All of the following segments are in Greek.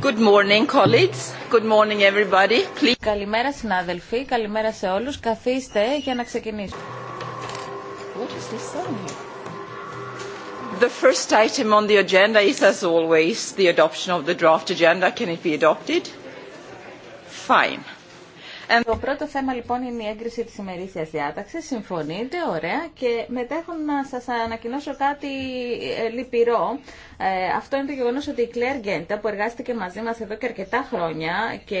Good morning, colleagues. Good morning, everybody. Please. Καλημέρα συνάδελφοι, καλημέρα σε όλους. Καθίστε για να ξεκινήσουμε. What is this song? The first item on the agenda is, as always, the adoption of the draft agenda. Can it be adopted? Fine. Το πρώτο θέμα λοιπόν είναι η έγκριση της ημερήσιας διάταξης. Συμφωνείτε, ωραία. Και μετά έχω να σας ανακοινώσω κάτι ε, λυπηρό. Ε, αυτό είναι το γεγονός ότι η Κλέρ Γκέντα που εργάστηκε μαζί μας εδώ και αρκετά χρόνια και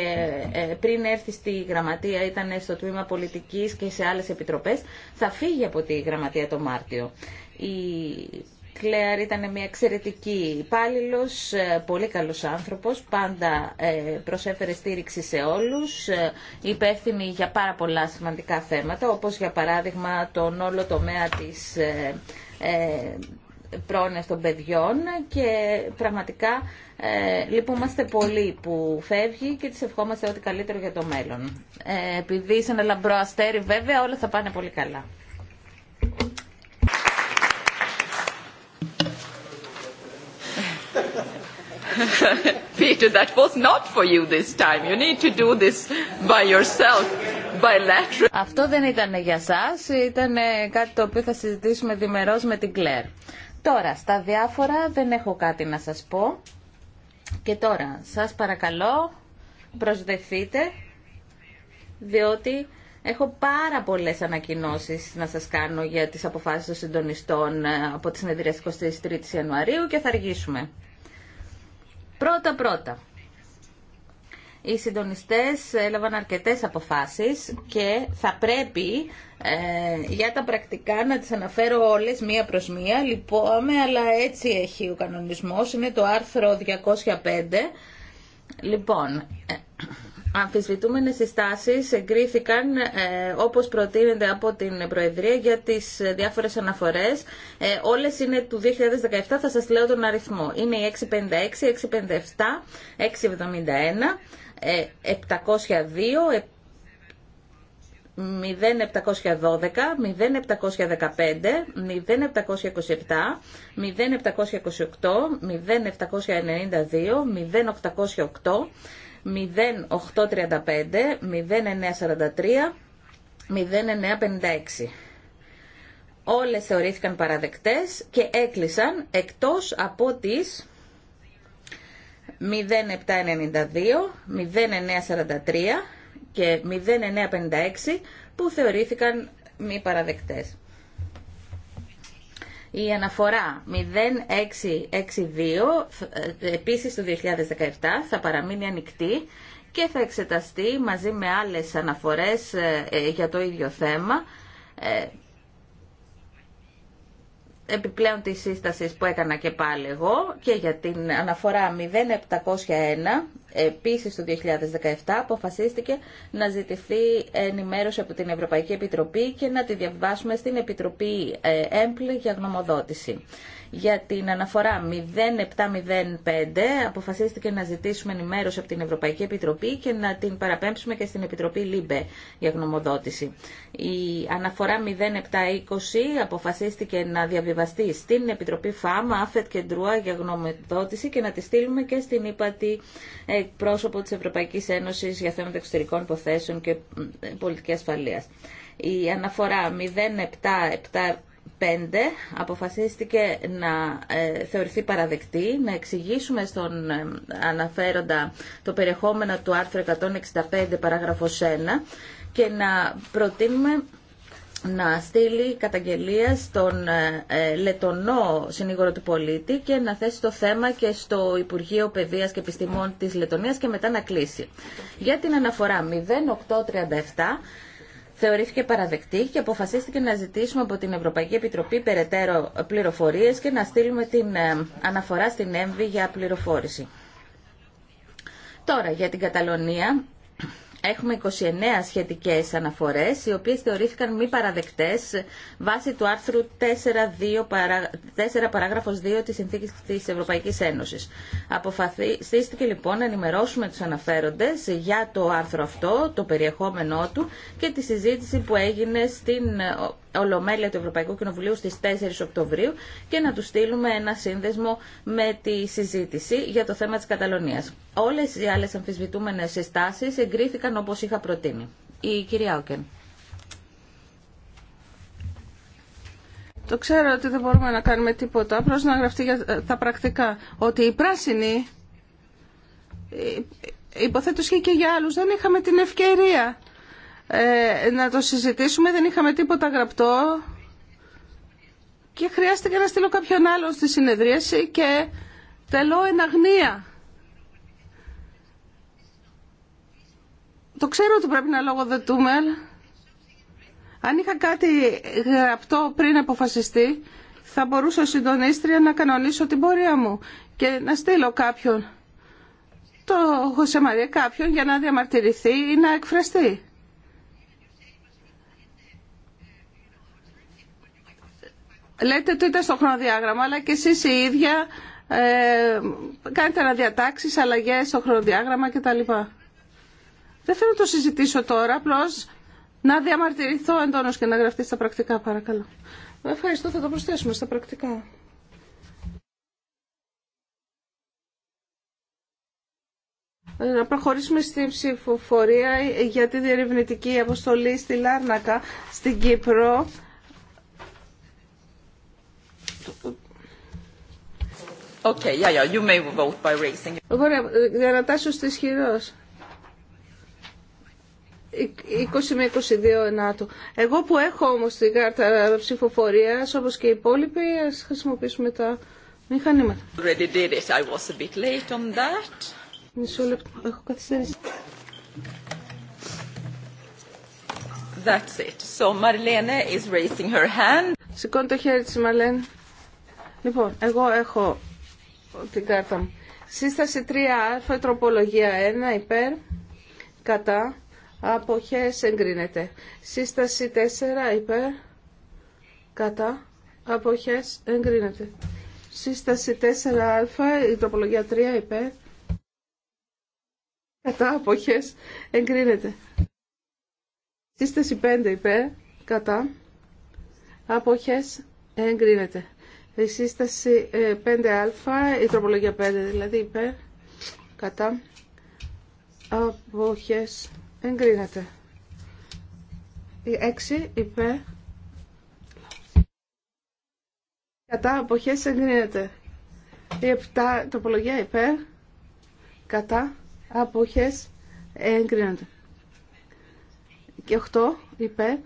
ε, πριν έρθει στη γραμματεία ήταν στο τμήμα πολιτικής και σε άλλες επιτροπές, θα φύγει από τη γραμματεία το Μάρτιο. Η Κλέαρ ήταν μια εξαιρετική υπάλληλο, ε, πολύ καλός άνθρωπος, πάντα ε, προσέφερε στήριξη σε όλους, ε, υπεύθυνη για πάρα πολλά σημαντικά θέματα, όπως για παράδειγμα τον όλο τομέα της πρόνοια των παιδιών και πραγματικά ε, λυπούμαστε πολύ που φεύγει και τη ευχόμαστε ό,τι καλύτερο για το μέλλον. Ε, επειδή είσαι ένα λαμπρό αστέρι βέβαια όλα θα πάνε πολύ καλά. that was not for you this time. You need to do this by yourself, Αυτό δεν ήταν για σας, ήταν ε, κάτι το οποίο θα συζητήσουμε διμερώς με την Κλέρ. Τώρα, στα διάφορα δεν έχω κάτι να σας πω. Και τώρα, σας παρακαλώ, προσδεθείτε, διότι Έχω πάρα πολλές ανακοινώσει να σας κάνω για τις αποφάσεις των συντονιστών ε, από τις συνεδρίε 23 Ιανουαρίου και θα αργήσουμε. Πρώτα-πρώτα, οι συντονιστές έλαβαν αρκετές αποφάσεις και θα πρέπει ε, για τα πρακτικά να τις αναφέρω όλες μία προς μία. Λοιπόν, αλλά έτσι έχει ο κανονισμός. Είναι το άρθρο 205. Λοιπόν, ε, αμφισβητούμενες συστάσεις εγκρίθηκαν ε, όπως προτείνεται από την Προεδρία για τις ε, διάφορες αναφορές. Ε, όλες είναι του 2017, θα σας λέω τον αριθμό. Είναι η 656, 657, 671, 702, 0712, 0715, 0727, 0728, 0792, 0808, 0835, 0943, 0956. Όλες θεωρήθηκαν παραδεκτές και έκλεισαν εκτός από τις 0792, 0943 και 0956 που θεωρήθηκαν μη παραδεκτές. Η αναφορά 0662 ε, επίσης το 2017 θα παραμείνει ανοιχτή και θα εξεταστεί μαζί με άλλες αναφορές ε, ε, για το ίδιο θέμα επιπλέον της σύστασης που έκανα και πάλι εγώ και για την αναφορά 0701 επίσης το 2017 αποφασίστηκε να ζητηθεί ενημέρωση από την Ευρωπαϊκή Επιτροπή και να τη διαβάσουμε στην Επιτροπή έμπλη ε, για γνωμοδότηση. Για την αναφορά 0705 αποφασίστηκε να ζητήσουμε ενημέρωση από την Ευρωπαϊκή Επιτροπή και να την παραπέμψουμε και στην Επιτροπή ΛΥΜΠΕ για γνωμοδότηση. Η αναφορά 0720 αποφασίστηκε να διαβιβάσουμε στην Επιτροπή Φάμα ΑΦΕΤ και ΝΤΡΟΑ για γνωμοδότηση και να τη στείλουμε και στην ΥΠΑΤΗ πρόσωπο της Ευρωπαϊκής Ένωσης για θέματα εξωτερικών υποθέσεων και ε, πολιτική ασφαλείας. Η αναφορά 0775 αποφασίστηκε να ε, θεωρηθεί παραδεκτή, να εξηγήσουμε στον ε, αναφέροντα το περιεχόμενο του άρθρου 165 παράγραφος 1 και να προτείνουμε να στείλει καταγγελία στον ε, ε, Λετωνό συνήγορο του πολίτη και να θέσει το θέμα και στο Υπουργείο Παιδείας και Επιστημών της Λετωνίας και μετά να κλείσει. Για την αναφορά 0837 θεωρήθηκε παραδεκτή και αποφασίστηκε να ζητήσουμε από την Ευρωπαϊκή Επιτροπή περαιτέρω πληροφορίες και να στείλουμε την ε, αναφορά στην ΕΜΒΗ για πληροφόρηση. Τώρα, για την Καταλωνία, Έχουμε 29 σχετικές αναφορές, οι οποίες θεωρήθηκαν μη παραδεκτές βάσει του άρθρου 4, παράγραφος 2 της Συνθήκης της Ευρωπαϊκής Ένωσης. Αποφασίστηκε λοιπόν να ενημερώσουμε τους αναφέροντες για το άρθρο αυτό, το περιεχόμενό του και τη συζήτηση που έγινε στην Ολομέλεια του Ευρωπαϊκού Κοινοβουλίου στις 4 Οκτωβρίου και να του στείλουμε ένα σύνδεσμο με τη συζήτηση για το θέμα της Καταλωνίας. Όλες οι άλλες αμφισβητούμενες συστάσεις εγκρίθηκαν όπως είχα προτείνει. Η κυρία Όκεν. Το ξέρω ότι δεν μπορούμε να κάνουμε τίποτα, απλώς να γραφτεί για τα πρακτικά. Ότι οι πράσινοι, ε, υποθέτω και, για άλλους, δεν είχαμε την ευκαιρία ε, να το συζητήσουμε. Δεν είχαμε τίποτα γραπτό και χρειάστηκε να στείλω κάποιον άλλο στη συνεδρίαση και τελώ εν αγνία. Το ξέρω ότι πρέπει να λόγοδετούμε, αλλά αν είχα κάτι γραπτό πριν αποφασιστεί, θα μπορούσα ως συντονίστρια να κανονίσω την πορεία μου και να στείλω κάποιον, το Χωσέ Μαρία, κάποιον για να διαμαρτυρηθεί ή να εκφραστεί. λέτε ότι ήταν στο χρονοδιάγραμμα, αλλά και εσείς η ίδια ε, κάνετε αναδιατάξεις, αλλαγές στο χρονοδιάγραμμα κτλ. Δεν θέλω να το συζητήσω τώρα, απλώ να διαμαρτυρηθώ εντόνω και να γραφτεί στα πρακτικά, παρακαλώ. Ευχαριστώ, θα το προσθέσουμε στα πρακτικά. Ε, να προχωρήσουμε στη ψηφοφορία για τη διερευνητική αποστολή στη Λάρνακα, στην Κύπρο. Okay, yeah, yeah, you may vote by raising. Ωραία, διαρατάσσω ε, στη χειρός. 20 με 22 ενάτου. Εγώ που έχω όμως την κάρτα ψηφοφορίας, όπως και οι υπόλοιποι, α χρησιμοποιήσουμε τα μηχανήματα. Already did it. I was a bit late on that. Μισό λεπτό. Έχω καθυστερήσει. That's it. So Marlene is raising her hand. Σηκώνει το χέρι της Marlene. Λοιπόν, εγώ έχω την κάρτα μου. Σύσταση 3α, τροπολογία 1, υπέρ, κατά, αποχές εγκρίνεται. Σύσταση 4, υπέρ, κατά, αποχές εγκρίνεται. Σύσταση 4α, η τροπολογία 3, υπέρ, κατά, αποχές εγκρίνεται. Σύσταση 5, υπέρ, κατά, αποχές εγκρίνεται. Η σύσταση 5α, ε, η τροπολογία 5 δηλαδή υπέρ, κατά, αποχές, εγκρίνεται. Η 6 υπέρ, κατά, αποχές, εγκρίνεται. Η 7 τροπολογία υπέρ, κατά, αποχές, εγκρίνεται. Και 8 υπέρ,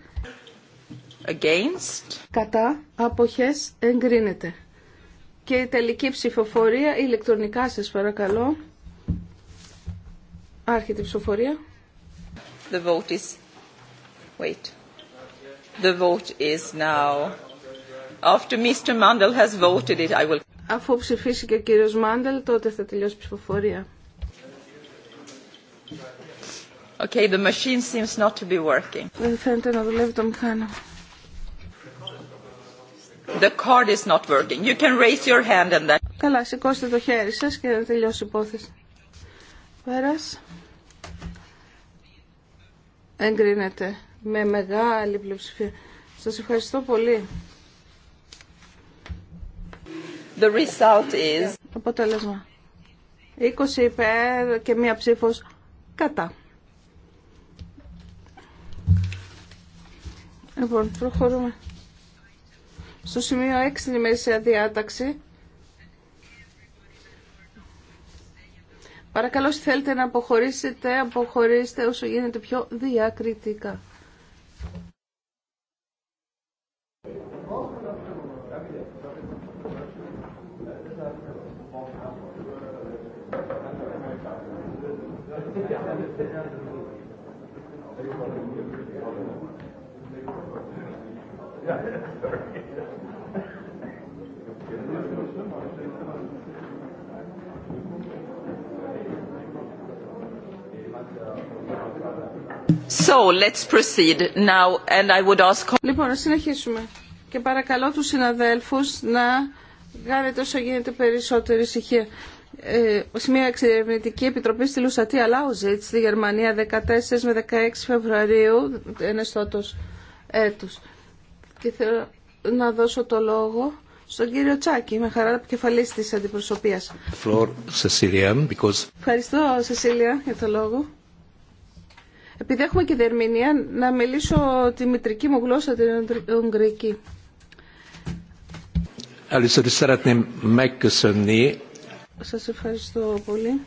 Against. Κατά αποχές εγκρίνεται. Και η τελική ψηφοφορία ηλεκτρονικά σας παρακαλώ. Άρχεται η ψηφοφορία. The vote is... Wait. The vote is now... After Mr. Mandel has voted it, I will... Αφού ψηφίσει και ο κύριος Μάντελ, τότε θα τελειώσει η ψηφοφορία. Okay, the machine seems not to be working. Δεν φαίνεται να δουλεύει το μηχάνημα. The card is not working. You can raise your hand and Καλά, σηκώστε το χέρι σας και θα τελειώσει η υπόθεση. Πέρας. Εγκρίνεται με μεγάλη πλειοψηφία. Σας ευχαριστώ πολύ. The result is... Αποτέλεσμα. 20 υπέρ και μία ψήφος κατά. Λοιπόν, προχωρούμε στο σημείο 6 η ημερήσια διάταξη. Παρακαλώ, όσοι θέλετε να αποχωρήσετε, αποχωρήστε όσο γίνεται πιο διακριτικά. Λοιπόν, να συνεχίσουμε. Και παρακαλώ τους συναδέλφους να κάνετε όσο γίνεται περισσότερη ησυχία. Ε, μια εξερευνητική επιτροπή στη Λουσατία Λάουζιτ στη Γερμανία 14 με 16 Φεβρουαρίου ενεστώτος έτους. Και θέλω να δώσω το λόγο στον κύριο Τσάκη, με χαρά επικεφαλής τη αντιπροσωπεία Ευχαριστώ, Σεσίλια, για το λόγο. Επειδή έχουμε και διερμηνία, να μιλήσω τη μητρική μου γλώσσα, την Ουγγρική. Σας ευχαριστώ πολύ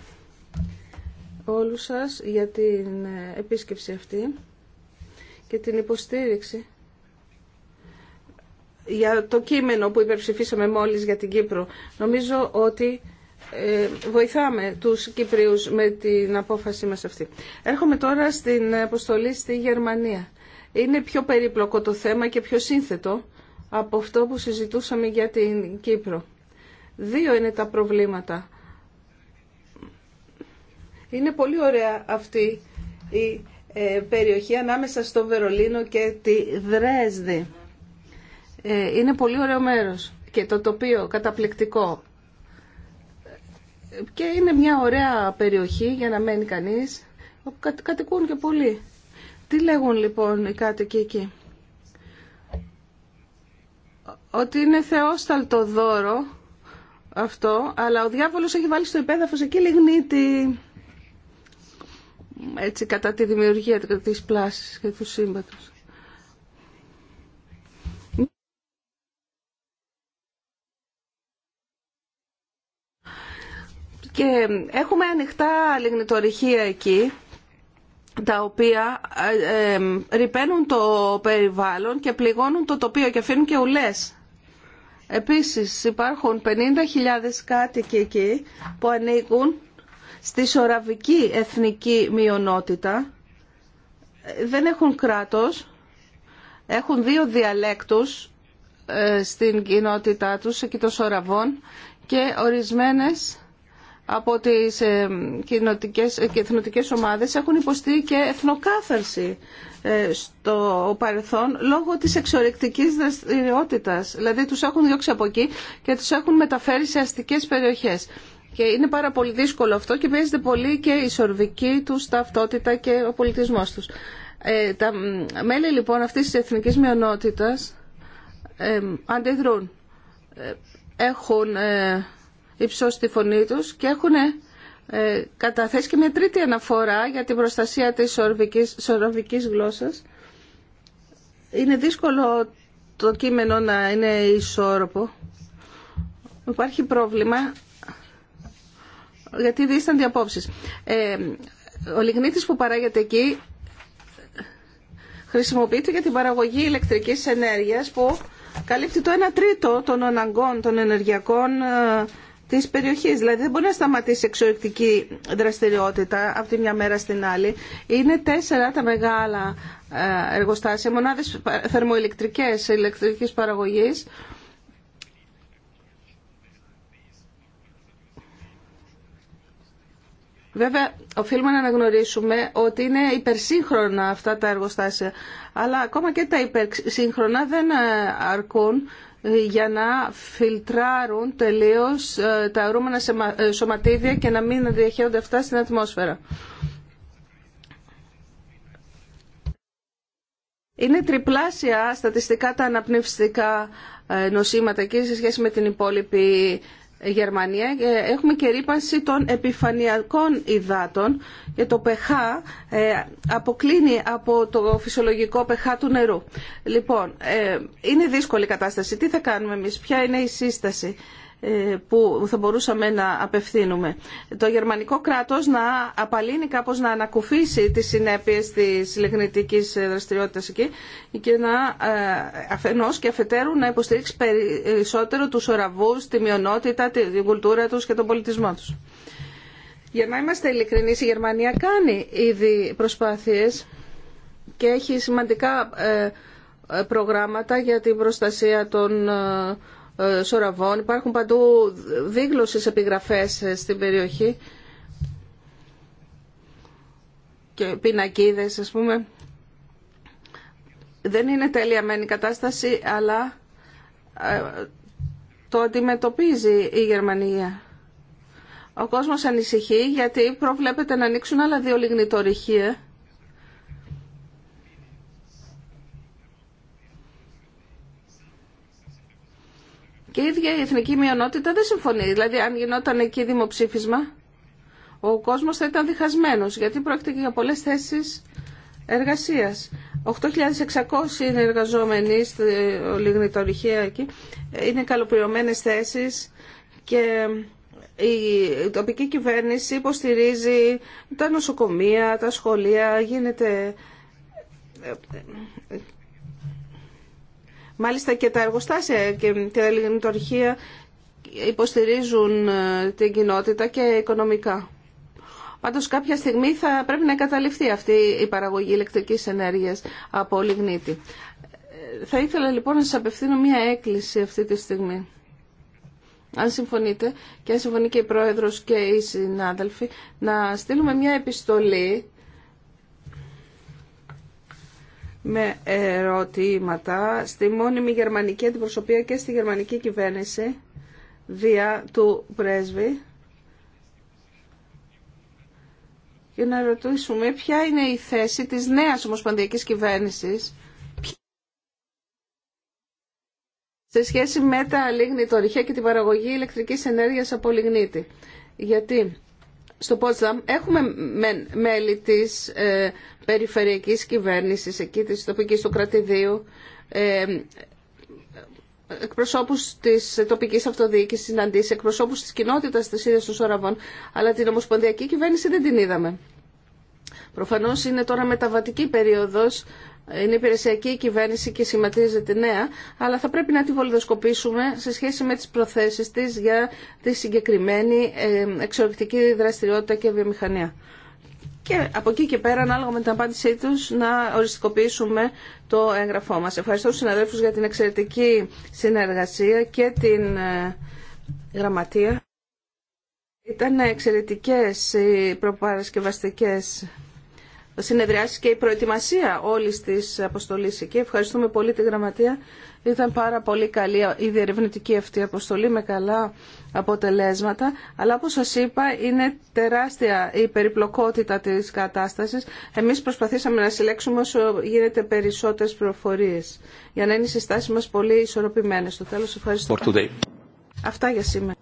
όλους σας για την επίσκεψη αυτή και την υποστήριξη για το κείμενο που υπερψηφίσαμε μόλις για την Κύπρο. Νομίζω ότι ε, βοηθάμε τους Κυπρίους με την απόφαση μας αυτή. Έρχομαι τώρα στην αποστολή στη Γερμανία. Είναι πιο περίπλοκο το θέμα και πιο σύνθετο από αυτό που συζητούσαμε για την Κύπρο. Δύο είναι τα προβλήματα. Είναι πολύ ωραία αυτή η ε, περιοχή ανάμεσα στο Βερολίνο και τη Δρέσδη. Ε, είναι πολύ ωραίο μέρος και το τοπίο καταπληκτικό και είναι μια ωραία περιοχή για να μένει κανείς. Κατοικούν και πολλοί. Τι λέγουν λοιπόν οι κάτοικοι εκεί. Ότι είναι θεόσταλτο δώρο αυτό, αλλά ο διάβολος έχει βάλει στο υπέδαφος εκεί λιγνίτη έτσι κατά τη δημιουργία της πλάσης και του σύμπαντος. Και έχουμε ανοιχτά λιγνητορυχεία εκεί τα οποία ε, ε, ρηπαίνουν το περιβάλλον και πληγώνουν το τοπίο και αφήνουν και ουλές. Επίσης υπάρχουν 50.000 κάτοικοι εκεί που ανήκουν στη σοραβική εθνική μειονότητα. Δεν έχουν κράτος, έχουν δύο διαλέκτους ε, στην κοινότητά τους, εκεί των σοραβών και ορισμένες από τις ε, ε, εθνοτικές ομάδες έχουν υποστεί και εθνοκάθαρση ε, στο παρελθόν λόγω της εξορρεκτικής δραστηριότητας. Δηλαδή τους έχουν διώξει από εκεί και τους έχουν μεταφέρει σε αστικές περιοχές. Και είναι πάρα πολύ δύσκολο αυτό και παίζεται πολύ και η σορβική του ταυτότητα και ο πολιτισμός τους. τα μέλη λοιπόν αυτής της εθνικής μειονότητας αντιδρούν. έχουν υψώσει στη φωνή τους και έχουν ε, καταθέσει και μια τρίτη αναφορά για την προστασία της σοροβικής γλώσσας. Είναι δύσκολο το κείμενο να είναι ισόρροπο. Υπάρχει πρόβλημα γιατί δίστανται απόψεις. Ε, ο λιγνίτης που παράγεται εκεί χρησιμοποιείται για την παραγωγή ηλεκτρικής ενέργειας που καλύπτει το 1 τρίτο των αναγκών των ενεργειακών ε, Δηλαδή δεν μπορεί να σταματήσει η δραστηριότητα από τη μια μέρα στην άλλη. Είναι τέσσερα τα μεγάλα ε, εργοστάσια, μονάδες θερμοηλεκτρικές ηλεκτρικής παραγωγής. Βέβαια, οφείλουμε να αναγνωρίσουμε ότι είναι υπερσύγχρονα αυτά τα εργοστάσια. Αλλά ακόμα και τα υπερσύγχρονα δεν ε, αρκούν για να φιλτράρουν τελείως ε, τα αρούμενα ε, σωματίδια και να μην διαχέονται αυτά στην ατμόσφαιρα. Είναι τριπλάσια στατιστικά τα αναπνευστικά ε, νοσήματα και σε σχέση με την υπόλοιπη Γερμανία ε, έχουμε και ρήπανση των επιφανειακών υδάτων και το pH ε, αποκλίνει από το φυσιολογικό pH του νερού. Λοιπόν, ε, είναι δύσκολη η κατάσταση. Τι θα κάνουμε εμείς, ποια είναι η σύσταση. Ε, που θα μπορούσαμε να απευθύνουμε. Το γερμανικό κράτος να απαλύνει κάπως να ανακουφίσει τις συνέπειες της λιγνητικής δραστηριότητα εκεί και να ε, αφενός και αφετέρου να υποστηρίξει περισσότερο τους οραβούς, τη μειονότητα, την κουλτούρα τους και τον πολιτισμό τους. Για να είμαστε ειλικρινείς, η Γερμανία κάνει ήδη προσπάθειες και έχει σημαντικά ε, προγράμματα για την προστασία των ε, Υπάρχουν παντού δίγλωσες επιγραφές ε, στην περιοχή και πινακίδες ας πούμε. Δεν είναι τέλεια μεν η κατάσταση, αλλά ε, το αντιμετωπίζει η Γερμανία. Ο κόσμος ανησυχεί γιατί προβλέπεται να ανοίξουν άλλα δύο λιγνητορυχεία Και η ίδια η εθνική μειονότητα δεν συμφωνεί. Δηλαδή, αν γινόταν εκεί δημοψήφισμα, ο κόσμος θα ήταν διχασμένος, γιατί πρόκειται και για πολλές θέσεις εργασία. 8.600 είναι εργαζόμενοι στη λιγνητορυχία εκεί. Είναι καλοπληρωμένες θέσεις και η τοπική κυβέρνηση υποστηρίζει τα νοσοκομεία, τα σχολεία, γίνεται Μάλιστα και τα εργοστάσια και τα λιγνητορχεία υποστηρίζουν ε, την κοινότητα και οικονομικά. Πάντω κάποια στιγμή θα πρέπει να εγκαταλειφθεί αυτή η παραγωγή ηλεκτρικής ενέργειας από λιγνίτη. Ε, θα ήθελα λοιπόν να σας απευθύνω μία έκκληση αυτή τη στιγμή. Αν συμφωνείτε και αν συμφωνεί και η Πρόεδρος και οι συνάδελφοι, να στείλουμε μία επιστολή με ερωτήματα στη μόνιμη γερμανική αντιπροσωπεία και στη γερμανική κυβέρνηση δια του πρέσβη για να ρωτήσουμε ποια είναι η θέση της νέας ομοσπονδιακής κυβέρνησης σε σχέση με τα λίγνη, και την παραγωγή ηλεκτρικής ενέργειας από λιγνίτη. Γιατί στο Πότσταμ έχουμε μέλη της ε, περιφερειακής κυβέρνησης εκεί της τοπικής του κρατηδίου ε, εκπροσώπους της τοπικής αυτοδιοίκησης συναντήσει, εκπροσώπους της κοινότητας της ίδιας των Σοραβών αλλά την ομοσπονδιακή κυβέρνηση δεν την είδαμε. Προφανώς είναι τώρα μεταβατική περίοδος είναι υπηρεσιακή η κυβέρνηση και σχηματίζεται νέα, αλλά θα πρέπει να τη βολιδοσκοπήσουμε σε σχέση με τις προθέσεις της για τη συγκεκριμένη εξορρυκτική δραστηριότητα και βιομηχανία. Και από εκεί και πέρα, ανάλογα με την απάντησή τους, να οριστικοποιήσουμε το έγγραφό μας. Ευχαριστώ τους συναδέλφους για την εξαιρετική συνεργασία και την ε, γραμματεία. Ήταν εξαιρετικές οι προπαρασκευαστικές συνεδριάσει και η προετοιμασία όλη τη αποστολή εκεί. Ευχαριστούμε πολύ τη Γραμματεία. Ήταν πάρα πολύ καλή η διερευνητική αυτή αποστολή με καλά αποτελέσματα. Αλλά όπως σας είπα είναι τεράστια η περιπλοκότητα της κατάστασης. Εμείς προσπαθήσαμε να συλλέξουμε όσο γίνεται περισσότερες προφορίες για να είναι οι συστάσεις μας πολύ ισορροπημένες. Στο τέλος ευχαριστώ. Αυτά για σήμερα.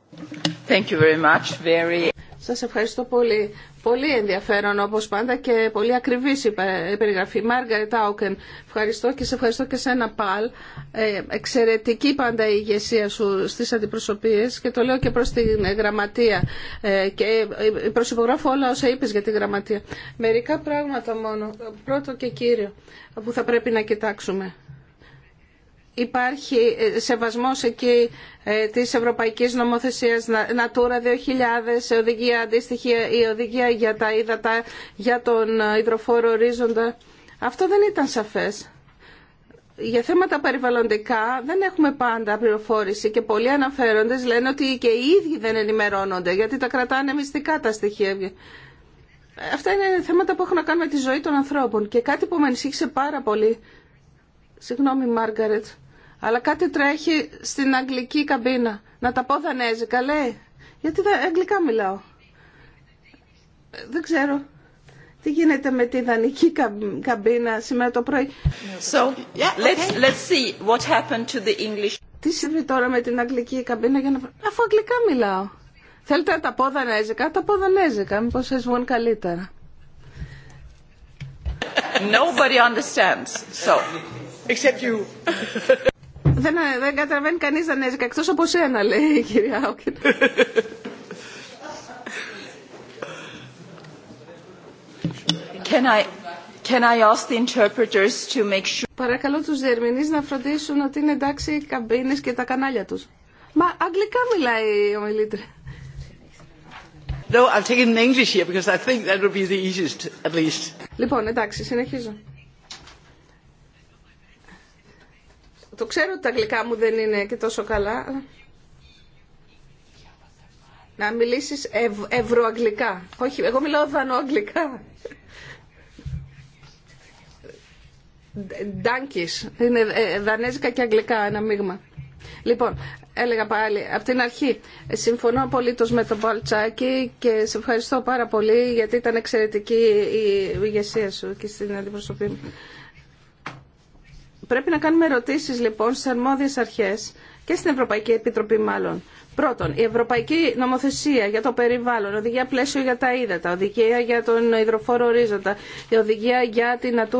Thank you very much. Very... Σας ευχαριστώ πολύ. Πολύ ενδιαφέρον όπως πάντα και πολύ ακριβής η περιγραφή. Μάργαρετ Άουκεν, ευχαριστώ και σε ευχαριστώ και ένα Παλ. Ε, εξαιρετική πάντα η ηγεσία σου στις αντιπροσωπείες και το λέω και προς την ε, γραμματεία ε, και ε, προσυπογράφω όλα όσα είπες για τη γραμματεία. Μερικά πράγματα μόνο, πρώτο και κύριο, που θα πρέπει να κοιτάξουμε. Υπάρχει σεβασμός εκεί ε, της Ευρωπαϊκής Νομοθεσίας Natura 2000, ε, οδηγία αντίστοιχη, ε, η οδηγία για τα ύδατα, για τον υδροφόρο ορίζοντα. Αυτό δεν ήταν σαφές. Για θέματα περιβαλλοντικά δεν έχουμε πάντα πληροφόρηση και πολλοί αναφέροντες λένε ότι και οι ίδιοι δεν ενημερώνονται γιατί τα κρατάνε μυστικά τα στοιχεία. Αυτά είναι θέματα που έχουν να κάνουν με τη ζωή των ανθρώπων και κάτι που με ανησύχησε πάρα πολύ. Συγγνώμη Μάργαρετ αλλά κάτι τρέχει στην αγγλική καμπίνα. Να τα πω δανέζικα, λέει. Γιατί δεν αγγλικά μιλάω. Δεν ξέρω. Τι γίνεται με τη δανική καμπίνα σήμερα το πρωί. So, let's, let's see what happened to the English. Τι συμβεί τώρα με την αγγλική καμπίνα για να... Αφού αγγλικά μιλάω. Θέλετε να τα πω δανέζικα, τα πω δανέζικα. Μήπως σας βγουν καλύτερα. Nobody understands. So. Except you. Δεν, δεν καταλαβαίνει κανείς δανέζικα, εκτό από σένα, λέει η κυρία Άουκεν. Can I, can I ask the interpreters to make sure... Παρακαλώ τους διερμηνείς να φροντίσουν ότι είναι εντάξει οι καμπίνες και τα κανάλια τους. Μα αγγλικά μιλάει η ομιλήτρια. No, I'll take it in English here because I think that would be the easiest at least. Λοιπόν, εντάξει, συνεχίζω. Το Ξέρω ότι τα αγγλικά μου δεν είναι και τόσο καλά. Να μιλήσεις ευ, ευρωαγγλικά. Όχι, εγώ μιλάω δανοαγγλικά. Ντάνκης. Είναι δανέζικα και αγγλικά ένα μείγμα. Λοιπόν, έλεγα πάλι από την αρχή. Συμφωνώ απολύτως με τον Παλτσάκη και σε ευχαριστώ πάρα πολύ γιατί ήταν εξαιρετική η ηγεσία σου και στην αντιπροσωπή μου. Πρέπει να κάνουμε ερωτήσεις λοιπόν στις αρμόδιες αρχές και στην Ευρωπαϊκή Επιτροπή μάλλον. Πρώτον, η Ευρωπαϊκή Νομοθεσία για το περιβάλλον, οδηγία πλαίσιο για τα ύδατα, οδηγία για τον υδροφόρο ορίζοντα, η οδηγία για την Natura 2000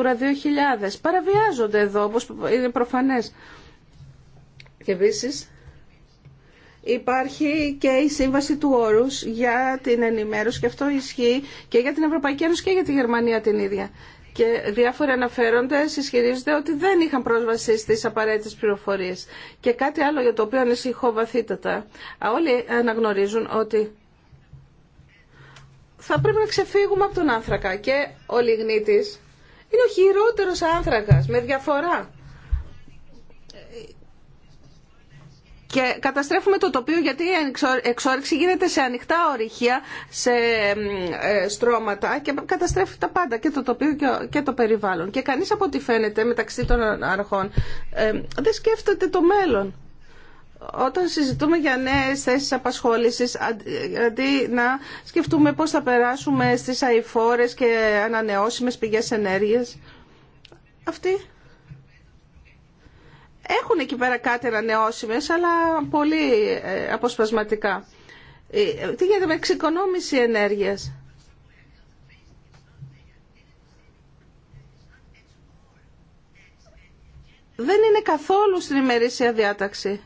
παραβιάζονται εδώ όπως είναι προφανές. Και επίση υπάρχει και η σύμβαση του όρου για την ενημέρωση και αυτό ισχύει και για την Ευρωπαϊκή Ένωση και για τη Γερμανία την ίδια και διάφοροι αναφέρονται ισχυρίζονται ότι δεν είχαν πρόσβαση στις απαραίτητες πληροφορίες. Και κάτι άλλο για το οποίο ανησυχώ βαθύτατα. Όλοι αναγνωρίζουν ότι θα πρέπει να ξεφύγουμε από τον άνθρακα και ο λιγνίτης είναι ο χειρότερος άνθρακας με διαφορά. και καταστρέφουμε το τοπίο γιατί η εξόρυξη γίνεται σε ανοιχτά ορυχεία, σε ε, στρώματα και καταστρέφει τα πάντα και το τοπίο και το περιβάλλον. Και κανείς από ό,τι φαίνεται μεταξύ των αρχών ε, δεν σκέφτεται το μέλλον. Όταν συζητούμε για νέες θέσεις απασχόλησης, αντί να σκεφτούμε πώς θα περάσουμε στις αηφόρες και ανανεώσιμες πηγές ενέργειας, αυτή. Έχουν εκεί πέρα κάτι ανανεώσιμες, αλλά πολύ ε, αποσπασματικά. Ε, τι γίνεται με εξοικονόμηση ενέργειας. Δεν είναι καθόλου στην ημερήσια διάταξη.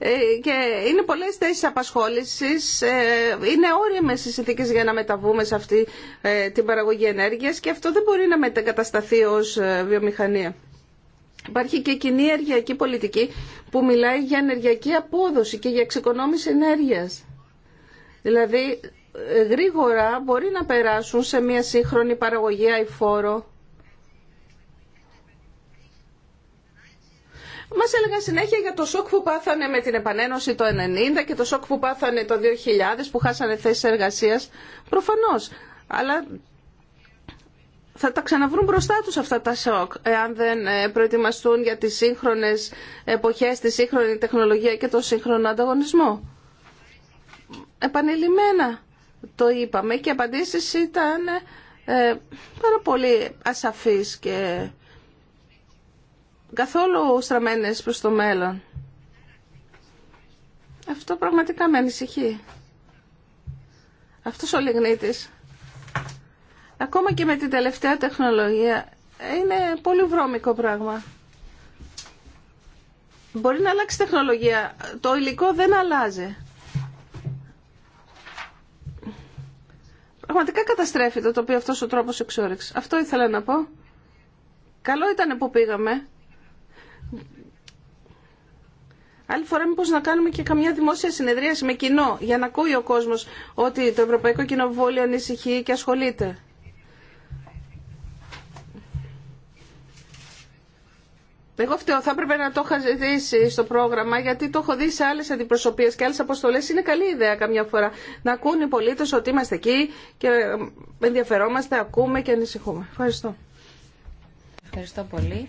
Ε, και είναι πολλές θέσεις απασχόλησης, ε, είναι όριμες οι συνθήκε για να μεταβούμε σε αυτή ε, την παραγωγή ενέργειας και αυτό δεν μπορεί να μετακατασταθεί ως βιομηχανία. Υπάρχει και κοινή ενεργειακή πολιτική που μιλάει για ενεργειακή απόδοση και για εξοικονόμηση ενέργειας. Δηλαδή γρήγορα μπορεί να περάσουν σε μια σύγχρονη παραγωγή αηφόρο Μα έλεγαν συνέχεια για το σοκ που πάθανε με την επανένωση το 90 και το σοκ που πάθανε το 2000 που χάσανε θέσει εργασία. Προφανώς. Αλλά θα τα ξαναβρούν μπροστά τους αυτά τα σοκ εάν δεν ε, προετοιμαστούν για τις σύγχρονες εποχές, τη σύγχρονη τεχνολογία και τον σύγχρονο ανταγωνισμό. Επανειλημμένα το είπαμε και οι απαντήσει ήταν ε, πάρα πολύ ασαφείς και καθόλου στραμμένες προς το μέλλον. Αυτό πραγματικά με ανησυχεί. Αυτός ο λιγνίτης, ακόμα και με την τελευταία τεχνολογία, είναι πολύ βρώμικο πράγμα. Μπορεί να αλλάξει τεχνολογία. Το υλικό δεν αλλάζει. Πραγματικά καταστρέφει το τοπίο αυτός ο τρόπος εξόρεξης. Αυτό ήθελα να πω. Καλό ήταν που πήγαμε Άλλη φορά μήπω να κάνουμε και καμιά δημόσια συνεδρίαση με κοινό για να ακούει ο κόσμος ότι το Ευρωπαϊκό Κοινοβούλιο ανησυχεί και ασχολείται. Εγώ φταίω, θα έπρεπε να το είχα ζητήσει στο πρόγραμμα, γιατί το έχω δει σε άλλε αντιπροσωπείε και άλλε αποστολέ. Είναι καλή ιδέα καμιά φορά να ακούν οι πολίτε ότι είμαστε εκεί και ενδιαφερόμαστε, ακούμε και ανησυχούμε. Ευχαριστώ. Ευχαριστώ πολύ.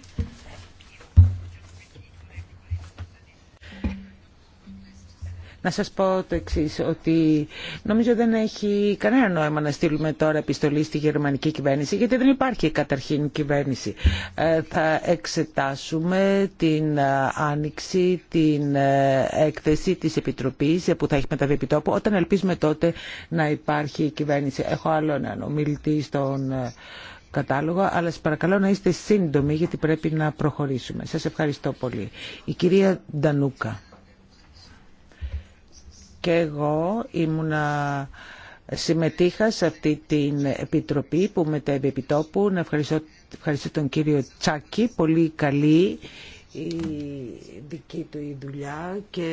Να σας πω το εξή ότι νομίζω δεν έχει κανένα νόημα να στείλουμε τώρα επιστολή στη γερμανική κυβέρνηση, γιατί δεν υπάρχει καταρχήν κυβέρνηση. Ε, θα εξετάσουμε την ε, άνοιξη, την ε, έκθεση της Επιτροπής που θα έχει μεταβεί επιτόπου, όταν ελπίζουμε τότε να υπάρχει κυβέρνηση. Έχω άλλο έναν ομιλητή στον κατάλογο, αλλά σας παρακαλώ να είστε σύντομοι γιατί πρέπει να προχωρήσουμε. Σας ευχαριστώ πολύ. Η κυρία Ντανούκα. Και εγώ ήμουνα συμμετείχα σε αυτή την επιτροπή που μετέβη επιτόπου. Να ευχαριστώ, ευχαριστώ τον κύριο Τσάκη, πολύ καλή η δική του η δουλειά και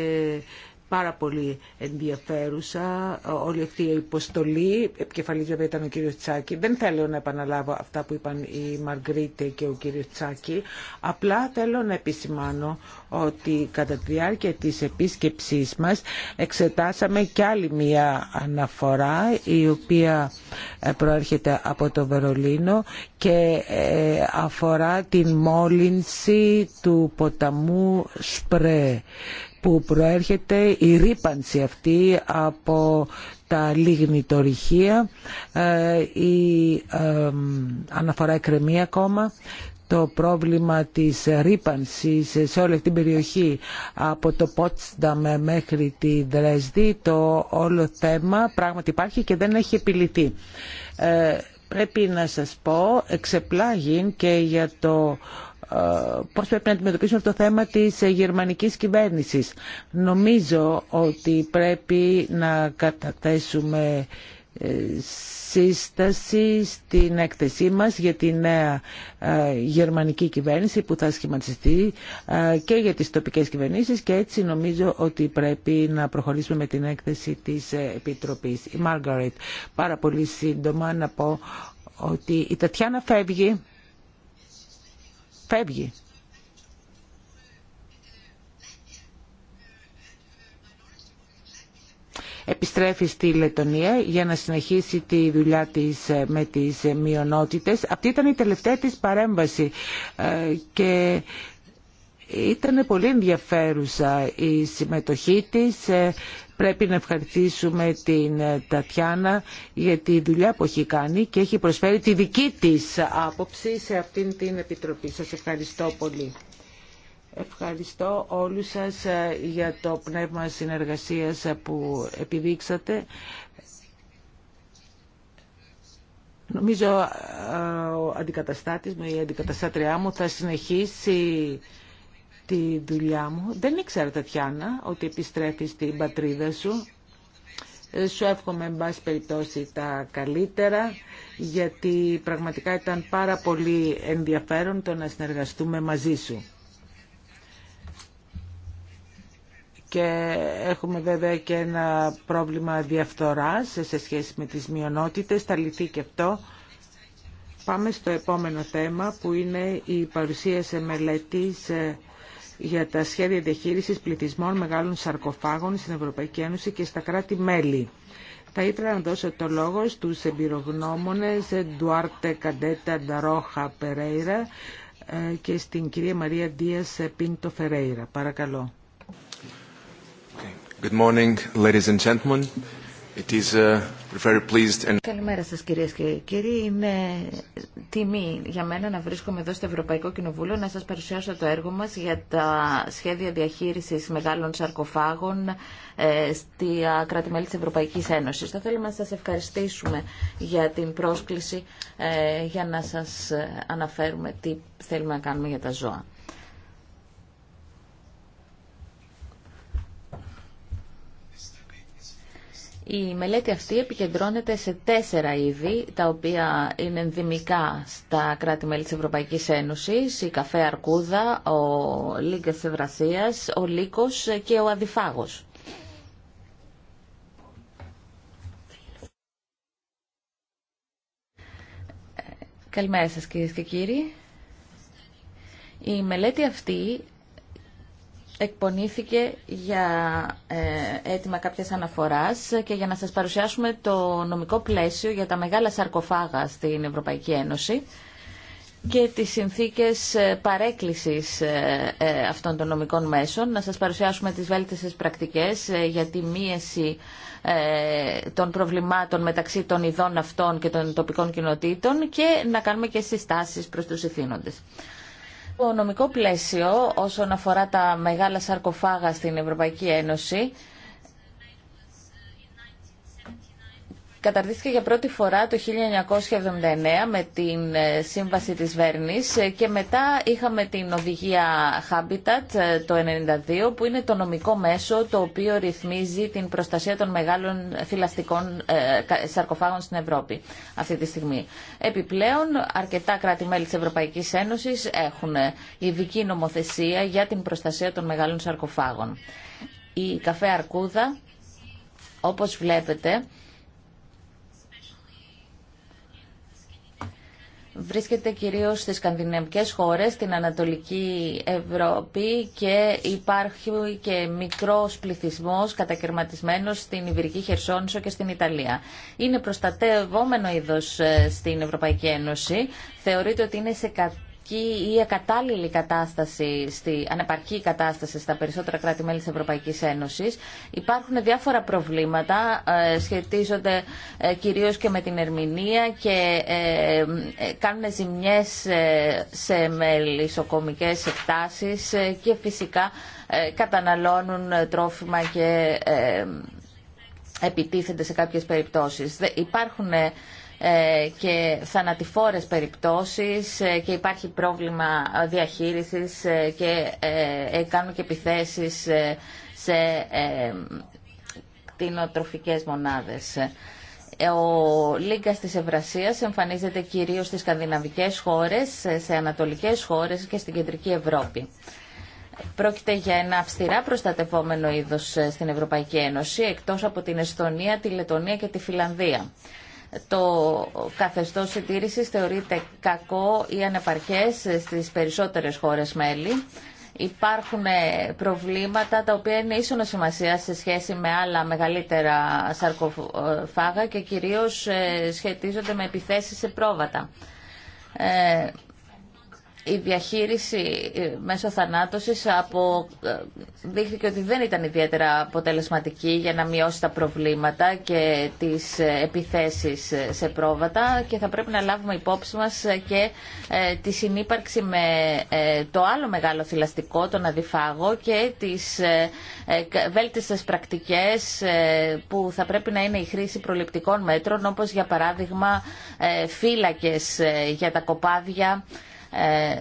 πάρα πολύ ενδιαφέρουσα ε, όλη αυτή η υποστολή. Επικεφαλής βέβαια ήταν ο κύριος Τσάκη. Δεν θέλω να επαναλάβω αυτά που είπαν η Μαργκρίτε και ο κύριος Τσάκη. Απλά θέλω να επισημάνω ότι κατά τη διάρκεια της επίσκεψής μας εξετάσαμε κι άλλη μία αναφορά η οποία ε, προέρχεται από το Βερολίνο και ε, αφορά την μόλυνση του ποταμού Σπρέ που προέρχεται η ρήπανση αυτή από τα λιγνητορυχεία, ε, η αναφορά εκκρεμή ακόμα, το πρόβλημα της ρήπανσης σε όλη αυτή την περιοχή από το Πότσταμ μέχρι τη Δρέσδη, το όλο θέμα πράγματι υπάρχει και δεν έχει επιληθεί. Ε, πρέπει να σας πω εξεπλάγει και για το ε, Πώ πρέπει να αντιμετωπίσουμε αυτό το θέμα τη ε, γερμανικής κυβέρνησης. Νομίζω ότι πρέπει να καταθέσουμε ε, σύσταση στην έκθεσή μας για τη νέα γερμανική κυβέρνηση που θα σχηματιστεί και για τις τοπικές κυβερνήσεις και έτσι νομίζω ότι πρέπει να προχωρήσουμε με την έκθεση της Επιτροπής. Η Μάργαρετ, πάρα πολύ σύντομα να πω ότι η Τατιάνα φεύγει φεύγει. επιστρέφει στη Λετωνία για να συνεχίσει τη δουλειά της ε, με τις ε, μειονότητες. Αυτή ήταν η τελευταία της παρέμβαση ε, ήταν πολύ ενδιαφέρουσα η συμμετοχή της. Ε, πρέπει να ευχαριστήσουμε την ε, Τατιάνα για τη δουλειά που έχει κάνει και έχει προσφέρει τη δική της άποψη σε αυτήν την Επιτροπή. Σας ευχαριστώ πολύ. Ευχαριστώ όλους σας ε, για το πνεύμα συνεργασίας που επιδείξατε. Νομίζω ο αντικαταστάτης μου ή η αντικαταστάτριά μου θα συνεχίσει τη δουλειά μου. Δεν ήξερα, Τατιάνα, ότι επιστρέφεις στην πατρίδα σου. Ε, σου εύχομαι, εν πάση περιπτώσει, τα καλύτερα, γιατί πραγματικά ήταν πάρα πολύ ενδιαφέρον το να συνεργαστούμε μαζί σου. και έχουμε βέβαια και ένα πρόβλημα διαφθοράς σε σχέση με τις μειονότητες, θα λυθεί και αυτό. Πάμε στο επόμενο θέμα που είναι η παρουσία σε μελετής για τα σχέδια διαχείριση πληθυσμών μεγάλων σαρκοφάγων στην Ευρωπαϊκή Ένωση και στα κράτη-μέλη. Θα ήθελα να δώσω το λόγο στου εμπειρογνώμονε Ντουάρτε Καντέτα Νταρόχα Περέιρα ε, και στην κυρία Μαρία Ντίας Πίντο Φερέιρα. Παρακαλώ. Uh, Καλημέρα σας κυρίες και κύριοι. Είναι τιμή για μένα να βρίσκομαι εδώ στο Ευρωπαϊκό Κοινοβούλιο να σας παρουσιάσω το έργο μας για τα σχέδια διαχείρισης μεγάλων σαρκοφάγων ε, στη κράτη-μέλη της Ευρωπαϊκής Ένωσης. Θα θέλουμε να σας ευχαριστήσουμε για την πρόσκληση ε, για να σας ε, αναφέρουμε τι θέλουμε να κάνουμε για τα ζώα. Η μελέτη αυτή επικεντρώνεται σε τέσσερα είδη, τα οποία είναι ενδυμικά στα κράτη-μέλη της Ευρωπαϊκής Ένωσης, η καφέ αρκούδα, ο λίγκας ευρασίας, ο λίκος και ο αδιφάγος. Καλημέρα σας κυρίες και κύριοι. Η μελέτη αυτή εκπονήθηκε για έτοιμα ε, κάποιας αναφοράς και για να σας παρουσιάσουμε το νομικό πλαίσιο για τα μεγάλα σαρκοφάγα στην Ευρωπαϊκή Ένωση και τις συνθήκες ε, παρέκκλησης ε, αυτών των νομικών μέσων, να σας παρουσιάσουμε τις βέλτιστες πρακτικές για τη μίεση των προβλημάτων μεταξύ των ειδών αυτών και των τοπικών κοινοτήτων και να κάνουμε και συστάσεις προς τους ηθήνοντες. Το νομικό πλαίσιο όσον αφορά τα μεγάλα σαρκοφάγα στην Ευρωπαϊκή Ένωση καταρτίστηκε για πρώτη φορά το 1979 με την ε, σύμβαση της Βέρνης ε, και μετά είχαμε την οδηγία Habitat ε, το 1992 που είναι το νομικό μέσο το οποίο ρυθμίζει την προστασία των μεγάλων θηλαστικών σαρκοφάγων στην Ευρώπη αυτή τη στιγμή. Επιπλέον αρκετά κράτη-μέλη της Ευρωπαϊκής Ένωσης έχουν ειδική νομοθεσία για την προστασία των μεγάλων σαρκοφάγων. Η καφέ Αρκούδα όπως βλέπετε βρίσκεται κυρίως στις σκανδιναβικές χώρες, στην Ανατολική Ευρώπη και υπάρχει και μικρός πληθυσμός κατακαιρματισμένος στην Ιβυρική Χερσόνησο και στην Ιταλία. Είναι προστατευόμενο είδος ε, στην Ευρωπαϊκή Ένωση. Θεωρείται ότι είναι σε ανεπαρκή ή ακατάλληλη κατάσταση, στη, ανεπαρκή κατάσταση στα περισσότερα κράτη-μέλη της Ευρωπαϊκής Ένωσης. Υπάρχουν διάφορα προβλήματα, ε, σχετίζονται ε, κυρίως και με την ερμηνεία και ε, κάνουν ζημιές σε μελισσοκομικές εκτάσεις και φυσικά καταναλώνουν τρόφιμα και επιτίθενται σε κάποιες περιπτώσεις. Υπάρχουν ε, και θανατηφόρες περιπτώσεις ε, και υπάρχει πρόβλημα διαχείρισης ε, και κάνουν και επιθέσεις σε κτηνοτροφικές μονάδες. Ο Λίγκα της Ευρασίας εμφανίζεται κυρίως στις σκανδιναβικές χώρες, σε ανατολικές χώρες και στην κεντρική Ευρώπη. Πρόκειται για ένα αυστηρά προστατευόμενο είδος στην Ευρωπαϊκή Ένωση, εκτός από την Εστονία, τη Λετωνία και τη Φιλανδία το καθεστώς συντήρησης θεωρείται κακό ή ανεπαρκές στις περισσότερες χώρες μέλη. Υπάρχουν προβλήματα τα οποία είναι ίσονα σημασία σε σχέση με άλλα μεγαλύτερα σαρκοφάγα και κυρίως ε, σχετίζονται με επιθέσεις σε πρόβατα. Ε, η διαχείριση ε, μέσω θανάτωσης από, ε, δείχθηκε ότι δεν ήταν ιδιαίτερα αποτελεσματική για να μειώσει τα προβλήματα και τις ε, επιθέσεις σε πρόβατα και θα πρέπει να λάβουμε υπόψη μας και τη συνύπαρξη με το άλλο μεγάλο θηλαστικό, τον αδιφάγο και τις βέλτιστες πρακτικές που θα πρέπει να είναι η χρήση προληπτικών μέτρων όπως για παράδειγμα φύλακες για τα κοπάδια ε,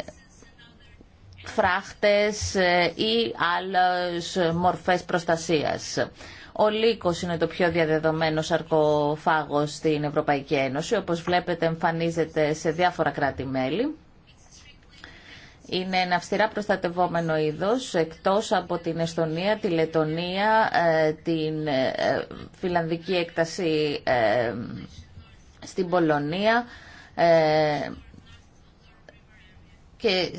φράχτες ε, ή άλλες μορφές προστασίας. Ο λύκος είναι το πιο διαδεδομένο σαρκοφάγος στην Ευρωπαϊκή Ένωση, όπως βλέπετε εμφανίζεται σε διάφορα κράτη-μέλη. Είναι ένα αυστηρά προστατευόμενο είδος, εκτός από την Εστονία, τη Λετονία, ε, την Φιλανδική έκταση στην Πολωνία, και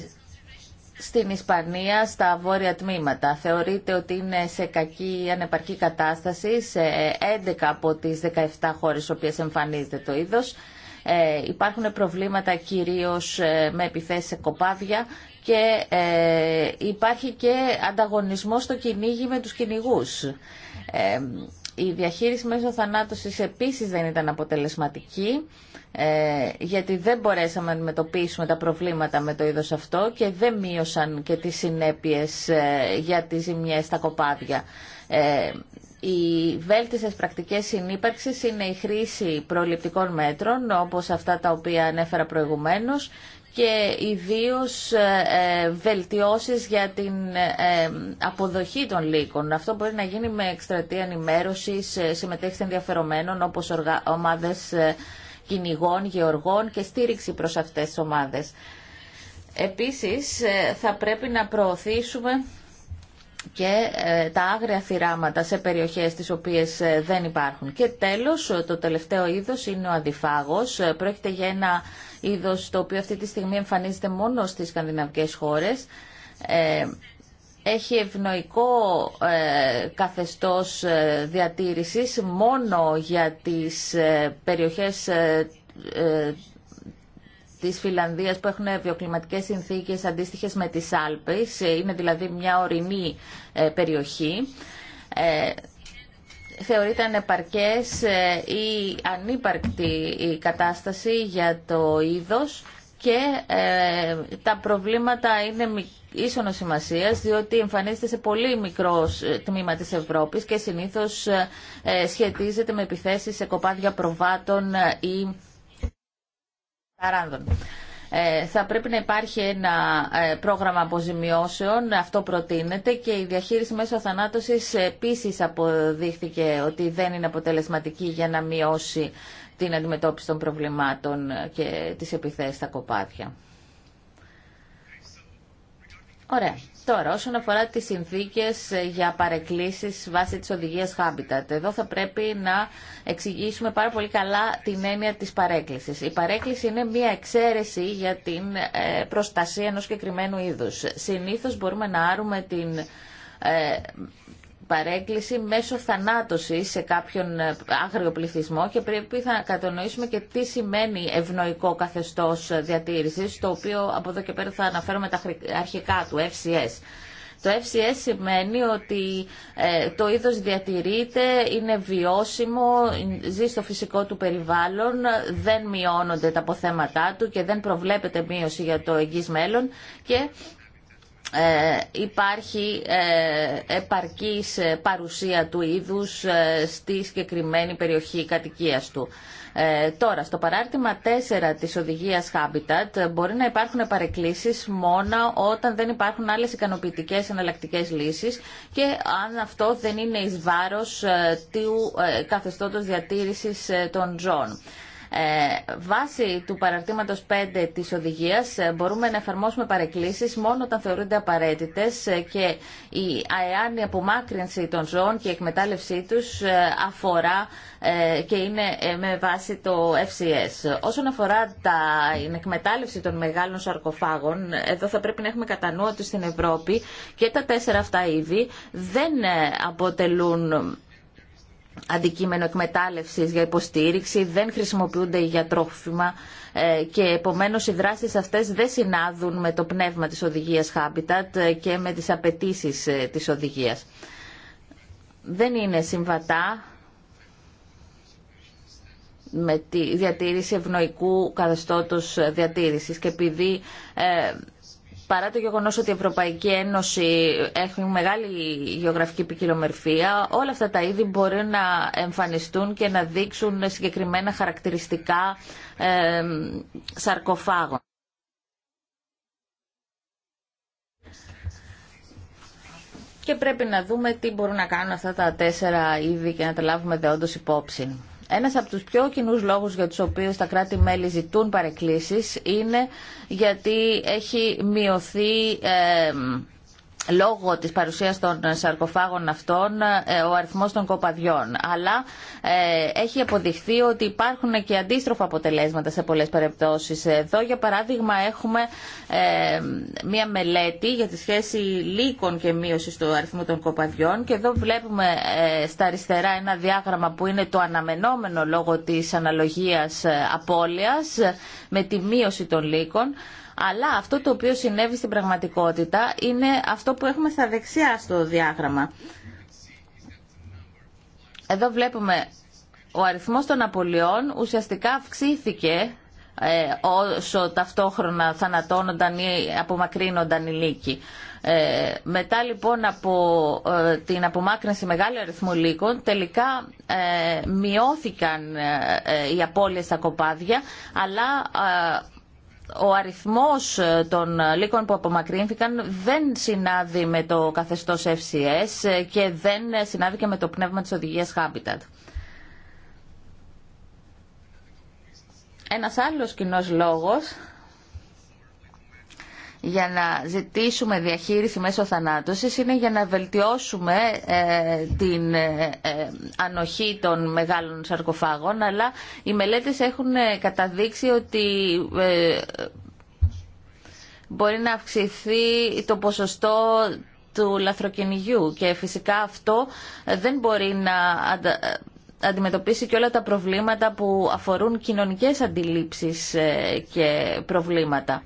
στην Ισπανία, στα βόρεια τμήματα. Θεωρείται ότι είναι σε κακή ανεπαρκή κατάσταση σε 11 από τις 17 χώρες στις οποίες εμφανίζεται το είδος. Ε, υπάρχουν προβλήματα κυρίως ε, με επιθέσεις σε κοπάδια και ε, υπάρχει και ανταγωνισμός στο κυνήγι με τους κυνηγούς. Ε, η διαχείριση μέσω θανάτωσης επίσης δεν ήταν αποτελεσματική ε, γιατί δεν μπορέσαμε να αντιμετωπίσουμε τα προβλήματα με το είδος αυτό και δεν μείωσαν και τις συνέπειες ε, για τις ζημιές στα κοπάδια. Ε, οι βέλτιστες πρακτικές συνύπαρξης είναι η χρήση προληπτικών μέτρων όπως αυτά τα οποία ανέφερα προηγουμένως και ιδίως ε, ε, βελτιώσεις για την ε, αποδοχή των λύκων. Αυτό μπορεί να γίνει με εκστρατεία ενημέρωση, συμμετέχει ενδιαφερομένων όπως ομάδες κυνηγών, γεωργών και στήριξη προς αυτές τις ομάδες. Επίσης θα πρέπει να προωθήσουμε και ε, τα άγρια θυράματα σε περιοχές τις οποίες ε, δεν υπάρχουν. Και τέλος, ε, το τελευταίο είδος είναι ο αντιφάγος. Πρόκειται για ένα είδος το οποίο αυτή τη στιγμή εμφανίζεται μόνο στις σκανδιναβικές χώρες. Έχει ευνοϊκό καθεστώς διατήρησης μόνο για τις περιοχές Τη Φιλανδία, που έχουν βιοκλιματικές συνθήκες αντίστοιχες με τις Άλπες. Είναι δηλαδή μια ορεινή ε, περιοχή. Ε, θεωρείται ανεπαρκές ε, ή ανύπαρκτη η κατάσταση για το είδος και τα προβλήματα είναι ίσονο σημασία, διότι εμφανίζεται σε πολύ μικρό τμήμα της Ευρώπης και συνήθω σχετίζεται με επιθέσεις σε κοπάδια προβάτων ή ε, θα πρέπει να υπάρχει ένα ε, πρόγραμμα αποζημιώσεων, αυτό προτείνεται και η διαχείριση μέσω θανάτωσης επίσης αποδείχθηκε ότι δεν είναι αποτελεσματική για να μειώσει την αντιμετώπιση των προβλημάτων και τις επιθέσεις στα κοπάτια. Ωραία. Τώρα, όσον αφορά τις συνθήκες ε, για παρεκκλήσεις βάσει της οδηγίας Habitat, εδώ θα πρέπει να εξηγήσουμε πάρα πολύ καλά την έννοια της παρέκκλησης. Η παρέκκληση είναι μια εξαίρεση για την ε, προστασία ενός συγκεκριμένου είδους. Συνήθως μπορούμε να άρουμε την ε, παρέκκληση μέσω θανάτωση σε κάποιον ε, άγριο πληθυσμό και πρέπει να κατανοήσουμε και τι σημαίνει ευνοϊκό καθεστώς διατήρησης, το οποίο από εδώ και πέρα θα αναφέρουμε τα αρχικά του, FCS. Το FCS σημαίνει ότι ε, το είδος διατηρείται, είναι βιώσιμο, ζει στο φυσικό του περιβάλλον, δεν μειώνονται τα αποθέματά του και δεν προβλέπεται μείωση για το εγγύς μέλλον ε, υπάρχει ε, επαρκής ε, παρουσία του είδους ε, στη συγκεκριμένη περιοχή κατοικίας του. Τώρα, στο παράρτημα 4 της οδηγίας Habitat μπορεί να υπάρχουν παρεκκλήσεις μόνο όταν δεν υπάρχουν άλλες ικανοποιητικές εναλλακτικέ λύσεις και αν αυτό δεν είναι εις βάρος του καθεστώτος διατήρησης των ζών. Ε, βάσει του παραρτήματος 5 της οδηγία ε, μπορούμε να εφαρμόσουμε παρεκκλήσει μόνο όταν θεωρούνται απαραίτητε ε, και η αεάνη απομάκρυνση των ζώων και η εκμετάλλευσή τους αφορά και είναι με βάση το FCS. Όσον αφορά τα, την εκμετάλλευση των μεγάλων σαρκοφάγων, εδώ θα πρέπει να έχουμε κατά νου ότι στην Ευρώπη και τα τέσσερα αυτά είδη δεν αποτελούν αντικείμενο εκμετάλλευσης για υποστήριξη, δεν χρησιμοποιούνται για τρόφιμα ε, και επομένως οι δράσεις αυτές δεν συνάδουν με το πνεύμα της οδηγίας Habitat ε, και με τις απαιτήσει ε, της οδηγίας. Δεν είναι συμβατά με τη διατήρηση ευνοϊκού καθεστώτος διατήρησης και επειδή παρά το γεγονός ότι η Ευρωπαϊκή Ένωση έχει μεγάλη γεωγραφική ποικιλομορφία, όλα αυτά τα είδη μπορεί να εμφανιστούν και να δείξουν συγκεκριμένα χαρακτηριστικά ε, σαρκοφάγων. Και πρέπει να δούμε τι μπορούν να κάνουν αυτά τα τέσσερα είδη και να τα λάβουμε δεόντως υπόψη. Ένας από τους πιο κοινούς λόγους για τους οποίους τα κράτη-μέλη ζητούν παρεκκλήσεις είναι γιατί έχει μειωθεί... Ε, λόγω της παρουσίας των σαρκοφάγων αυτών ε, ο αριθμός των κοπαδιών. Αλλά ε, έχει αποδειχθεί ότι υπάρχουν και αντίστροφα αποτελέσματα σε πολλές περιπτώσεις. Εδώ για παράδειγμα έχουμε ε, μία μελέτη για τη σχέση λύκων και μείωση του αριθμού των κοπαδιών και εδώ βλέπουμε στα αριστερά ένα διάγραμμα που είναι το αναμενόμενο λόγω της αναλογίας απώλειας με τη μείωση των λύκων αλλά αυτό το οποίο συνέβη στην πραγματικότητα είναι αυτό που έχουμε στα δεξιά στο διάγραμμα. Εδώ βλέπουμε ο αριθμός των απολειών ουσιαστικά αυξήθηκε ε, όσο ταυτόχρονα θανατώνονταν ή απομακρύνονταν οι λύκοι. Ε, μετά λοιπόν από ε, την απομάκρυνση μεγάλου αριθμού λύκων τελικά ε, μειώθηκαν οι απώλειες στα κοπάδια αλλά ο αριθμός ε, των ε, λύκων που απομακρύνθηκαν δεν συνάδει με το καθεστώς FCS ε, και δεν συνάδει και με το πνεύμα της οδηγίας Habitat. Ένας άλλος κοινός λόγος για να ζητήσουμε διαχείριση μέσω θανάτωσης είναι για να βελτιώσουμε ε, την ε, ε, ανοχή των μεγάλων σαρκοφάγων, αλλά οι μελέτες έχουν καταδείξει ότι μπορεί να αυξηθεί το ποσοστό του λαθροκυνηγιού και φυσικά αυτό δεν μπορεί να αντιμετωπίσει και όλα τα προβλήματα που αφορούν κοινωνικές αντιλήψεις και προβλήματα.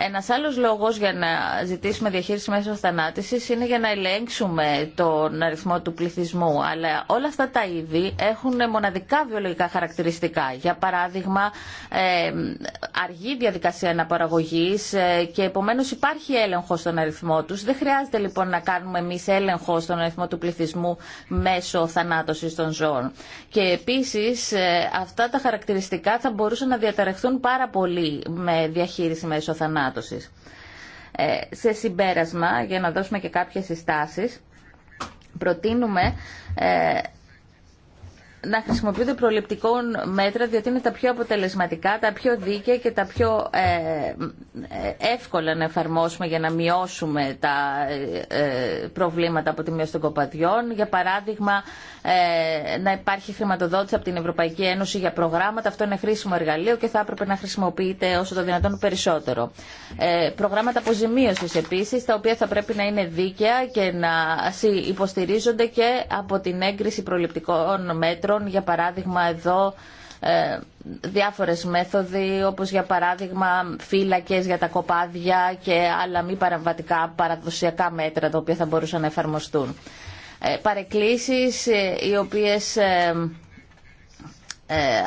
Ένα άλλο λόγο για να ζητήσουμε διαχείριση μέσω θανάτηση είναι για να ελέγξουμε τον αριθμό του πληθυσμού. Αλλά όλα αυτά τα είδη έχουν μοναδικά βιολογικά χαρακτηριστικά. Για παράδειγμα, ε, αργή διαδικασία αναπαραγωγή ε, και επομένω υπάρχει έλεγχο στον αριθμό του. Δεν χρειάζεται λοιπόν να κάνουμε εμεί έλεγχο στον αριθμό του πληθυσμού μέσω θανάτωση των ζώων. Και επίση ε, αυτά τα χαρακτηριστικά θα μπορούσαν να διαταραχθούν πάρα πολύ με διαχείριση μέσω θανάτωση. Ε, σε συμπέρασμα, για να δώσουμε και κάποιες συστάσεις, προτείνουμε ε, να χρησιμοποιούνται προληπτικών μέτρα διότι είναι τα πιο αποτελεσματικά, τα πιο δίκαια και τα πιο ε, ε, εύκολα να εφαρμόσουμε για να μειώσουμε τα ε, προβλήματα από τη μείωση των κοπαδιών. Για παράδειγμα, να υπάρχει χρηματοδότηση από την Ευρωπαϊκή Ένωση για προγράμματα. Αυτό είναι χρήσιμο εργαλείο και θα έπρεπε να χρησιμοποιείται όσο το δυνατόν περισσότερο. Προγράμματα αποζημίωση επίση, τα οποία θα πρέπει να είναι δίκαια και να υποστηρίζονται και από την έγκριση προληπτικών μέτρων για παράδειγμα εδώ ε, διάφορες μέθοδοι όπως για παράδειγμα φύλακες για τα κοπάδια και άλλα μη παραβατικά παραδοσιακά μέτρα τα οποία θα μπορούσαν να εφαρμοστούν. Ε, παρεκκλήσεις ε, οι οποίες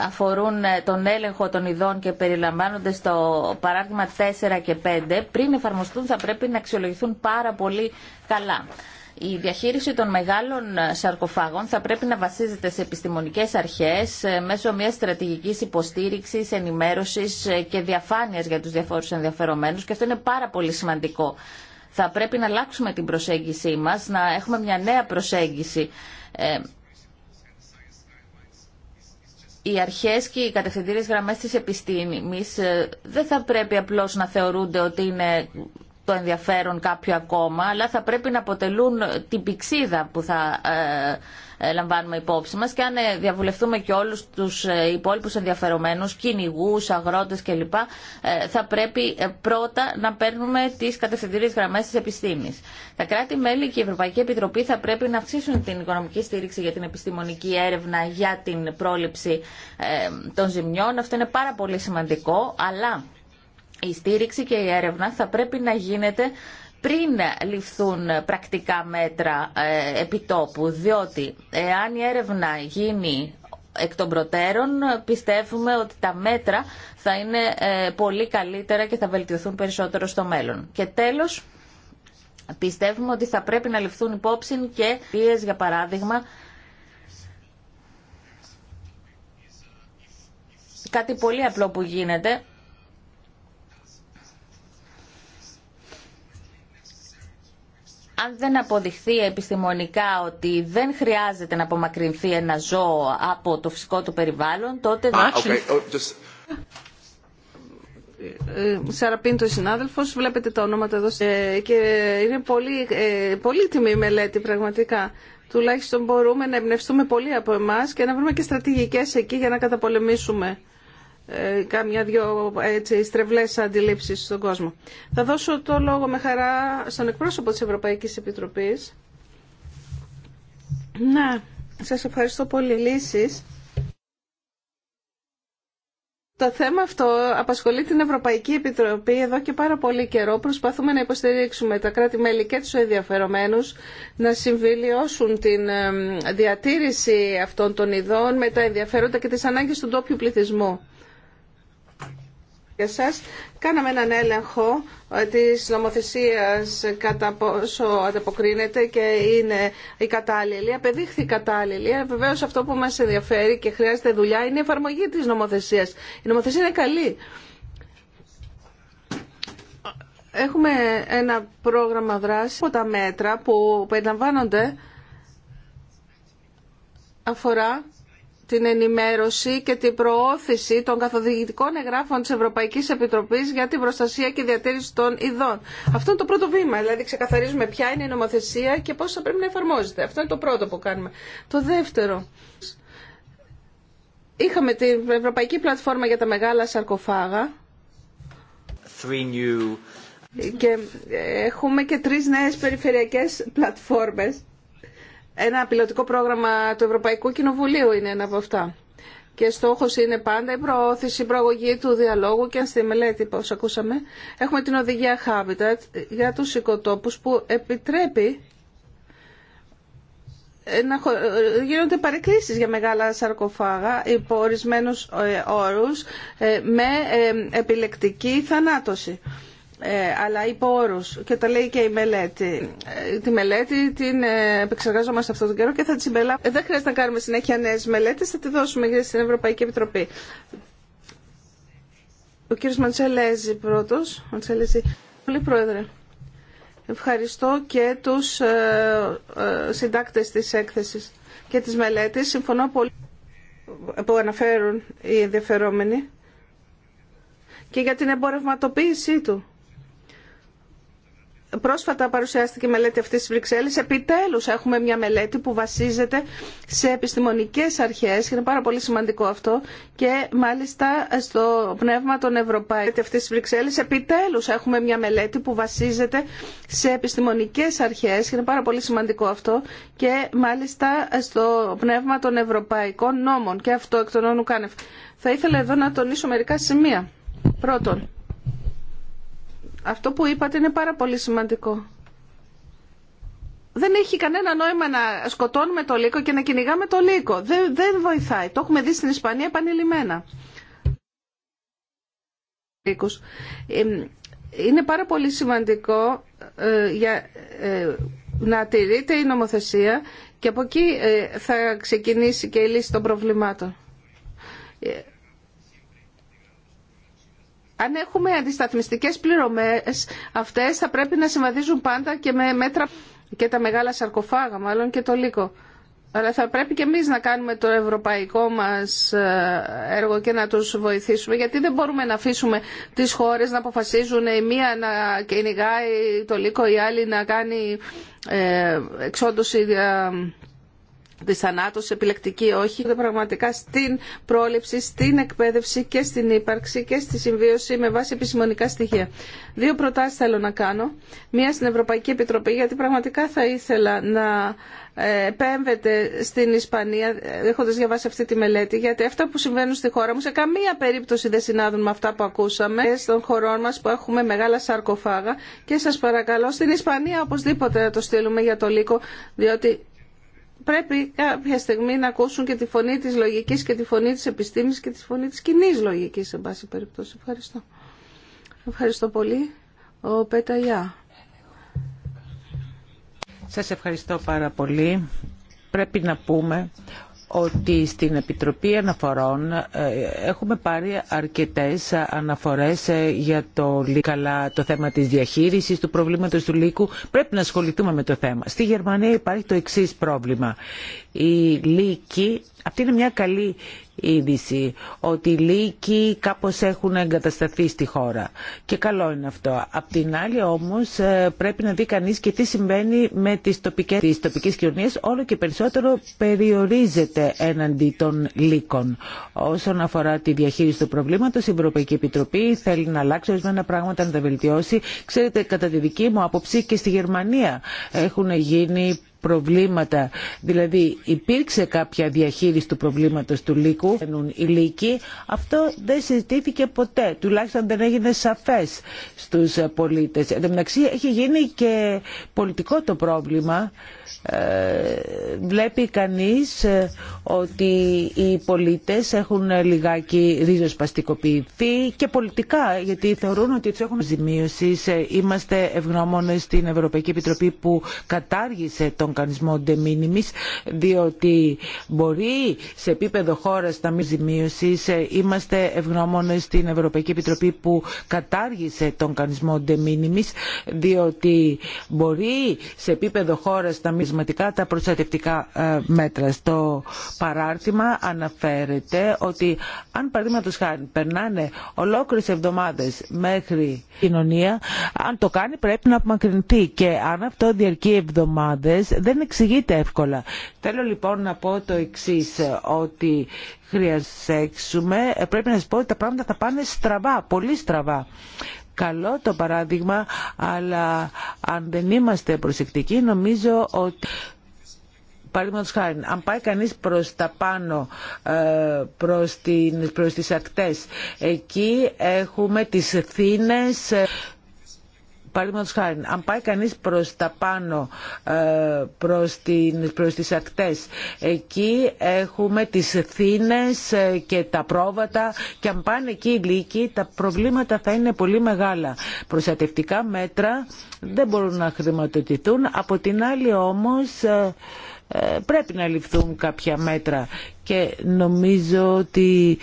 αφορούν τον έλεγχο των ειδών και περιλαμβάνονται στο παράδειγμα 4 και 5 πριν εφαρμοστούν θα πρέπει να αξιολογηθούν πάρα πολύ καλά. Η διαχείριση των μεγάλων ε, σαρκοφάγων θα πρέπει να βασίζεται σε επιστημονικές αρχές ε, μέσω μιας στρατηγικής υποστήριξης, ενημέρωσης ε, και διαφάνειας για τους διαφόρους ενδιαφερομένους και αυτό είναι πάρα πολύ σημαντικό. Θα πρέπει να αλλάξουμε την προσέγγιση μας, να έχουμε μια νέα προσέγγιση οι αρχές και οι κατευθυντήριες γραμμές της επιστήμης δεν θα πρέπει απλώς να θεωρούνται ότι είναι το ενδιαφέρον κάποιο ακόμα, αλλά θα πρέπει να αποτελούν την πηξίδα που θα ε, ε λαμβάνουμε υπόψη μας και αν ε, διαβουλευτούμε και όλους τους ε, υπόλοιπους ενδιαφερομένους, κυνηγούς, αγρότες κλπ, θα πρέπει πρώτα να παίρνουμε τις κατευθυντήριες γραμμές της επιστήμης. Τα κράτη-μέλη και η Ευρωπαϊκή Επιτροπή θα πρέπει να αυξήσουν την οικονομική στήριξη για την επιστημονική έρευνα για την πρόληψη των ζημιών. Αυτό είναι πάρα πολύ σημαντικό, αλλά η στήριξη και η έρευνα θα πρέπει να γίνεται πριν ληφθούν πρακτικά μέτρα ε, επιτόπου, διότι εάν η έρευνα γίνει εκ των προτέρων, πιστεύουμε ότι τα μέτρα θα είναι ε, πολύ καλύτερα και θα βελτιωθούν περισσότερο στο μέλλον. Και τέλος, πιστεύουμε ότι θα πρέπει να ληφθούν υπόψη και πίες, για παράδειγμα, κάτι πολύ απλό που γίνεται, αν δεν αποδειχθεί επιστημονικά ότι δεν χρειάζεται να απομακρυνθεί ένα ζώο από το φυσικό του περιβάλλον, τότε δεν... Okay. Oh, το συνάδελφο, βλέπετε τα ονόματα εδώ ε, και είναι πολύ, ε, πολύτιμη η μελέτη πραγματικά. Τουλάχιστον μπορούμε να εμπνευστούμε πολύ από εμά και να βρούμε και στρατηγικέ εκεί για να καταπολεμήσουμε ε, κάμια-δυο στρεβλές αντιλήψεις στον κόσμο. Θα δώσω το λόγο με χαρά στον εκπρόσωπο της Ευρωπαϊκής Επιτροπής. Να, σας ευχαριστώ πολύ. Λύσεις. Το θέμα αυτό απασχολεί την Ευρωπαϊκή Επιτροπή εδώ και πάρα πολύ καιρό. Προσπαθούμε να υποστηρίξουμε τα κράτη-μέλη και τους ενδιαφερομένους να συμβιλιώσουν την διατήρηση αυτών των ειδών με τα ενδιαφέροντα και τις ανάγκες του ντόπιου πληθυσμού για σας. Κάναμε έναν έλεγχο ε, της νομοθεσίας ε, κατά πόσο ανταποκρίνεται και είναι η κατάλληλη. Απεδείχθη κατάλληλη. Ε, βεβαίως αυτό που μας ενδιαφέρει και χρειάζεται δουλειά είναι η εφαρμογή της νομοθεσίας. Η νομοθεσία είναι καλή. Έχουμε ένα πρόγραμμα δράση από τα μέτρα που περιλαμβάνονται αφορά την ενημέρωση και την προώθηση των καθοδηγητικών εγγράφων της Ευρωπαϊκής Επιτροπής για την προστασία και διατήρηση των ειδών. Αυτό είναι το πρώτο βήμα, δηλαδή ξεκαθαρίζουμε ποια είναι η νομοθεσία και πώς θα πρέπει να εφαρμόζεται. Αυτό είναι το πρώτο που κάνουμε. Το δεύτερο, είχαμε την Ευρωπαϊκή Πλατφόρμα για τα Μεγάλα Σαρκοφάγα και έχουμε και τρεις νέες περιφερειακές πλατφόρμες ένα πιλωτικό πρόγραμμα του Ευρωπαϊκού Κοινοβουλίου είναι ένα από αυτά. Και στόχος είναι πάντα η προώθηση, η προαγωγή του διαλόγου και αν στη μελέτη, όπως ακούσαμε, έχουμε την οδηγία Habitat για τους οικοτόπους που επιτρέπει να γίνονται παρεκκλήσεις για μεγάλα σαρκοφάγα υπό ορισμένους ε, όρους ε, με ε, επιλεκτική θανάτωση. Ε, αλλά υπό όρου Και το λέει και η μελέτη. Ε, τη μελέτη την ε, επεξεργάζομαστε αυτόν τον καιρό και θα τη συμπεριλάβουμε. Δεν χρειάζεται να κάνουμε συνέχεια νέε μελέτε, θα τη δώσουμε στην Ευρωπαϊκή Επιτροπή. Ο κύριος Μαντσελέζη πρώτος. Μαντσελέζη. Πολύ πρόεδρε. Ευχαριστώ και τους συντάκτες της έκθεσης και της μελέτης. Συμφωνώ πολύ που αναφέρουν οι ενδιαφερόμενοι και για την εμπορευματοποίησή του. Πρόσφατα παρουσιάστηκε η μελέτη αυτή τη Βρυξέλλη. Επιτέλου έχουμε μια μελέτη που βασίζεται σε επιστημονικέ αρχέ και είναι πάρα πολύ σημαντικό αυτό και μάλιστα στο πνεύμα των Ευρωπαϊκών. Αυτή τη Βρυξέλλη. Επιτέλου έχουμε μια μελέτη που βασίζεται σε επιστημονικέ αρχέ και είναι πάρα πολύ σημαντικό αυτό και μάλιστα στο πνεύμα των Ευρωπαϊκών νόμων και αυτό εκ των Θα ήθελα εδώ να τονίσω μερικά σημεία. Πρώτον, αυτό που είπατε είναι πάρα πολύ σημαντικό. Δεν έχει κανένα νόημα να σκοτώνουμε το λύκο και να κυνηγάμε το λύκο. Δεν, δεν βοηθάει. Το έχουμε δει στην Ισπανία επανειλημμένα. Είναι πάρα πολύ σημαντικό ε, για, ε, να τηρείται η νομοθεσία και από εκεί ε, θα ξεκινήσει και η λύση των προβλημάτων. Αν έχουμε αντισταθμιστικές πληρωμές, αυτές θα πρέπει να συμβαδίζουν πάντα και με μέτρα και τα μεγάλα σαρκοφάγα μάλλον και το λύκο. Αλλά θα πρέπει και εμείς να κάνουμε το ευρωπαϊκό μας ε, έργο και να τους βοηθήσουμε, γιατί δεν μπορούμε να αφήσουμε τις χώρες να αποφασίζουν η μία να κυνηγάει το λύκο, η άλλη να κάνει ε, εξόντωση ε, της επιλεκτική όχι, πραγματικά στην πρόληψη, στην εκπαίδευση και στην ύπαρξη και στη συμβίωση με βάση επιστημονικά στοιχεία. Δύο προτάσεις θέλω να κάνω. Μία στην Ευρωπαϊκή Επιτροπή, γιατί πραγματικά θα ήθελα να ε, επέμβεται στην Ισπανία, έχοντα διαβάσει αυτή τη μελέτη, γιατί αυτά που συμβαίνουν στη χώρα μου σε καμία περίπτωση δεν συνάδουν με αυτά που ακούσαμε στον χωρό μα που έχουμε μεγάλα σαρκοφάγα. Και σα παρακαλώ στην Ισπανία οπωσδήποτε να το στείλουμε για το λύκο, διότι πρέπει κάποια στιγμή να ακούσουν και τη φωνή της λογικής και τη φωνή της επιστήμης και τη φωνή της κοινή λογικής, σε πάση περιπτώσει. Ευχαριστώ. Ευχαριστώ πολύ. Ο Πέταγιά. Σας ευχαριστώ πάρα πολύ. Πρέπει να πούμε ότι στην Επιτροπή Αναφορών ε, έχουμε πάρει αρκετές αναφορές ε, για το λίκαλα, το θέμα της διαχείρισης του προβλήματος του λύκου. Πρέπει να ασχοληθούμε με το θέμα. Στη Γερμανία υπάρχει το εξής πρόβλημα. Η λύκη, αυτή είναι μια καλή είδηση ότι οι λύκοι κάπως έχουν εγκατασταθεί στη χώρα. Και καλό είναι αυτό. Απ' την άλλη όμως ε, πρέπει να δει κανείς και τι συμβαίνει με τις τοπικές, τις τοπικές κοινωνίες όλο και περισσότερο περιορίζεται έναντι των λύκων. Όσον αφορά τη διαχείριση του προβλήματος η Ευρωπαϊκή Επιτροπή θέλει να αλλάξει ορισμένα πράγματα να τα βελτιώσει. Ξέρετε κατά τη δική μου άποψη και στη Γερμανία έχουν γίνει προβλήματα. Δηλαδή υπήρξε κάποια διαχείριση του προβλήματος του λύκου, οι λύκοι. Αυτό δεν συζητήθηκε ποτέ, τουλάχιστον δεν έγινε σαφές στους πολίτες. Εν τω μεταξύ έχει γίνει και πολιτικό το πρόβλημα. Ε, βλέπει κανείς ε, ότι οι πολίτες έχουν ε, λιγάκι ριζοσπαστικοποιηθεί και πολιτικά γιατί θεωρούν ότι τους έχουν ζημίωση. Είμαστε ευγνώμονες στην Ευρωπαϊκή Επιτροπή που κατάργησε τον κανισμό de διότι μπορεί σε επίπεδο χώρας να μην ζημίωση. Είμαστε ευγνώμονες στην Ευρωπαϊκή Επιτροπή που κατάργησε τον κανισμό de διότι μπορεί σε επίπεδο χώρας να μην αποτελεσματικά τα προστατευτικά ε, μέτρα. Στο παράρτημα αναφέρεται ότι αν παραδείγματο χάρη περνάνε ολόκληρε εβδομάδε μέχρι κοινωνία, αν το κάνει πρέπει να απομακρυνθεί και αν αυτό διαρκεί εβδομάδε δεν εξηγείται εύκολα. Θέλω λοιπόν να πω το εξή, ότι χρειασέξουμε. Ε, πρέπει να σα πω ότι τα πράγματα θα πάνε στραβά, πολύ στραβά καλό το παράδειγμα, αλλά αν δεν είμαστε προσεκτικοί νομίζω ότι παραδείγματος χάρη, αν πάει κανείς προς τα πάνω, ε, προς, την, προς τις ακτές, εκεί έχουμε τις θύνες ε, Παραδείγματο χάρη, αν πάει κανεί προς τα πάνω, προ ε, τι προς ακτές, εκεί έχουμε τι θύνες ε, και τα πρόβατα και αν πάνε εκεί οι λύκοι, τα προβλήματα θα είναι πολύ μεγάλα. Προστατευτικά μέτρα δεν μπορούν να χρηματοδοτηθούν. Από την άλλη όμως ε, πρέπει να ληφθούν κάποια μέτρα και νομίζω ότι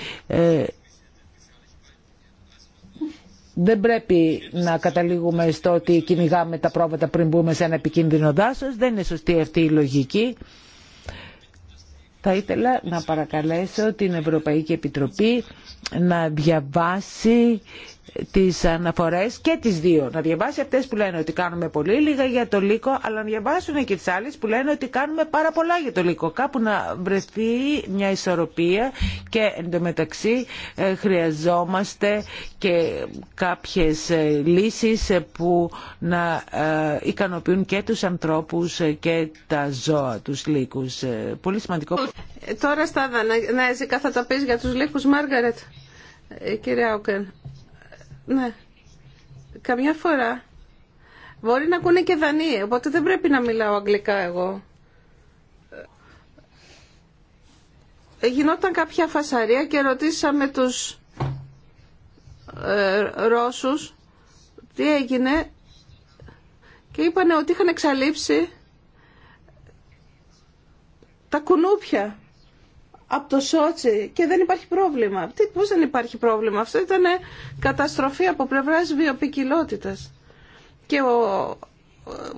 δεν πρέπει να καταλήγουμε στο ότι κυνηγάμε τα πρόβατα πριν μπούμε σε ένα επικίνδυνο δάσος. Δεν είναι σωστή αυτή η λογική. Θα ήθελα να παρακαλέσω την Ευρωπαϊκή Επιτροπή να διαβάσει τις αναφορές και τις δύο. Να διαβάσει αυτές που λένε ότι κάνουμε πολύ λίγα για το λύκο, αλλά να διαβάσουν και τις άλλες που λένε ότι κάνουμε πάρα πολλά για το λύκο. Κάπου να βρεθεί μια ισορροπία και εντωμεταξύ ε, χρειαζόμαστε και κάποιες ε, λύσεις ε, που να ικανοποιούν και τους ανθρώπους και τα ζώα, τους λύκους. Πολύ σημαντικό. Τώρα στα Δανέζικα θα τα πεις για τους λύκους, Μάργαρετ. Κυρία Όκεν. Ναι. Καμιά φορά μπορεί να ακούνε και δανείοι, οπότε δεν πρέπει να μιλάω αγγλικά εγώ. Ε, γινόταν κάποια φασαρία και ρωτήσαμε τους ε, Ρώσους τι έγινε και είπανε ότι είχαν εξαλείψει τα κουνούπια από το Σότσι και δεν υπάρχει πρόβλημα. Τι, πώς δεν υπάρχει πρόβλημα. Αυτό ήταν καταστροφή από πλευράς βιοπικιλότητας. Και ο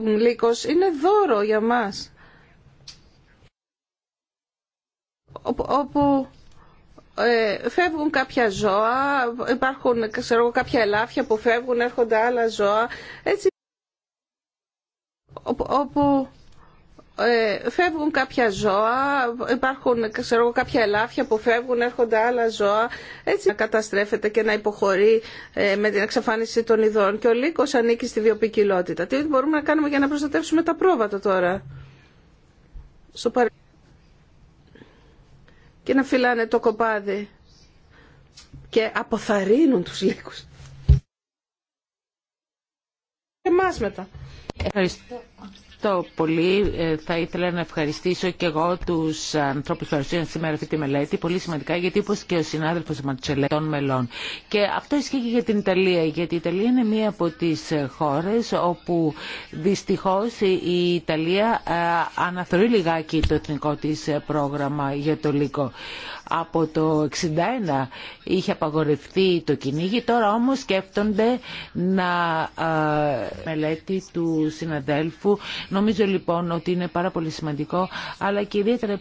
Λύκος είναι δώρο για μας. Όπου ε, φεύγουν κάποια ζώα, υπάρχουν ξέρω, κάποια ελάφια που φεύγουν, έρχονται άλλα ζώα. Έτσι, όπου ε, φεύγουν κάποια ζώα, υπάρχουν ξέρω, κάποια ελάφια που φεύγουν, έρχονται άλλα ζώα, έτσι να καταστρέφεται και να υποχωρεί ε, με την εξαφάνιση των ειδών. Και ο λύκος ανήκει στη βιοπικιλότητα. Τι μπορούμε να κάνουμε για να προστατεύσουμε τα πρόβατα τώρα. Στο παρε... Και να φυλάνε το κοπάδι. Και αποθαρρύνουν τους λύκους. Και εμάς μετά. Ευχαριστώ. Ευχαριστώ πολύ. Ε, θα ήθελα να ευχαριστήσω και εγώ τους ανθρώπους που παρουσίασαν σήμερα αυτή τη μελέτη. Πολύ σημαντικά γιατί όπω και ο συνάδελφο Ματσελέ των μελών. Και αυτό ισχύει και για την Ιταλία. Γιατί η Ιταλία είναι μία από τις χώρες όπου δυστυχώ, η Ιταλία ε, αναθεωρεί λιγάκι το εθνικό τη πρόγραμμα για το λύκο. Από το 1961 είχε απαγορευτεί το κυνήγι, τώρα όμως σκέφτονται να μελέτη του συναδέλφου. Νομίζω λοιπόν ότι είναι πάρα πολύ σημαντικό, αλλά και ιδιαίτερα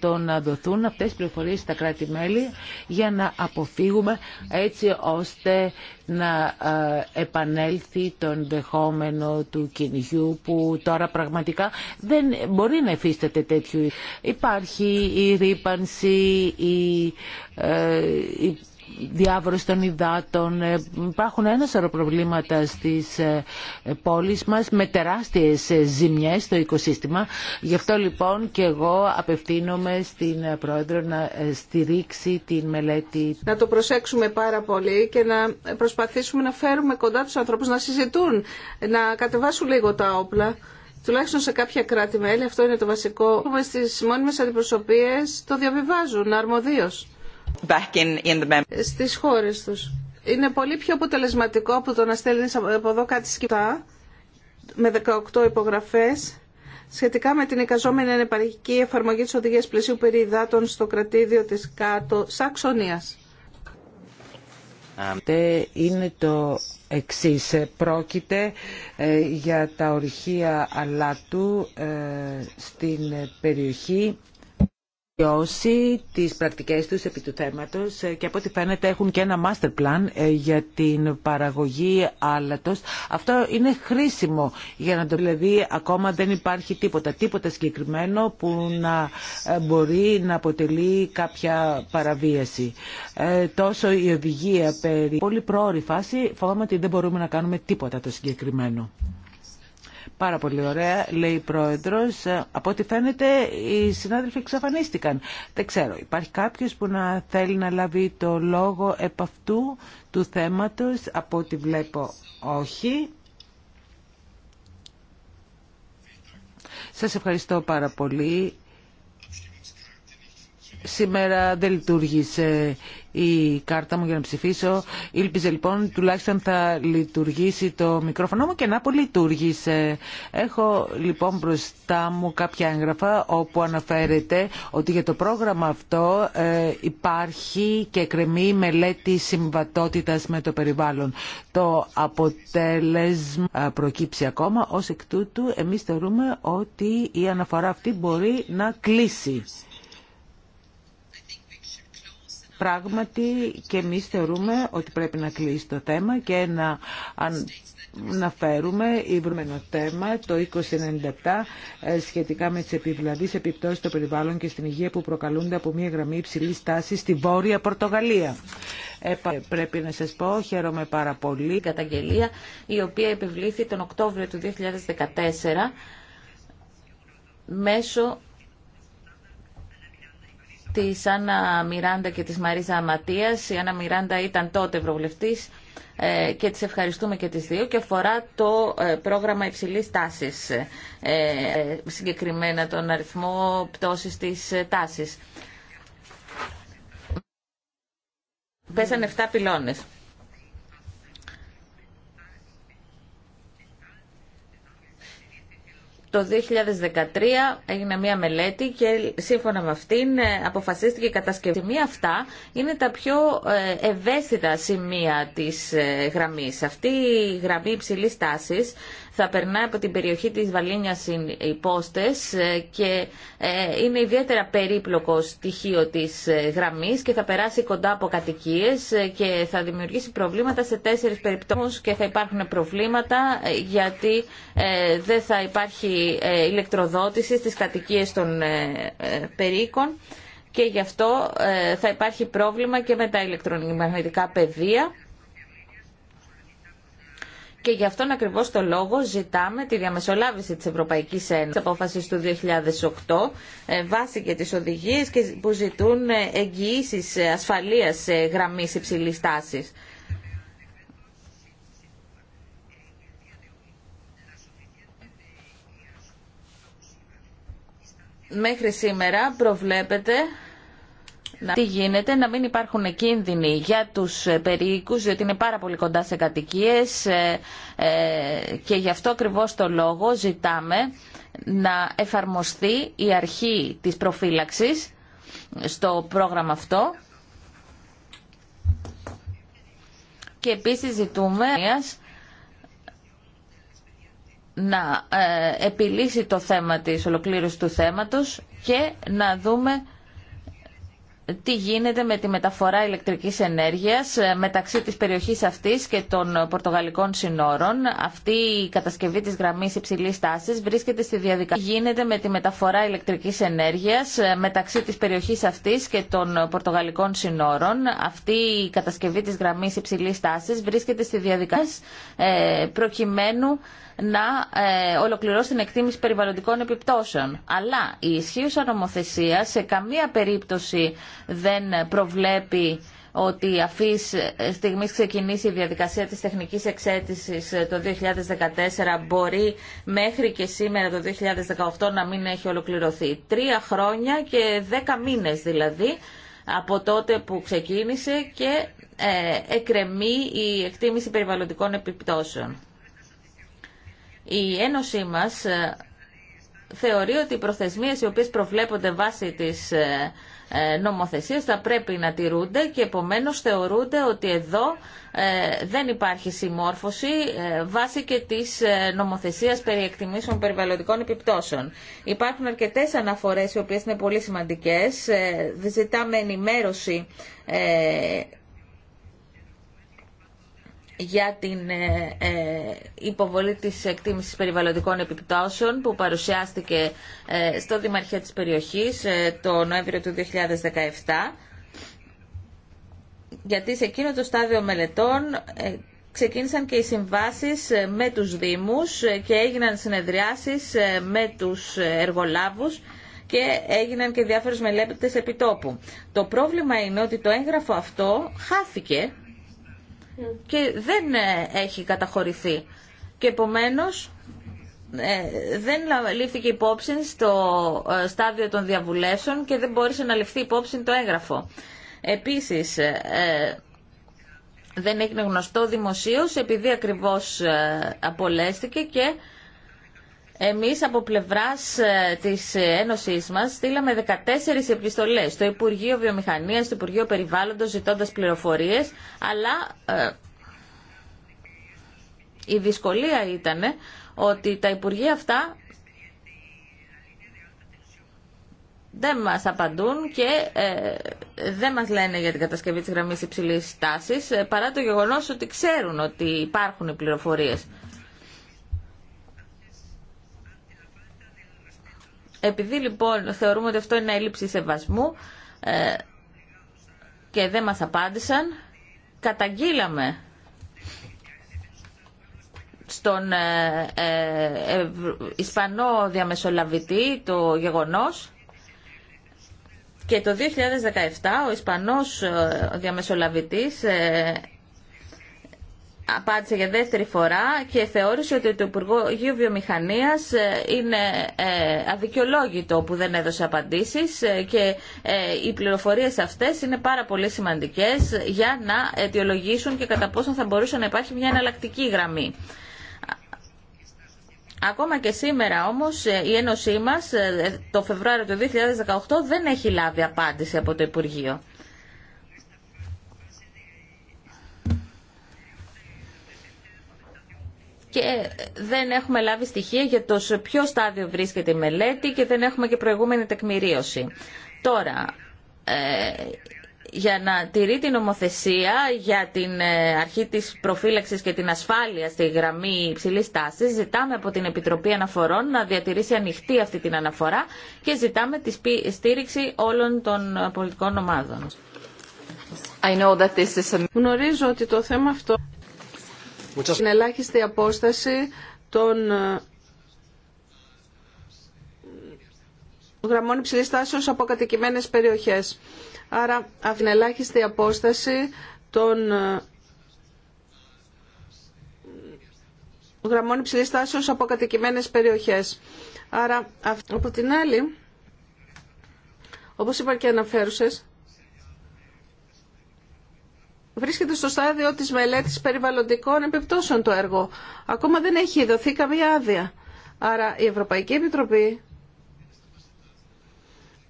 το να δοθούν αυτές τις πληροφορίες στα κράτη-μέλη για να αποφύγουμε έτσι ώστε να επανέλθει το ενδεχόμενο του κυνηγιού που τώρα πραγματικά δεν μπορεί να εφίσταται τέτοιου. Υπάρχει η ρήπανση, η, ε, η διάβρωση των υδάτων. Ε, υπάρχουν ένα σωρό προβλήματα στις ε, πόλεις μας με τεράστιες ζημιές στο οικοσύστημα. Γι' αυτό λοιπόν και εγώ απευθύνομαι στην Πρόεδρο να στηρίξει την μελέτη. Να το προσέξουμε πάρα πολύ και να προσπαθήσουμε να φέρουμε κοντά τους ανθρώπους να συζητούν, να κατεβάσουν λίγο τα όπλα τουλάχιστον σε κάποια κράτη-μέλη, αυτό είναι το βασικό, που στι μόνιμες αντιπροσωπείες το διαβιβάζουν αρμοδίω. χώρε του. στις χώρες τους. Είναι πολύ πιο αποτελεσματικό από το να στέλνει από εδώ κάτι σκητά με 18 υπογραφέ, σχετικά με την εικαζόμενη ανεπαρχική εφαρμογή της οδηγία πλαισίου περί υδάτων στο κρατήδιο τη κάτω Σαξονία. Ε, είναι το εξής. Ε, πρόκειται ε, για τα ορυχεία αλάτου στην περιοχή βελτιώσει τις πρακτικές τους επί του θέματος ε, και από ό,τι φαίνεται έχουν και ένα master plan ε, για την παραγωγή άλατος. Αυτό είναι χρήσιμο για να το δηλαδή ακόμα δεν υπάρχει τίποτα, τίποτα συγκεκριμένο που να ε, μπορεί να αποτελεί κάποια παραβίαση. τόσο η οδηγία περί πολύ πρόωρη φάση φοβάμαι ότι δεν μπορούμε να κάνουμε τίποτα το συγκεκριμένο. Πάρα πολύ ωραία, λέει η πρόεδρος. Από ό,τι φαίνεται οι συνάδελφοι εξαφανίστηκαν. Δεν ξέρω, υπάρχει κάποιος που να θέλει να λάβει το λόγο επ' αυτού του θέματος. Από ό,τι βλέπω όχι. Σας ευχαριστώ πάρα πολύ. Σήμερα δεν λειτουργήσε η κάρτα μου για να ψηφίσω. Ήλπιζε λοιπόν τουλάχιστον θα λειτουργήσει το μικρόφωνο μου και να που Έχω λοιπόν μπροστά μου κάποια έγγραφα όπου αναφέρεται ότι για το πρόγραμμα αυτό ε, υπάρχει και κρεμεί μελέτη συμβατότητας με το περιβάλλον. Το αποτέλεσμα προκύψει ακόμα. Ως εκ τούτου εμείς θεωρούμε ότι η αναφορά αυτή μπορεί να κλείσει. Πράγματι και εμείς θεωρούμε ότι πρέπει να κλείσει το θέμα και να αναφέρουμε ύβρομενο θέμα το 2097 ε, σχετικά με τις επιβλαβείς δηλαδή επιπτώσεις στο περιβάλλον και στην υγεία που προκαλούνται από μια γραμμή υψηλή τάσης στη Βόρεια Πορτογαλία. Ε, πρέπει να σας πω, χαίρομαι πάρα πολύ. Καταγγελία η οποία επιβλήθη τον Οκτώβριο του 2014 μέσω Τη Άννα Μιράντα και τη Μαρίζα Αματίας. Η Άννα Μιράντα ήταν τότε ευρωβουλευτής ε, και τις ευχαριστούμε και τις δύο και αφορά το ε, πρόγραμμα υψηλής τάσης, ε, συγκεκριμένα τον αριθμό πτώσης της τάσης. Πέσανε 7 πυλώνες. Το 2013 έγινε μια μελέτη και σύμφωνα με αυτήν ε, αποφασίστηκε η κατασκευή. Σημεία αυτά είναι τα πιο ε, ευαίσθητα σημεία της ε, γραμμής. Αυτή η γραμμή υψηλής τάσης θα περνάει από την περιοχή της Βαλίνιας οι πόστες ε, και ε, είναι ιδιαίτερα περίπλοκο στοιχείο της ε, γραμμής και θα περάσει κοντά από κατοικίες και θα δημιουργήσει προβλήματα σε τέσσερις περιπτώσεις και θα υπάρχουν προβλήματα γιατί δεν θα υπάρχει ηλεκτροδότηση στις κατοικίες των περίκων και γι' αυτό θα υπάρχει πρόβλημα και με τα ηλεκτρονικά πεδία και γι' αυτόν ακριβώ το λόγο ζητάμε τη διαμεσολάβηση της Ευρωπαϊκής Ένωσης απόφαση του 2008 ε, βάσει και τι οδηγίες που ζητούν ε, εγγυήσει ε, ασφαλείας γραμμή υψηλή τάσης. Μέχρι σήμερα προβλέπεται να... τι γίνεται, να μην υπάρχουν κίνδυνοι για τους ε, περίοικους, διότι είναι πάρα πολύ κοντά σε κατοικίες ε, ε, και γι' αυτό ακριβώ το λόγο ζητάμε να εφαρμοστεί η αρχή της προφύλαξης στο πρόγραμμα αυτό και επίσης ζητούμε να επιλύσει το θέμα της ολοκλήρωσης του θέματος και να δούμε τι γίνεται με τη μεταφορά ηλεκτρικής ενέργειας ε, μεταξύ της περιοχής αυτής και των ε, πορτογαλικών συνόρων. Αυτή η κατασκευή της γραμμής υψηλής τάσης βρίσκεται στη διαδικασία. Γίνεται με τη μεταφορά ηλεκτρικής ενέργειας ε, μεταξύ της περιοχής αυτής και των πορτογαλικών συνόρων. Αυτή η κατασκευή της γραμμής υψηλής τάσης βρίσκεται στη διαδικασία προκειμένου να ε, ολοκληρώσει την εκτίμηση περιβαλλοντικών επιπτώσεων. Αλλά η ισχύουσα νομοθεσία σε καμία περίπτωση δεν προβλέπει ότι αφή στιγμή ξεκινήσει η διαδικασία της τεχνικής εξέτησης ε, το 2014 μπορεί μέχρι και σήμερα το 2018 να μην έχει ολοκληρωθεί. Τρία χρόνια και δέκα μήνες δηλαδή από τότε που ξεκίνησε και ε, εκρεμεί η εκτίμηση περιβαλλοντικών επιπτώσεων. Η Ένωσή μας ε, θεωρεί ότι οι προθεσμίες οι οποίες προβλέπονται βάσει της ε, ε, νομοθεσίας θα πρέπει να τηρούνται και επομένως θεωρούνται ότι εδώ δεν υπάρχει συμμόρφωση βάσει και της νομοθεσίας περί εκτιμήσεων περιβαλλοντικών επιπτώσεων. Υπάρχουν αρκετές αναφορές οι οποίες είναι πολύ σημαντικές. Ζητάμε ενημέρωση για την ε, ε, υποβολή της εκτίμησης περιβαλλοντικών επιπτώσεων που παρουσιάστηκε ε, στο Δημαρχείο της περιοχής το Νοέμβριο του 2017 γιατί σε εκείνο το στάδιο μελετών ξεκίνησαν και οι συμβάσεις με τους Δήμους και έγιναν συνεδριάσεις με τους εργολάβους και έγιναν και διάφορες μελέτες επιτόπου. Το πρόβλημα είναι ότι το έγγραφο αυτό χάθηκε και δεν ε, έχει καταχωρηθεί. Και επομένως ε, δεν λήφθηκε υπόψη στο ε, στάδιο των διαβουλεύσεων και δεν μπόρεσε να ληφθεί υπόψη το έγγραφο. Επίσης, δεν έγινε γνωστό δημοσίως επειδή ακριβώς απολέστηκε και εμείς από πλευράς ε, της Ένωσής μας στείλαμε 14 επιστολές στο Υπουργείο Βιομηχανίας, στο Υπουργείο Περιβάλλοντος ζητώντας πληροφορίες, αλλά ε, η δυσκολία ήταν ότι τα Υπουργεία αυτά δεν μας απαντούν και ε, δεν μας λένε για την κατασκευή της γραμμής υψηλής τάσης, παρά το γεγονός ότι ξέρουν ότι υπάρχουν οι πληροφορίες. Επειδή λοιπόν θεωρούμε ότι αυτό είναι έλλειψη σεβασμού ε, και δεν μας απάντησαν, καταγγείλαμε στον ε, ε, ε, Ισπανό διαμεσολαβητή το γεγονός και το 2017 ο Ισπανός διαμεσολαβητής απάντησε για δεύτερη φορά και θεώρησε ότι το Υπουργείο Βιομηχανίας ε, είναι ε, αδικαιολόγητο που δεν έδωσε απαντήσεις ε, και οι πληροφορίες αυτές είναι πάρα πολύ σημαντικές για να αιτιολογήσουν και κατά πόσο θα μπορούσε να υπάρχει μια εναλλακτική γραμμή. Ακόμα και σήμερα όμως η Ένωσή μας το Φεβρουάριο του 2018 δεν έχει λάβει απάντηση από το Υπουργείο. και δεν έχουμε λάβει στοιχεία για το σε ποιο στάδιο βρίσκεται η μελέτη και δεν έχουμε και προηγούμενη τεκμηρίωση. Τώρα, ε, για να τηρεί την ομοθεσία για την ε, αρχή της προφύλαξης και την ασφάλεια στη γραμμή υψηλή τάση, ζητάμε από την Επιτροπή Αναφορών να διατηρήσει ανοιχτή αυτή την αναφορά και ζητάμε τη στήριξη όλων των πολιτικών ομάδων. Γνωρίζω ότι το θέμα αυτό την ελάχιστη απόσταση των ε, γραμμών υψηλή τάσεω από κατοικημένε περιοχέ. Άρα, αυτή την ελάχιστη απόσταση των ε, γραμμών υψηλή τάσεω από κατοικημένε περιοχέ. Άρα, από την άλλη, όπω είπα και αναφέρουσε, βρίσκεται στο στάδιο της μελέτης περιβαλλοντικών επιπτώσεων το έργο. Ακόμα δεν έχει δοθεί καμία άδεια. Άρα η Ευρωπαϊκή Επιτροπή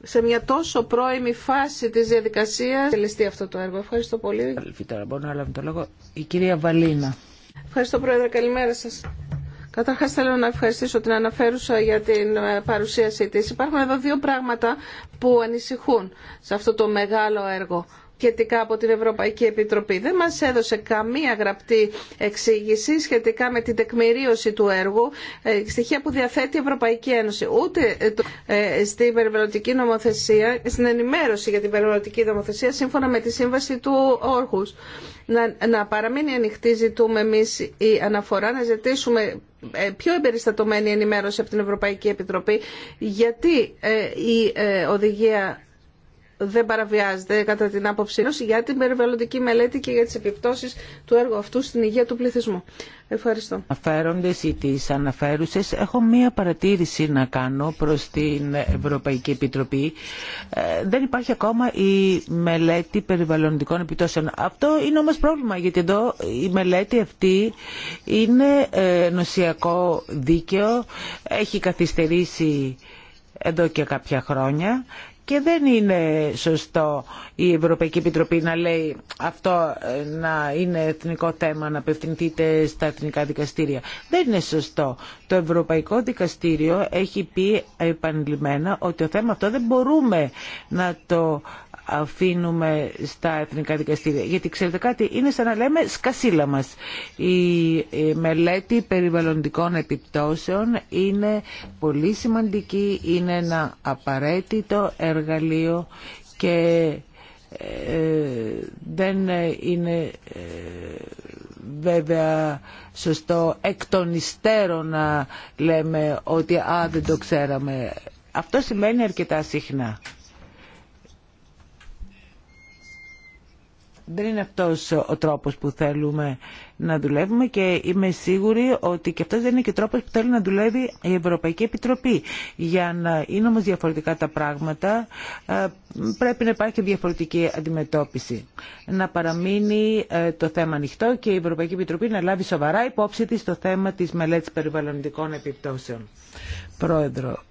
σε μια τόσο πρώιμη φάση της διαδικασίας τελεστεί αυτό το έργο. Ευχαριστώ πολύ. Τώρα να το λόγο. Η κυρία Βαλίνα. Ευχαριστώ Πρόεδρε. Καλημέρα σας. Καταρχάς θέλω να ευχαριστήσω την αναφέρουσα για την ε, παρουσίασή της. Υπάρχουν εδώ δύο πράγματα που ανησυχούν σε αυτό το μεγάλο έργο σχετικά από την Ευρωπαϊκή Επιτροπή. Δεν μας έδωσε καμία γραπτή εξήγηση σχετικά με την τεκμηρίωση του έργου, ε, στοιχεία που διαθέτει η Ευρωπαϊκή Ένωση. Ούτε ε, ε, στην περιβαλλοντική νομοθεσία, στην ενημέρωση για την περιβαλλοντική νομοθεσία, σύμφωνα με τη σύμβαση του Όρχους. Να, να παραμείνει ανοιχτή ζητούμε εμεί η αναφορά, να ζητήσουμε πιο εμπεριστατωμένη ενημέρωση από την Ευρωπαϊκή Επιτροπή, γιατί η οδηγία δεν παραβιάζεται κατά την άποψή μας για την περιβαλλοντική μελέτη και για τις επιπτώσεις του έργου αυτού στην υγεία του πληθυσμού. Ευχαριστώ. Αναφέροντες ή τις αναφέρουσες, έχω μία παρατήρηση να κάνω προς την Ευρωπαϊκή Επιτροπή. Ε, δεν υπάρχει ακόμα η μελέτη περιβαλλοντικών επιπτώσεων. Αυτό είναι όμως πρόβλημα, γιατί εδώ η μελέτη αυτή είναι ε, νοσιακό δίκαιο, έχει καθυστερήσει εδώ και κάποια χρόνια και δεν είναι σωστό η Ευρωπαϊκή Επιτροπή να λέει αυτό ε, να είναι εθνικό θέμα, να απευθυνθείτε στα εθνικά δικαστήρια. Δεν είναι σωστό. Το Ευρωπαϊκό Δικαστήριο έχει πει επανειλημμένα ότι το θέμα αυτό δεν μπορούμε να το αφήνουμε στα εθνικά δικαστήρια. Γιατί ξέρετε κάτι, είναι σαν να λέμε σκασίλα μας. Η μελέτη περιβαλλοντικών επιπτώσεων είναι πολύ σημαντική, είναι ένα απαραίτητο εργαλείο και ε, δεν είναι ε, βέβαια σωστό εκ των υστέρων να λέμε ότι α, δεν το ξέραμε. Αυτό σημαίνει αρκετά συχνά. Δεν είναι αυτός ο τρόπος που θέλουμε να δουλεύουμε και είμαι σίγουρη ότι και αυτός δεν είναι και ο τρόπος που θέλει να δουλεύει η Ευρωπαϊκή Επιτροπή. Για να είναι όμως διαφορετικά τα πράγματα ε, πρέπει να υπάρχει διαφορετική αντιμετώπιση. Να παραμείνει ε, το θέμα ανοιχτό και η Ευρωπαϊκή Επιτροπή να λάβει σοβαρά υπόψη της το θέμα της μελέτης περιβαλλοντικών επιπτώσεων. Πρόεδρο,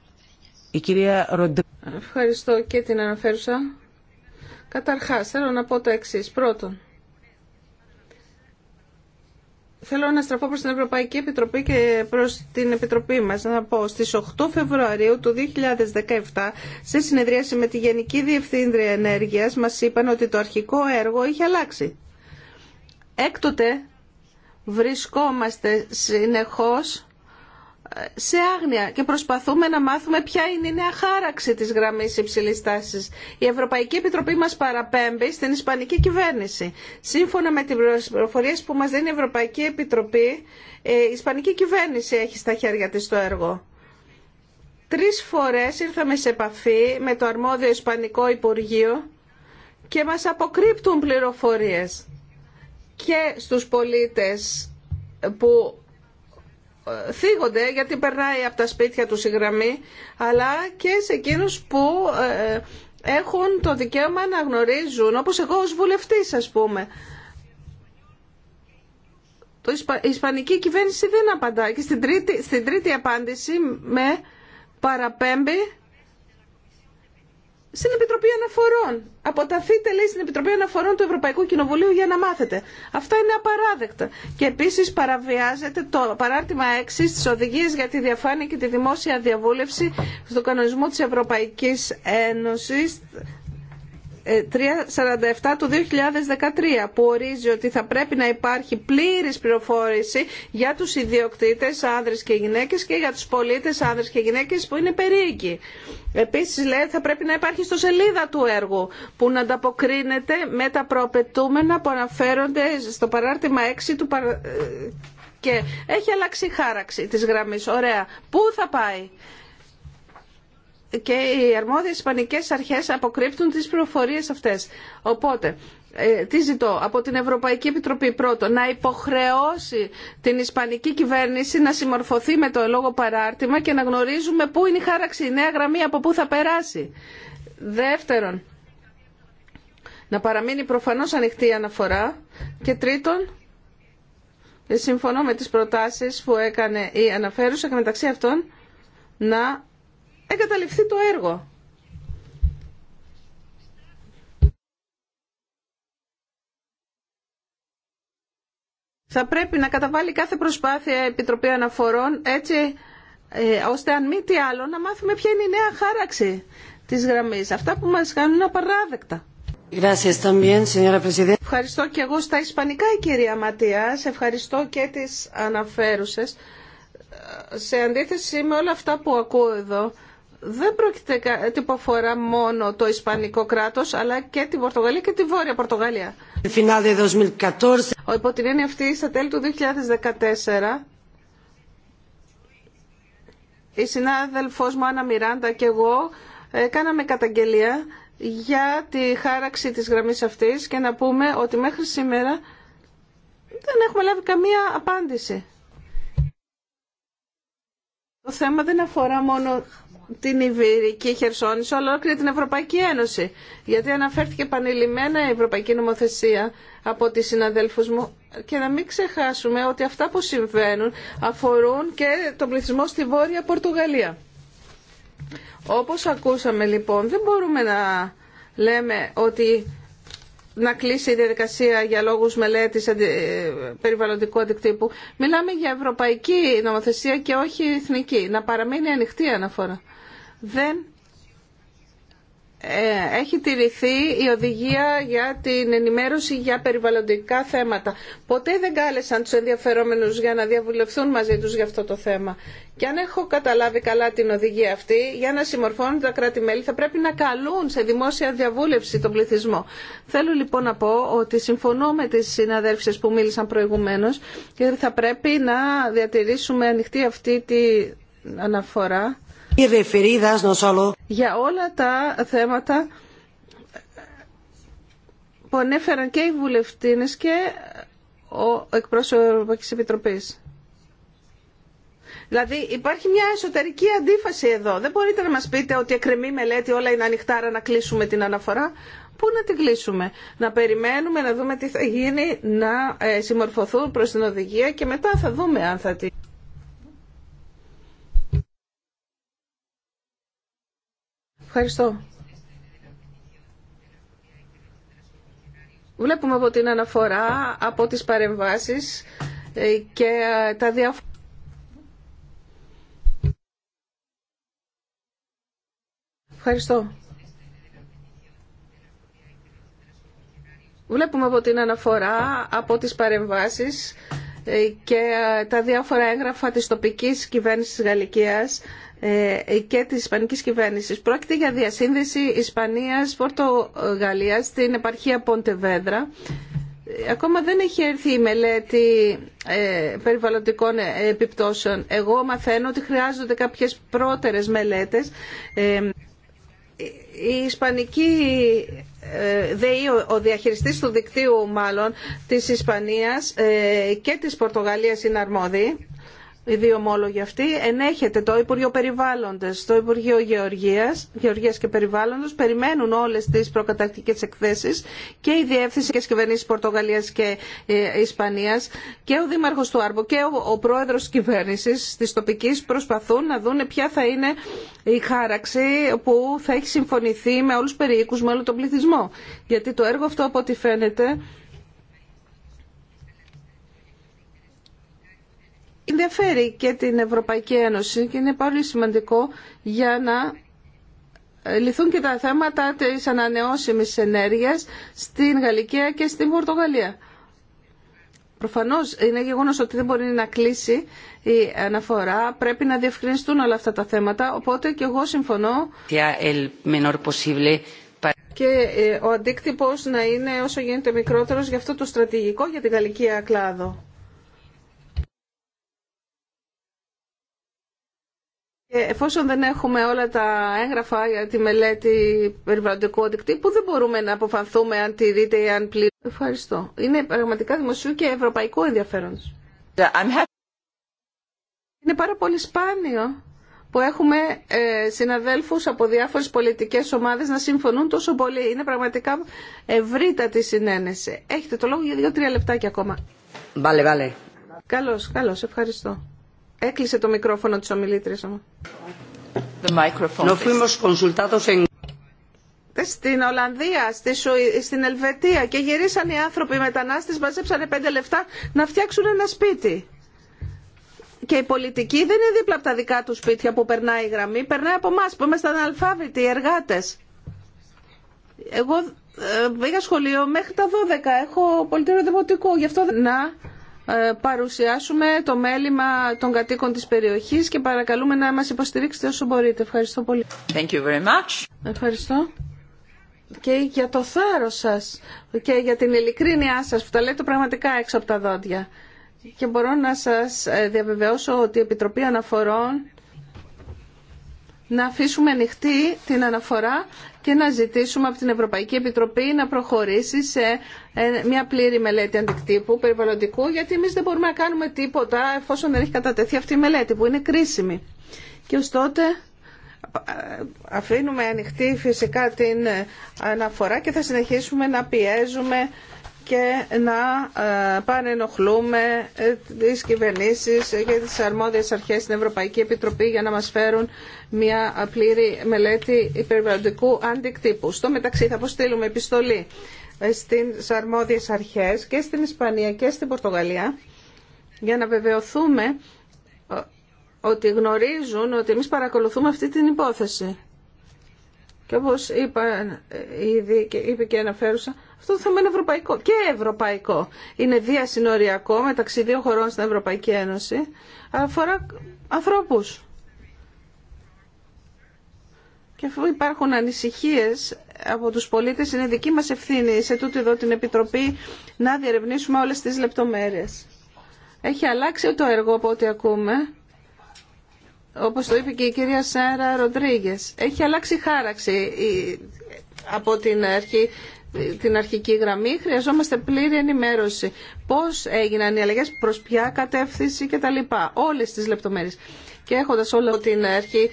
η κυρία Ευχαριστώ και την αναφέρουσα. Καταρχάς, θέλω να πω το εξή. Πρώτον, θέλω να στραφώ προς την Ευρωπαϊκή Επιτροπή και προς την Επιτροπή μας να πω στις 8 Φεβρουαρίου του 2017 σε συνεδρίαση με τη Γενική Διευθύντρια Ενέργειας μας είπαν ότι το αρχικό έργο είχε αλλάξει. Έκτοτε βρισκόμαστε συνεχώς σε άγνοια και προσπαθούμε να μάθουμε ποια είναι η νέα χάραξη της γραμμής υψηλής τάσης. Η Ευρωπαϊκή Επιτροπή μας παραπέμπει στην Ισπανική κυβέρνηση. Σύμφωνα με τις πληροφορίες που μας δίνει η Ευρωπαϊκή Επιτροπή, ε, η Ισπανική κυβέρνηση έχει στα χέρια της το έργο. Τρεις φορές ήρθαμε σε επαφή με το αρμόδιο Ισπανικό Υπουργείο και μας αποκρύπτουν πληροφορίες και στους πολίτες που θίγονται γιατί περνάει από τα σπίτια του η γραμμή αλλά και σε εκείνους που ε, έχουν το δικαίωμα να γνωρίζουν όπως εγώ ως βουλευτής ας πούμε το η Ισπανική κυβέρνηση δεν απαντάει και τρίτη, στην τρίτη απάντηση με παραπέμπει στην Επιτροπή Αναφορών. Αποταθείτε, λέει, στην Επιτροπή Αναφορών του Ευρωπαϊκού Κοινοβουλίου για να μάθετε. Αυτά είναι απαράδεκτα. Και επίση παραβιάζεται το παράρτημα 6 στι οδηγίε για τη διαφάνεια και τη δημόσια διαβούλευση στον κανονισμό τη Ευρωπαϊκή Ένωση 347 του 2013 που ορίζει ότι θα πρέπει να υπάρχει πλήρης πληροφόρηση για τους ιδιοκτήτες άνδρες και γυναίκες και για τους πολίτες άνδρες και γυναίκες που είναι περίοικοι. Επίσης λέει θα πρέπει να υπάρχει στο σελίδα του έργου που να ανταποκρίνεται με τα προαπαιτούμενα που αναφέρονται στο παράρτημα 6 του ε, και έχει αλλάξει η χάραξη της γραμμής. Ωραία. Πού θα πάει και οι αρμόδιες ισπανικές αρχές αποκρύπτουν τις πληροφορίες αυτές. Οπότε, ε, τι ζητώ από την Ευρωπαϊκή Επιτροπή πρώτο, να υποχρεώσει την Ισπανική κυβέρνηση να συμμορφωθεί με το λόγο παράρτημα και να γνωρίζουμε πού είναι η χάραξη, η νέα γραμμή, από πού θα περάσει. Δεύτερον, να παραμείνει προφανώς ανοιχτή η αναφορά. Και τρίτον, ε, συμφωνώ με τις προτάσεις που έκανε η αναφέρουσα και μεταξύ αυτών να εγκαταλειφθεί το έργο. Θα πρέπει να καταβάλει κάθε προσπάθεια Επιτροπή Αναφορών έτσι ε, ώστε αν μη τι άλλο να μάθουμε ποια είναι η νέα χάραξη της γραμμής. Αυτά που μας κάνουν απαράδεκτα. Ευχαριστώ και εγώ στα ισπανικά η κυρία Ματίας, ευχαριστώ και τις αναφέρουσες. Ε, σε αντίθεση με όλα αυτά που ακούω εδώ, δεν πρόκειται κάτι αφορά μόνο το Ισπανικό κράτο αλλά και την Πορτογαλία και τη Βόρεια Πορτογαλία. Ο υπό την έννοια αυτή, στα τέλη του 2014, η συνάδελφό μου Άννα Μιράντα και εγώ ε, κάναμε καταγγελία για τη χάραξη της γραμμής αυτής και να πούμε ότι μέχρι σήμερα δεν έχουμε λάβει καμία απάντηση. Το θέμα δεν αφορά μόνο την Ιβυρική, Χερσόνησο, ολόκληρη την Ευρωπαϊκή Ένωση. Γιατί αναφέρθηκε επανειλημμένα η Ευρωπαϊκή Νομοθεσία από τις συναδέλφους μου. Και να μην ξεχάσουμε ότι αυτά που συμβαίνουν αφορούν και τον πληθυσμό στη Βόρεια Πορτογαλία. Όπως ακούσαμε λοιπόν, δεν μπορούμε να λέμε ότι να κλείσει η διαδικασία για λόγους μελέτης περιβαλλοντικού αντικτύπου. Μιλάμε για ευρωπαϊκή νομοθεσία και όχι εθνική. Να παραμείνει ανοιχτή αναφορά δεν ε, έχει τηρηθεί η οδηγία για την ενημέρωση για περιβαλλοντικά θέματα. Ποτέ δεν κάλεσαν τους ενδιαφερόμενους για να διαβουλευθούν μαζί τους για αυτό το θέμα. Και αν έχω καταλάβει καλά την οδηγία αυτή, για να συμμορφώνουν τα κράτη-μέλη θα πρέπει να καλούν σε δημόσια διαβούλευση τον πληθυσμό. Θέλω λοιπόν να πω ότι συμφωνώ με τις συναδέλφες που μίλησαν προηγουμένως και θα πρέπει να διατηρήσουμε ανοιχτή αυτή την αναφορά για όλα τα θέματα που ανέφεραν και οι βουλευτίνες και ο εκπρόσωπος Ευρωπαϊκής Επιτροπής. Δηλαδή υπάρχει μια εσωτερική αντίφαση εδώ. Δεν μπορείτε να μας πείτε ότι εκκρεμεί μελέτη όλα είναι ανοιχτά, άρα να κλείσουμε την αναφορά. Πού να την κλείσουμε. Να περιμένουμε, να δούμε τι θα γίνει, να ε, συμμορφωθούν προς την οδηγία και μετά θα δούμε αν θα την... Ευχαριστώ. Βλέπουμε από την αναφορά, από τις παρεμβάσεις ε, και ε, τα διάφορα. Ευχαριστώ. Βλέπουμε από την αναφορά, από τις παρεμβάσεις ε, και τα διάφορα έγγραφα της τοπικής κυβέρνησης Γαλλικίας ε, και της Ισπανικής κυβέρνησης. Πρόκειται για διασύνδεση Ισπανίας-Πορτογαλίας στην επαρχία Ποντεβέδρα. Ε, ακόμα δεν έχει έρθει η μελέτη ε, περιβαλλοντικών επιπτώσεων. Εγώ μαθαίνω ότι χρειάζονται κάποιες πρώτερες μελέτες. Η Ισπανική ΔΕΗ, ο διαχειριστής του δικτύου μάλλον της Ισπανίας και της Πορτογαλίας είναι αρμόδιοι οι δύο ομόλογοι αυτοί, ενέχεται το Υπουργείο Περιβάλλοντες, το Υπουργείο Γεωργίας, και Περιβάλλοντος, περιμένουν όλε τι προκαταρκτικέ εκθέσει και η Διεύθυνση και κυβερνήσει Πορτογαλίας και ε, Ισπανία και ο Δήμαρχο του Άρμπο και ο, ο Πρόεδρος της Κυβέρνησης της τοπικής προσπαθούν να δουν ποια θα είναι η χάραξη που θα έχει συμφωνηθεί με όλου του περιοίκου, με όλο τον πληθυσμό. Γιατί το έργο αυτό από ό,τι φαίνεται ενδιαφέρει και την Ευρωπαϊκή Ένωση και είναι πολύ σημαντικό για να λυθούν και τα θέματα της ανανεώσιμης ενέργειας στην Γαλλικία και στην Πορτογαλία. Προφανώς είναι γεγονός ότι δεν μπορεί να κλείσει η αναφορά, πρέπει να διευκρινιστούν όλα αυτά τα θέματα, οπότε και εγώ συμφωνώ και ε, ο αντίκτυπος να είναι όσο γίνεται μικρότερος για αυτό το στρατηγικό για την Γαλλική Ακλάδο. Ε, εφόσον δεν έχουμε όλα τα έγγραφα για τη μελέτη περιβαλλοντικού αντικτύπου, δεν μπορούμε να αποφανθούμε αν τη δείτε ή αν πλήρω. Ευχαριστώ. Είναι πραγματικά δημοσίου και ευρωπαϊκού ενδιαφέροντο. Είναι πάρα πολύ σπάνιο που έχουμε ε, συναδέλφους από διάφορες πολιτικές ομάδες να συμφωνούν τόσο πολύ. Είναι πραγματικά ευρύτατη συνένεση. Έχετε το λόγο για δύο-τρία λεπτάκια ακόμα. Βάλε, βάλε. Καλώς, καλώς. Ευχαριστώ. Έκλεισε το μικρόφωνο της ομιλήτρης μου. Στην Ολλανδία, στη στην Ελβετία και γυρίσαν οι άνθρωποι οι μετανάστες, μαζέψανε πέντε λεφτά να φτιάξουν ένα σπίτι. Και η πολιτική δεν είναι δίπλα από τα δικά του σπίτια που περνάει η γραμμή, περνάει από εμά που είμαστε αναλφάβητοι, οι εργάτες. Εγώ ε, πήγα σχολείο μέχρι τα 12, έχω πολιτήριο δημοτικό, γι' αυτό να ε, παρουσιάσουμε το μέλημα των κατοίκων της περιοχής και παρακαλούμε να μας υποστηρίξετε όσο μπορείτε. Ευχαριστώ πολύ. Thank you very much. Ευχαριστώ. Και για το θάρρος σας και για την ειλικρίνειά σας που τα λέτε πραγματικά έξω από τα δόντια. Και μπορώ να σας ε, διαβεβαιώσω ότι η Επιτροπή Αναφορών να αφήσουμε ανοιχτή την αναφορά και να ζητήσουμε από την Ευρωπαϊκή Επιτροπή να προχωρήσει σε ε, μια πλήρη μελέτη αντικτύπου περιβαλλοντικού, γιατί εμείς δεν μπορούμε να κάνουμε τίποτα εφόσον δεν έχει κατατεθεί αυτή η μελέτη, που είναι κρίσιμη. Και ως τότε ε, αφήνουμε ανοιχτή φυσικά την ε, αναφορά και θα συνεχίσουμε να πιέζουμε και να ε, πανενοχλούμε ε, τις κυβερνήσεις και τις αρμόδιες αρχές στην Ευρωπαϊκή Επιτροπή για να μας φέρουν μια πλήρη μελέτη υπερβαλλοντικού αντικτύπου. Στο μεταξύ θα αποστείλουμε επιστολή ε, στις αρμόδιες αρχές και στην Ισπανία και στην Πορτογαλία για να βεβαιωθούμε ότι γνωρίζουν ότι εμείς παρακολουθούμε αυτή την υπόθεση. Και όπως είπα, ήδη, είπε και αναφέρουσα, αυτό το θέμα είναι ευρωπαϊκό και ευρωπαϊκό. Είναι διασυνοριακό μεταξύ δύο χωρών στην Ευρωπαϊκή Ένωση. Αφορά ανθρώπους. Και αφού υπάρχουν ανησυχίες από τους πολίτες, είναι δική μας ευθύνη σε τούτη εδώ την Επιτροπή να διερευνήσουμε όλες τις λεπτομέρειες. Έχει αλλάξει το έργο από ό,τι ακούμε. Όπως το είπε και η κυρία Σάρα Ροντρίγκες. Έχει αλλάξει χάραξη από την αρχή την αρχική γραμμή, χρειαζόμαστε πλήρη ενημέρωση. Πώς έγιναν οι αλλαγές, προς ποια κατεύθυνση λοιπά Όλες τις λεπτομέρειες. Και έχοντας όλο την, αρχή,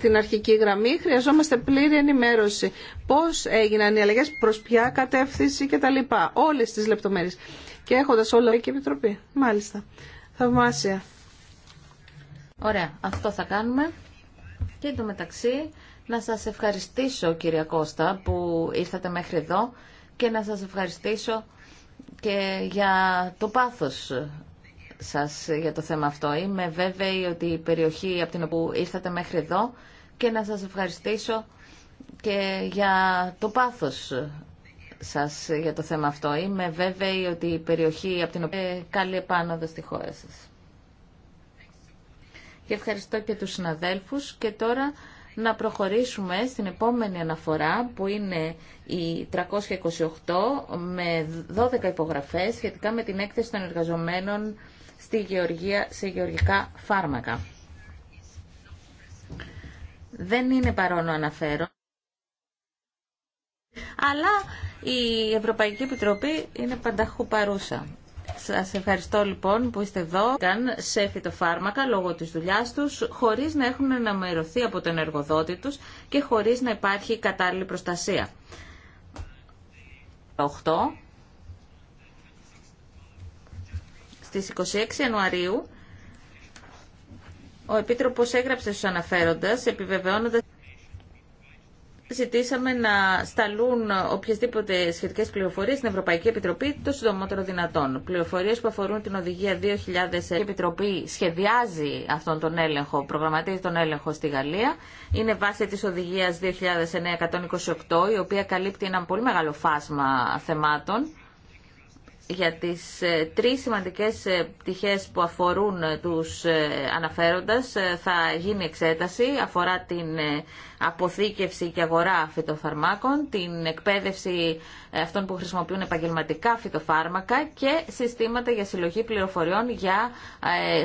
την αρχική γραμμή, χρειαζόμαστε πλήρη ενημέρωση. Πώς έγιναν οι αλλαγέ προ ποια κατεύθυνση λοιπά Όλες τις λεπτομέρειες. Και έχοντας όλα και Επιτροπή. Μάλιστα. Θαυμάσια. Ωραία. Αυτό θα κάνουμε. Και εντωμεταξύ να σας ευχαριστήσω κυρία Κώστα που ήρθατε μέχρι εδώ και να σας ευχαριστήσω και για το πάθος σας για το θέμα αυτό. Είμαι βέβαιη ότι η περιοχή από την οποία ήρθατε μέχρι εδώ και να σας ευχαριστήσω και για το πάθος σας για το θέμα αυτό. Είμαι βέβαιη ότι η περιοχή από την οποία ε, καλή επάνωδο στη χώρα σας. Και ευχαριστώ και τους συναδέλφους και τώρα να προχωρήσουμε στην επόμενη αναφορά που είναι η 328 με 12 υπογραφές σχετικά με την έκθεση των εργαζομένων στη γεωργία, σε γεωργικά φάρμακα. Δεν είναι παρόν ο αναφέρον. Αλλά η Ευρωπαϊκή Επιτροπή είναι πανταχού παρούσα. Σας ευχαριστώ λοιπόν που είστε εδώ σε φυτοφάρμακα λόγω της δουλειάς τους χωρίς να έχουν αναμερωθεί από τον εργοδότη τους και χωρίς να υπάρχει κατάλληλη προστασία. 8. Στις 26 Ιανουαρίου ο Επίτροπος έγραψε στους αναφέροντας επιβεβαιώνοντας ζητήσαμε να σταλούν οποιασδήποτε σχετικές πληροφορίες στην Ευρωπαϊκή Επιτροπή το συντομότερο δυνατόν. Πληροφορίες που αφορούν την Οδηγία 2000 η Επιτροπή σχεδιάζει αυτόν τον έλεγχο, προγραμματίζει τον έλεγχο στη Γαλλία. Είναι βάση της οδηγιας 2928 η οποία καλύπτει ένα πολύ μεγάλο φάσμα θεμάτων για τις ε, τρεις σημαντικές ε, πτυχές που αφορούν ε, τους αναφέροντας θα γίνει εξέταση. Αφορά την αποθήκευση και αγορά φυτοφαρμάκων, την εκπαίδευση αυτών που χρησιμοποιούν επαγγελματικά φυτοφάρμακα και συστήματα για συλλογή πληροφοριών για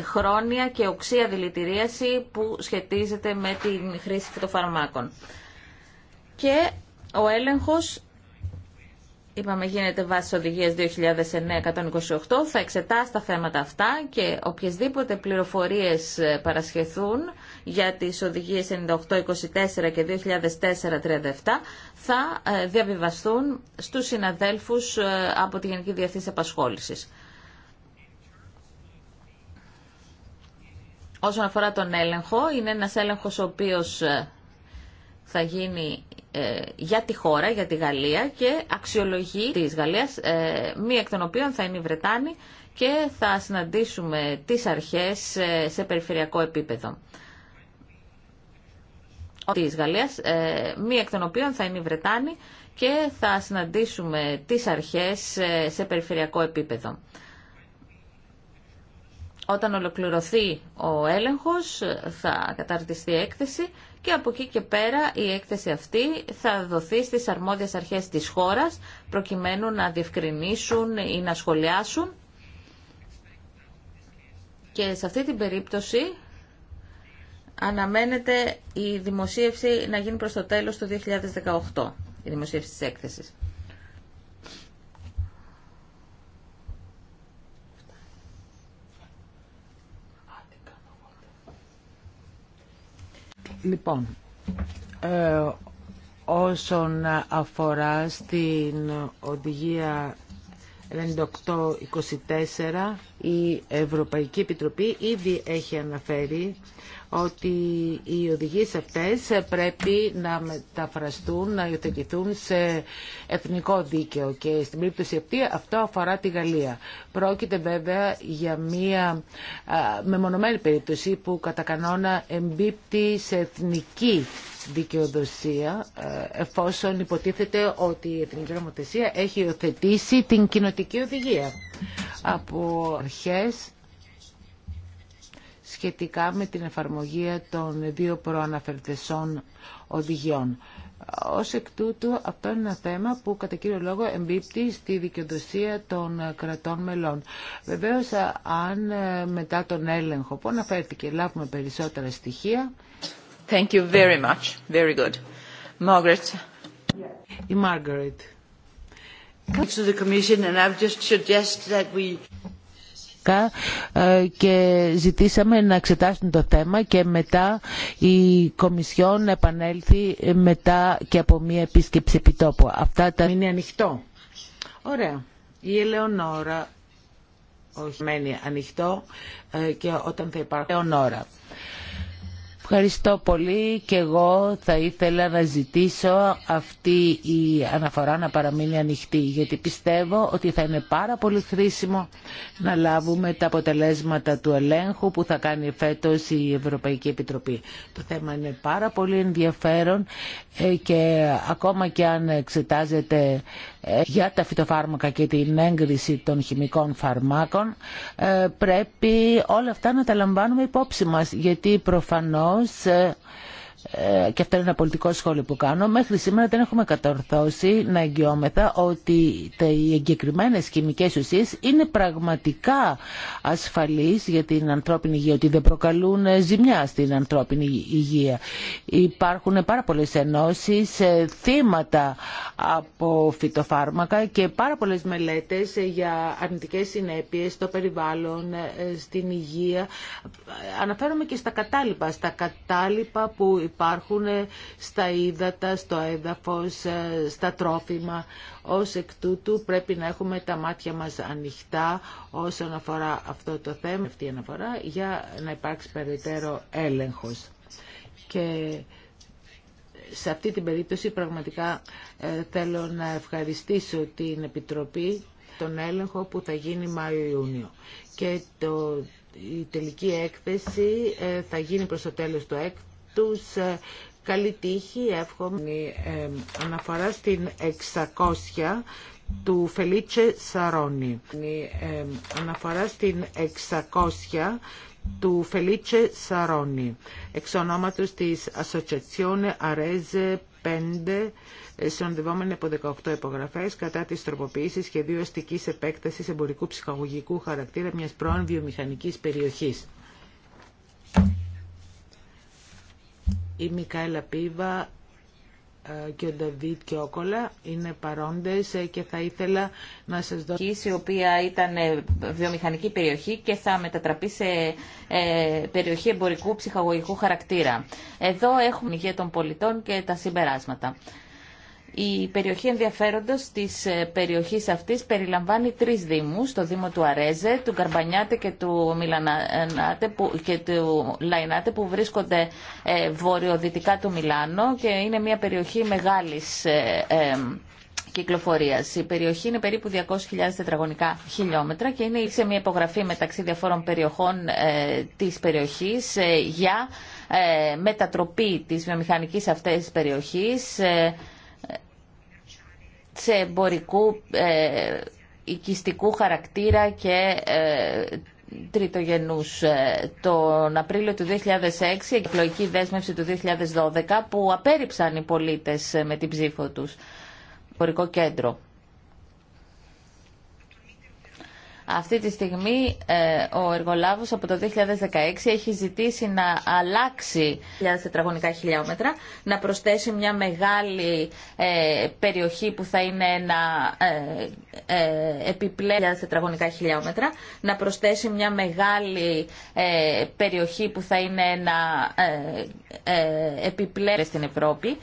χρόνια και οξία δηλητηρίαση που σχετίζεται με την χρήση φυτοφαρμάκων. Και ο έλεγχος Είπαμε γίνεται βάση οδηγίας 2009-128, θα εξετάσει τα θέματα αυτά και οποιασδήποτε πληροφορίες ε, παρασχεθούν για τις οδηγίες 98-24 και 2004-37 θα ε, διαβιβαστούν στους συναδέλφους ε, από τη Γενική Διευθύνση Απασχόλησης. Όσον αφορά τον έλεγχο, είναι ένας έλεγχος ο οποίος θα γίνει ε, για τη χώρα, για τη Γαλλία και αξιολογή της Γαλλίας, ε, μία εκ των οποίων θα είναι η Βρετάνη και θα συναντήσουμε τις αρχές ε, σε περιφερειακό επίπεδο. Της Γαλλίας, μία εκ των οποίων θα είναι η Βρετάνη και θα συναντήσουμε τις αρχές σε περιφερειακό επίπεδο. Όταν ολοκληρωθεί ο έλεγχος θα καταρτιστεί έκθεση και από εκεί και πέρα η έκθεση αυτή θα δοθεί στις αρμόδιες αρχές της χώρας προκειμένου να διευκρινίσουν ή να σχολιάσουν και σε αυτή την περίπτωση αναμένεται η δημοσίευση να γίνει προς το τέλος του 2018, η δημοσίευση της έκθεσης. Λοιπόν, ε, όσον αφορά στην οδηγία 9824, η Ευρωπαϊκή Επιτροπή ήδη έχει αναφέρει ότι οι οδηγίες αυτές πρέπει να μεταφραστούν, να υιοθετηθούν σε εθνικό δίκαιο και στην περίπτωση αυτή αυτό αφορά τη Γαλλία. Πρόκειται βέβαια για μία μεμονωμένη περίπτωση που κατά κανόνα εμπίπτει σε εθνική δικαιοδοσία ε, εφόσον υποτίθεται ότι η Εθνική Νομοθεσία έχει υιοθετήσει την κοινοτική οδηγία. Από αρχές σχετικά με την εφαρμογή των δύο προαναφερθεσών οδηγιών. Ως εκ τούτου αυτό είναι ένα θέμα που κατά κύριο λόγο εμπίπτει στη δικαιοδοσία των κρατών μελών. Βεβαίως αν ε, μετά τον έλεγχο που αναφέρθηκε λάβουμε περισσότερα στοιχεία. Thank you very much. Very good. Margaret. Η Margaret. To the Commission and I've just suggested that we κά ε, και ζητήσαμε να εξετάσουν το θέμα και μετά η Κομισιόν να επανέλθει μετά και από μία επίσκεψη επιτόπου. Αυτά τα... Είναι ανοιχτό. Ωραία. Η Ελεονόρα όχι μένει ανοιχτό ε, και όταν θα υπάρχει Ελεονόρα. Ευχαριστώ πολύ και εγώ θα ήθελα να ζητήσω αυτή η αναφορά να παραμείνει ανοιχτή γιατί πιστεύω ότι θα είναι πάρα πολύ χρήσιμο να λάβουμε τα αποτελέσματα του ελέγχου που θα κάνει φέτος η Ευρωπαϊκή Επιτροπή. Το θέμα είναι πάρα πολύ ενδιαφέρον ε, και ακόμα και αν εξετάζεται για τα φυτοφάρμακα και την έγκριση των χημικών φαρμάκων ε, πρέπει όλα αυτά να τα λαμβάνουμε υπόψη μας γιατί προφανώς ε, ε, και αυτό είναι ένα πολιτικό σχόλιο που κάνω, μέχρι σήμερα δεν έχουμε κατορθώσει να εγγυόμεθα ότι οι εγκεκριμένες χημικές ουσίες είναι πραγματικά ασφαλείς για την ανθρώπινη υγεία, ότι δεν προκαλούν ε, ζημιά στην ανθρώπινη υγεία. Υπάρχουν πάρα πολλές ενώσεις, ε, θύματα από φυτοφάρμακα και πάρα πολλές μελέτες για αρνητικές συνέπειες στο περιβάλλον, στην υγεία. Αναφέρομαι και στα κατάλοιπα, στα κατάλοιπα που υπάρχουν ε, στα ύδατα, στο έδαφος, ε, στα τρόφιμα. Ως εκ τούτου πρέπει να έχουμε τα μάτια μας ανοιχτά όσον αφορά αυτό το θέμα, αυτή η αναφορά, για να υπάρξει περαιτέρω έλεγχος. Και σε αυτή την περίπτωση πραγματικά ε, θέλω να ευχαριστήσω την Επιτροπή τον έλεγχο που θα γίνει Μάιο-Ιούνιο. Και το, η τελική έκθεση θα γίνει προς το τέλος του, τους ε, καλή τύχη, εύχομαι. Ε, αναφορά στην 600 του Φελίτσε Σαρώνη Ε, αναφορά στην 600 του Φελίτσε Σαρώνη εξ ονόματος της Ασοτσιατσιόνε Αρέζε 5, συνοδευόμενη από 18 υπογραφέ κατά τη τροποποίηση σχεδίου αστική επέκταση εμπορικού ψυχαγωγικού χαρακτήρα μια πρώην βιομηχανική περιοχή. η Μικαέλα Πίβα ε, και ο Νταβίτ Κιόκολα είναι παρόντες ε, και θα ήθελα να σας δώσω... ...η οποία ήταν ε, βιομηχανική περιοχή και θα μετατραπεί σε περιοχή εμπορικού ψυχαγωγικού χαρακτήρα. Εδώ έχουμε υγεία των πολιτών και τα συμπεράσματα. Η περιοχή ενδιαφέροντος της ε, περιοχής αυτής περιλαμβάνει τρεις δήμους, το Δήμο του Αρέζε, του Καρμπανιάτε και του, Μιλανάτε και του Λαϊνάτε που βρίσκονται ε, βορειοδυτικά του Μιλάνο και είναι μια περιοχή μεγάλης ε, ε κυκλοφορίας. Η περιοχή είναι περίπου 200.000 τετραγωνικά χιλιόμετρα και είναι σε μια υπογραφή μεταξύ διαφόρων περιοχών της περιοχής για μετατροπή της βιομηχανικής αυτής περιοχής σε εμπορικού, ε, οικιστικού χαρακτήρα και ε, τριτογενούς. Ε, τον Απρίλιο του 2006, η εκλογική δέσμευση του 2012, που απέριψαν οι πολίτες ε, με την ψήφο τους. Εμπορικό κέντρο. Αυτή τη στιγμή ε, ο εργολάβος από το 2016 έχει ζητήσει να αλλάξει 1.000 τετραγωνικά χιλιόμετρα, να προσθέσει μια μεγάλη ε, περιοχή που θα είναι ένα ε, επιπλέον τετραγωνικά χιλιόμετρα, να προσθέσει μια μεγάλη περιοχή που θα είναι ένα επιπλέον στην Ευρώπη.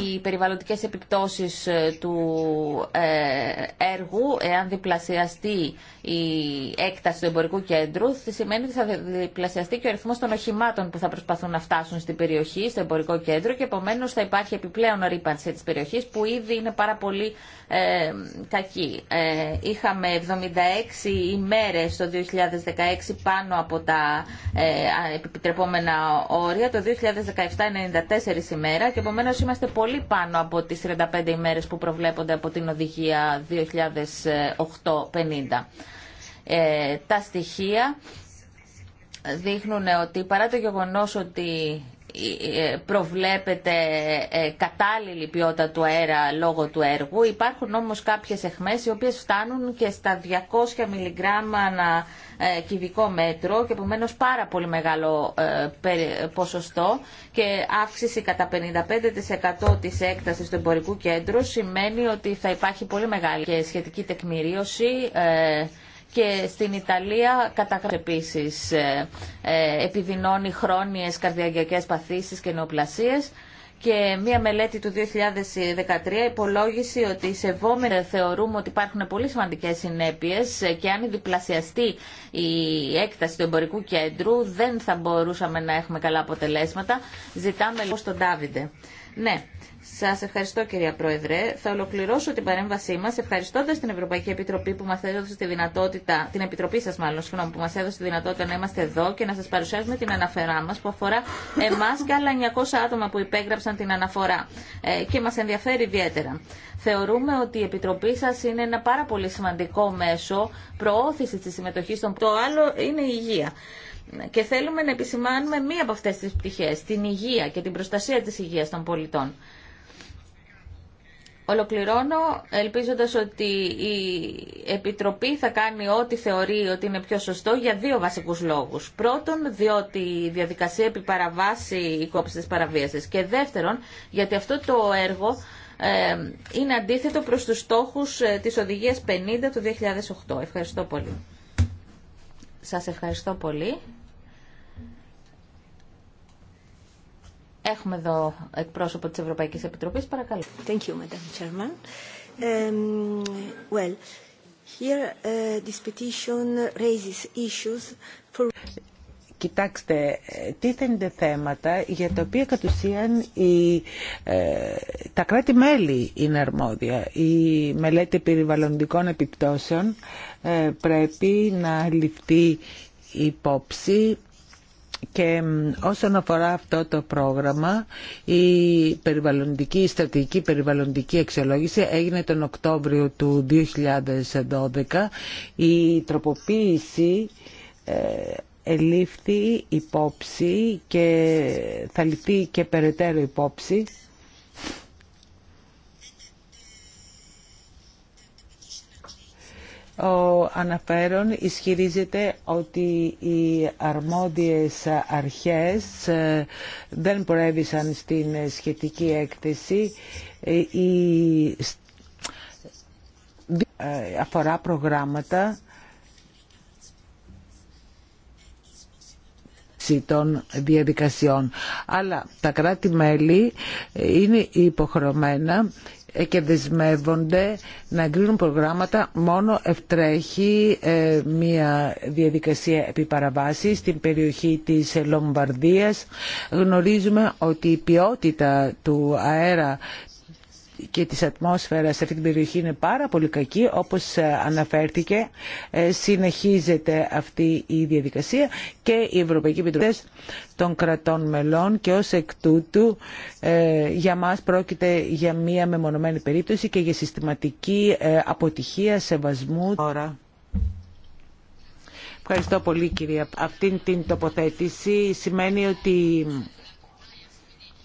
οι περιβαλλοντικές επιπτώσεις ε, του ε, έργου, εάν διπλασιαστεί η έκταση του εμπορικού κέντρου σημαίνει ότι θα διπλασιαστεί και ο αριθμό των οχημάτων που θα προσπαθούν να φτάσουν στην περιοχή, στο εμπορικό κέντρο και επομένω θα υπάρχει επιπλέον ρήπανση τη περιοχή που ήδη είναι πάρα πολύ ε, κακή. Ε, είχαμε 76 ημέρε το 2016 πάνω από τα ε, επιτρεπόμενα όρια, το 2017 94 ημέρα και επομένω είμαστε πολύ πάνω από τι 35 ημέρε που προβλέπονται από την οδηγία 2008-50. Ε, τα στοιχεία δείχνουν ότι παρά το γεγονός ότι ε, προβλέπεται ε, κατάλληλη ποιότητα του αέρα λόγω του έργου. Υπάρχουν όμως κάποιες εχμές οι οποίες φτάνουν και στα 200 μιλιγκράμμα ανά κυβικό μέτρο και επομένως πάρα πολύ μεγάλο ποσοστό και αύξηση κατά 55% της έκτασης του εμπορικού κέντρου σημαίνει ότι θα υπάρχει πολύ μεγάλη και σχετική τεκμηρίωση και στην Ιταλία καταγράφει επίσης ε, ε, επιδεινώνει χρόνιες καρδιαγιακέ παθήσεις και νεοπλασίε και μία μελέτη του 2013 υπολόγισε ότι σε βόμερα θεωρούμε ότι υπάρχουν πολύ σημαντικέ συνέπειε και αν διπλασιαστεί η έκταση του εμπορικού κέντρου δεν θα μπορούσαμε να έχουμε καλά αποτελέσματα. Ζητάμε λοιπόν στον Ντάβιντε. Ναι, σας ευχαριστώ κυρία Πρόεδρε. Θα ολοκληρώσω την παρέμβασή μας ευχαριστώντας την Ευρωπαϊκή Επιτροπή που μας έδωσε τη δυνατότητα, την Επιτροπή σας μάλλον, συγγνώμη, που μας έδωσε τη δυνατότητα να είμαστε εδώ και να σας παρουσιάζουμε την αναφορά μας που αφορά εμάς και άλλα 900 άτομα που υπέγραψαν την αναφορά ε, και μας ενδιαφέρει ιδιαίτερα. Θεωρούμε ότι η Επιτροπή σα είναι ένα πάρα πολύ σημαντικό μέσο προώθησης της συμμετοχής των Το άλλο είναι η υγεία και θέλουμε να επισημάνουμε μία από αυτές τις πτυχές, την υγεία και την προστασία της υγείας των πολιτών. Ολοκληρώνω ελπίζοντας ότι η Επιτροπή θα κάνει ό,τι θεωρεί ότι είναι πιο σωστό για δύο βασικούς λόγους. Πρώτον, διότι η διαδικασία επιπαραβάσει η κόψη της παραβίασης. Και δεύτερον, γιατί αυτό το έργο ε, είναι αντίθετο προς τους στόχους ε, της Οδηγίας 50 του 2008. Ευχαριστώ πολύ. Σας ευχαριστώ πολύ. Έχουμε εδώ εκπρόσωπο της Ευρωπαϊκής Επιτροπής. Παρακαλώ. Thank you, Madam Chairman. Um, well, here ε, this petition raises issues for... Κοιτάξτε, ε, τίθενται θέματα για τα οποία κατ' ουσίαν ε, τα κράτη-μέλη είναι αρμόδια. Η μελέτη περιβαλλοντικών επιπτώσεων πρέπει να ληφθεί υπόψη και όσον αφορά αυτό το πρόγραμμα, η περιβαλλοντική, η στρατηγική περιβαλλοντική αξιολόγηση έγινε τον Οκτώβριο του 2012. Η τροποποίηση ε, ελήφθη υπόψη και θα ληφθεί και περαιτέρω υπόψη ο αναφέρον ισχυρίζεται ότι οι αρμόδιες αρχές ε, δεν προέβησαν στην σχετική έκθεση ε, η... Ε, αφορά προγράμματα των διαδικασιών. Αλλά τα κράτη-μέλη είναι υποχρεωμένα και δεσμεύονται να εγκρίνουν προγράμματα μόνο ευτρέχει ε, μια διαδικασία επιπαραβάση στην περιοχή της Λομβαρδίας. Γνωρίζουμε ότι η ποιότητα του αέρα και της ατμόσφαιρας σε αυτή την περιοχή είναι πάρα πολύ κακή όπως ε, αναφέρθηκε ε, συνεχίζεται αυτή η διαδικασία και οι Ευρωπαϊκή Επιτροπή των κρατών μελών και ως εκ τούτου ε, για μας πρόκειται για μία μεμονωμένη περίπτωση και για συστηματική αποτυχία σεβασμού. Ευχαριστώ πολύ κυρία. Αυτή την τοποθέτηση σημαίνει ότι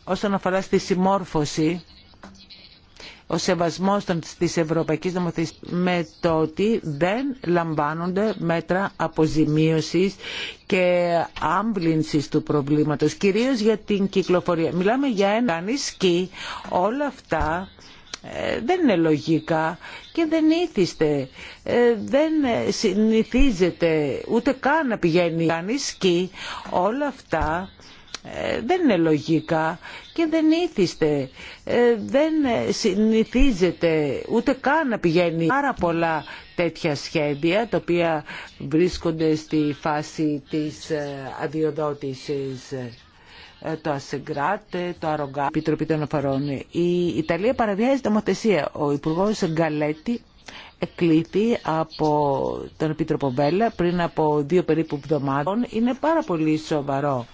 όσον αφορά στη συμμόρφωση ο σεβασμός της Ευρωπαϊκής Νομοθεσίας με το ότι δεν λαμβάνονται μέτρα αποζημίωσης και άμβλυνσης του προβλήματος, κυρίως για την κυκλοφορία. Μιλάμε για ένα σκι, όλα αυτά ε, δεν είναι λογικά και δεν ήθιστε, ε, δεν ε, συνηθίζεται ούτε καν να πηγαίνει κανείς σκι, όλα αυτά ε, δεν είναι λογικά και δεν ήθιστε. Ε, δεν συνηθίζεται ούτε καν να πηγαίνει πάρα πολλά τέτοια σχέδια τα οποία βρίσκονται στη φάση της ε, αδειοδότησης το Ασεγκράτε, το Αρογκά, Επιτροπή των Αφαρών. Η Ιταλία παραβιάζει νομοθεσία. Ο Υπουργό Γκαλέτη εκλήθη από τον Επίτροπο Βέλλα πριν από δύο περίπου εβδομάδων. Είναι πάρα πολύ σοβαρό.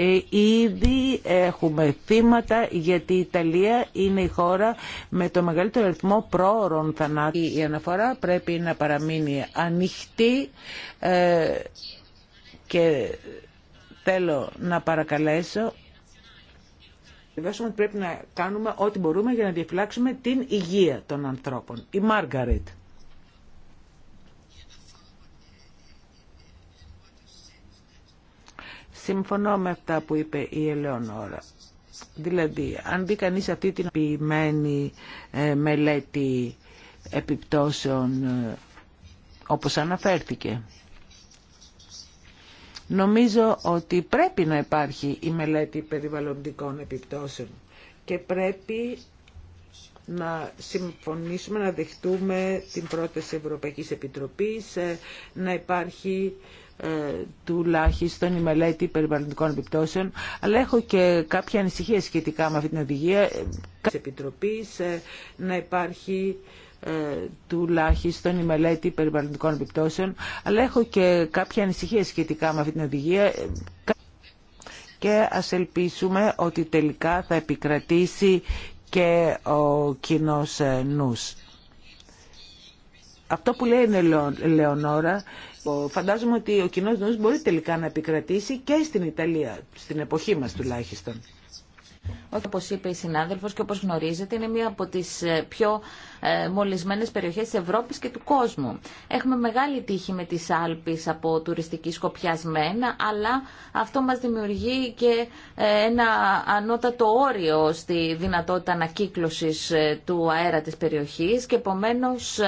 Ε, ήδη έχουμε θύματα γιατί η Ιταλία είναι η χώρα με το μεγαλύτερο αριθμό πρόωρων θανάτων. Η αναφορά πρέπει να παραμείνει ανοιχτή ε, και θέλω να παρακαλέσω ότι πρέπει να κάνουμε ό,τι μπορούμε για να διαφυλάξουμε την υγεία των ανθρώπων. Η Μάργαρετ. Συμφωνώ με αυτά που είπε η Ελεονόρα. Δηλαδή, αν δει κανείς αυτή την ποιημένη ε, μελέτη επιπτώσεων, ε, όπως αναφέρθηκε, νομίζω ότι πρέπει να υπάρχει η μελέτη περιβαλλοντικών επιπτώσεων και πρέπει να συμφωνήσουμε, να δεχτούμε την πρόταση Ευρωπαϊκής Επιτροπής, ε, να υπάρχει ε, τουλάχιστον η μελέτη περιβαλλοντικών επιπτώσεων, αλλά έχω και κάποια ανησυχία σχετικά με αυτή την οδηγία ε, ε, να υπάρχει τουλάχιστον η μελέτη περιβαλλοντικών επιπτώσεων, αλλά έχω και κάποια ανησυχία σχετικά με αυτή την οδηγία και ας ελπίσουμε ότι τελικά θα επικρατήσει και ο κοινός νους. Αυτό που λέει η Λεωνόρα φαντάζομαι ότι ο κοινό νους μπορεί τελικά να επικρατήσει και στην Ιταλία, στην εποχή μας τουλάχιστον. Όπως είπε η συνάδελφο και όπως γνωρίζετε είναι μία από τις ε, πιο ε, μολυσμένες περιοχές της Ευρώπης και του κόσμου. Έχουμε μεγάλη τύχη με τις Άλπεις από τουριστική σκοπιασμένα, αλλά αυτό μας δημιουργεί και ε, ένα ανώτατο όριο στη δυνατότητα ανακύκλωσης ε, του αέρα τη περιοχή και επομένως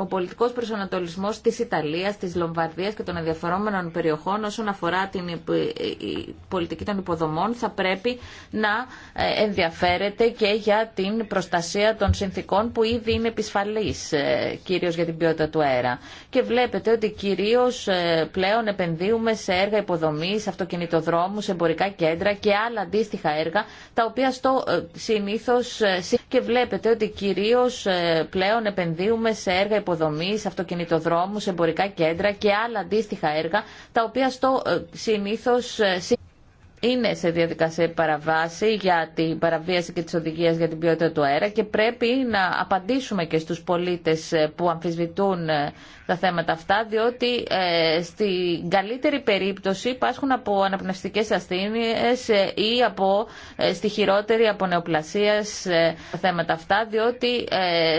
ο πολιτικό προσανατολισμός τη Ιταλία, τη Λομβαρδία και των ενδιαφερόμενων περιοχών όσον αφορά την πολιτική των υποδομών θα πρέπει να ε, ενδιαφέρεται και για την προστασία των συνθήκων που ήδη είναι επισφαλή ε, κυρίω για την ποιότητα του αέρα. Και βλέπετε ότι κυρίω ε, πλέον επενδύουμε σε έργα υποδομή, αυτοκινητοδρόμους, εμπορικά κέντρα και άλλα αντίστοιχα έργα τα οποία στο συνήθως και βλέπετε ότι κυρίω πλέον επενδύουμε σε έργα Αυτοκινητοδρόμου, αυτοκινητοδρόμου, εμπορικά κέντρα και άλλα αντίστοιχα έργα, τα οποία στο ε, συνήθως ε, είναι σε διαδικασία παραβάση για την παραβίαση και τις οδηγίες για την ποιότητα του αέρα και πρέπει να απαντήσουμε και στους πολίτες ε, που αμφισβητούν ε, τα θέματα αυτά διότι ε, στην καλύτερη περίπτωση υπάρχουν από αναπνευστικές ασθένειες ε, ή από στη χειρότερη από νεοπλασίας τα θέματα αυτά διότι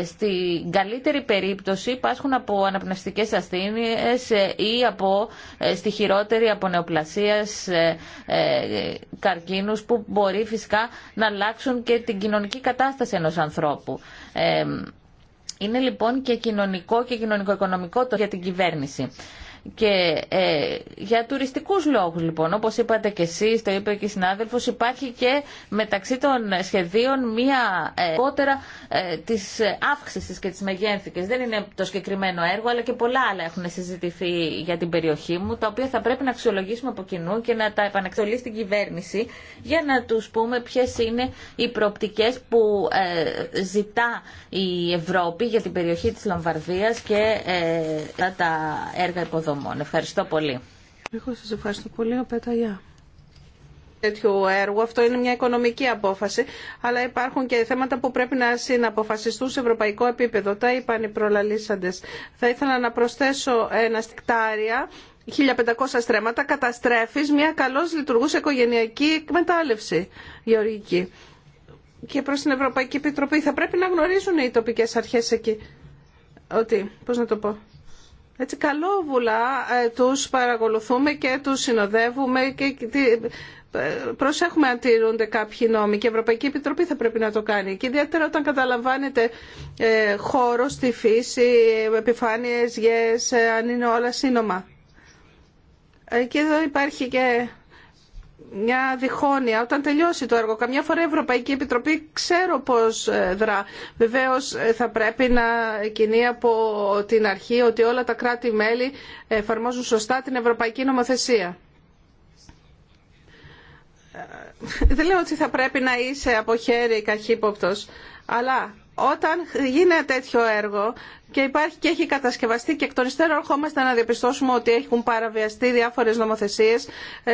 στην καλύτερη περίπτωση υπάρχουν από αναπνευστικές ασθένειες ή από στη χειρότερη από νεοπλασίας καρκίνους που μπορεί φυσικά να αλλάξουν και την κοινωνική κατάσταση ενός ανθρώπου. Ε, είναι λοιπόν και κοινωνικό και κοινωνικο-οικονομικό το για την κυβέρνηση. Και ε, για τουριστικού λόγου, λοιπόν, όπω είπατε και εσεί, το είπε και η συνάδελφο, υπάρχει και μεταξύ των σχεδίων μία κότερα ε, ε, της αύξησης και τη μεγένθηκης. Δεν είναι το συγκεκριμένο έργο, αλλά και πολλά άλλα έχουν συζητηθεί για την περιοχή μου, τα οποία θα πρέπει να αξιολογήσουμε από κοινού και να τα επανακτολεί στην κυβέρνηση για να του πούμε ποιε είναι οι προοπτικέ που ε, ζητά η Ευρώπη για την περιοχή τη Λαμβαρδίας και ε, τα έργα υποδομή υποδομών. Ευχαριστώ πολύ. Εγώ σας ευχαριστώ πολύ, ο για. Τέτοιου έργου. Αυτό είναι μια οικονομική απόφαση, αλλά υπάρχουν και θέματα που πρέπει να συναποφασιστούν σε ευρωπαϊκό επίπεδο. Τα είπαν οι προλαλήσαντε. Θα ήθελα να προσθέσω ένα στικτάρια 1500 στρέμματα καταστρέφεις μια καλώς λειτουργούσα οικογενειακή εκμετάλλευση γεωργική. Και προς την Ευρωπαϊκή Επιτροπή θα πρέπει να γνωρίζουν οι τοπικές αρχές εκεί ότι, πώς να το πω, έτσι καλόβουλα ε, τους παρακολουθούμε και τους συνοδεύουμε και ε, προσέχουμε αν τηρούνται κάποιοι νόμοι και η Ευρωπαϊκή Επιτροπή θα πρέπει να το κάνει. Και ιδιαίτερα όταν καταλαμβάνεται ε, χώρο στη φύση, επιφάνειες, γες, αν είναι όλα σύνομα. Και εδώ υπάρχει και μια διχόνοια όταν τελειώσει το έργο. Καμιά φορά η Ευρωπαϊκή Επιτροπή ξέρω πώς ε, δρά. Βεβαίως ε, θα πρέπει να κινεί από την αρχή ότι όλα τα κράτη-μέλη εφαρμόζουν σωστά την Ευρωπαϊκή Νομοθεσία. Ε, δεν λέω ότι θα πρέπει να είσαι από χέρι καχύποπτος, αλλά όταν γίνεται τέτοιο έργο και υπάρχει και έχει κατασκευαστεί και εκ των υστέρων ερχόμαστε να διαπιστώσουμε ότι έχουν παραβιαστεί διάφορες νομοθεσίες, ε,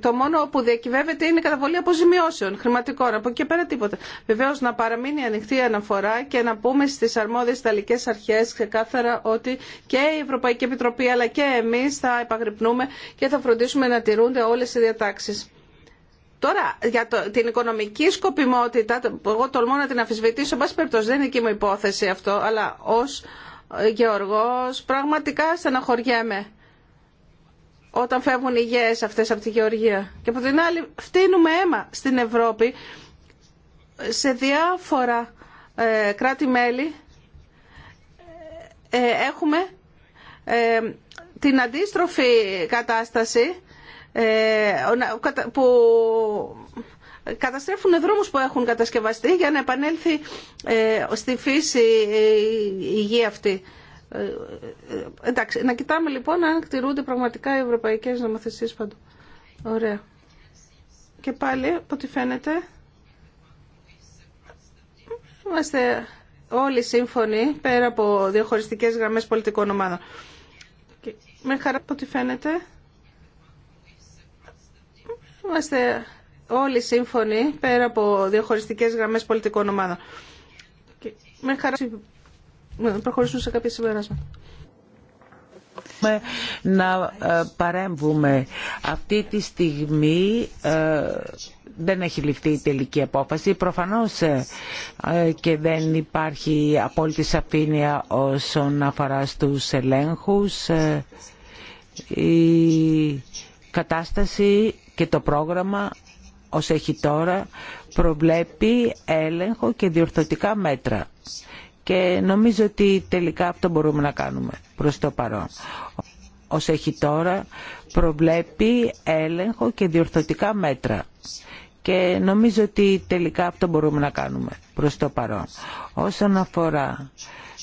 το μόνο που διακυβεύεται είναι η καταβολή αποζημιώσεων χρηματικών. Από εκεί πέρα τίποτα. Βεβαίω να παραμείνει ανοιχτή η αναφορά και να πούμε στις αρμόδιες ιταλικές αρχές ξεκάθαρα ότι και η Ευρωπαϊκή Επιτροπή αλλά και εμείς θα επαγρυπνούμε και θα φροντίσουμε να τηρούνται όλες οι διατάξεις. Τώρα, για την οικονομική σκοπιμότητα, εγώ τολμώ να την αφισβητήσω, πάση περιπτώσει δεν είναι εκεί μου υπόθεση αυτό, αλλά ως ε, γεωργό, πραγματικά στεναχωριέμαι όταν φεύγουν οι γέε αυτές από τη Γεωργία. Και από την άλλη φτύνουμε αίμα στην Ευρώπη σε διάφορα ε, κράτη-μέλη ε, έχουμε την αντίστροφη κατάσταση ε, που καταστρέφουν δρόμους που έχουν κατασκευαστεί για να επανέλθει ε, στη φύση η γη αυτή. Ε, εντάξει, να κοιτάμε λοιπόν αν κτηρούνται πραγματικά οι ευρωπαϊκές νομοθεσίες παντού. Ωραία. Και πάλι, από ό,τι φαίνεται, είμαστε όλοι σύμφωνοι πέρα από διαχωριστικές γραμμές πολιτικών ομάδων. με χαρά, από ό,τι φαίνεται, Είμαστε όλοι σύμφωνοι πέρα από διαχωριστικές γραμμές πολιτικών ομάδων. με χαρά προχωρήσουμε σε κάποια συμπεράσματα να ε, παρέμβουμε. Αυτή τη στιγμή ε, δεν έχει ληφθεί η τελική απόφαση. Προφανώς ε, και δεν υπάρχει απόλυτη σαφήνεια όσον αφορά στους ελέγχους. Η κατάσταση και το πρόγραμμα ως έχει τώρα προβλέπει έλεγχο και διορθωτικά μέτρα. Και νομίζω ότι τελικά αυτό μπορούμε να κάνουμε προς το παρόν. Ως έχει τώρα προβλέπει έλεγχο και διορθωτικά μέτρα. Και νομίζω ότι τελικά αυτό μπορούμε να κάνουμε προς το παρόν. Όσον αφορά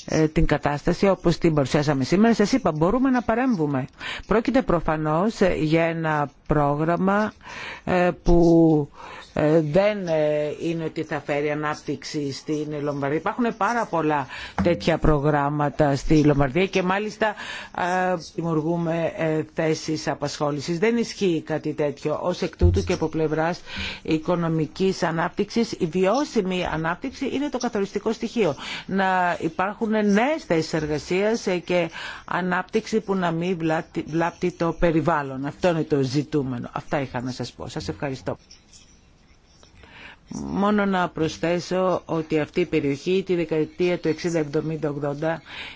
ε, την κατάσταση όπως την παρουσιάσαμε σήμερα, σας είπα μπορούμε να παρέμβουμε. Πρόκειται προφανώς για ένα πρόγραμμα ε, που ε, δεν ε, είναι ότι θα φέρει ανάπτυξη στην Λομβαρδία. Υπάρχουν πάρα πολλά τέτοια προγράμματα στη Λομβαρδία και μάλιστα ε, δημιουργούμε θέσεις απασχόλησης. Δεν ισχύει κάτι τέτοιο. Ως εκ τούτου και από πλευράς οικονομικής ανάπτυξης, η βιώσιμη ανάπτυξη είναι το καθοριστικό στοιχείο. Να υπάρχουν νέες θέσεις εργασίας και ανάπτυξη που να μην βλάπτει το περιβάλλον. Αυτό είναι το ζητούμενο. Αυτά είχα να σας πω. Σας ευχαριστώ. Μόνο να προσθέσω ότι αυτή η περιοχή τη δεκαετία του 60-70-80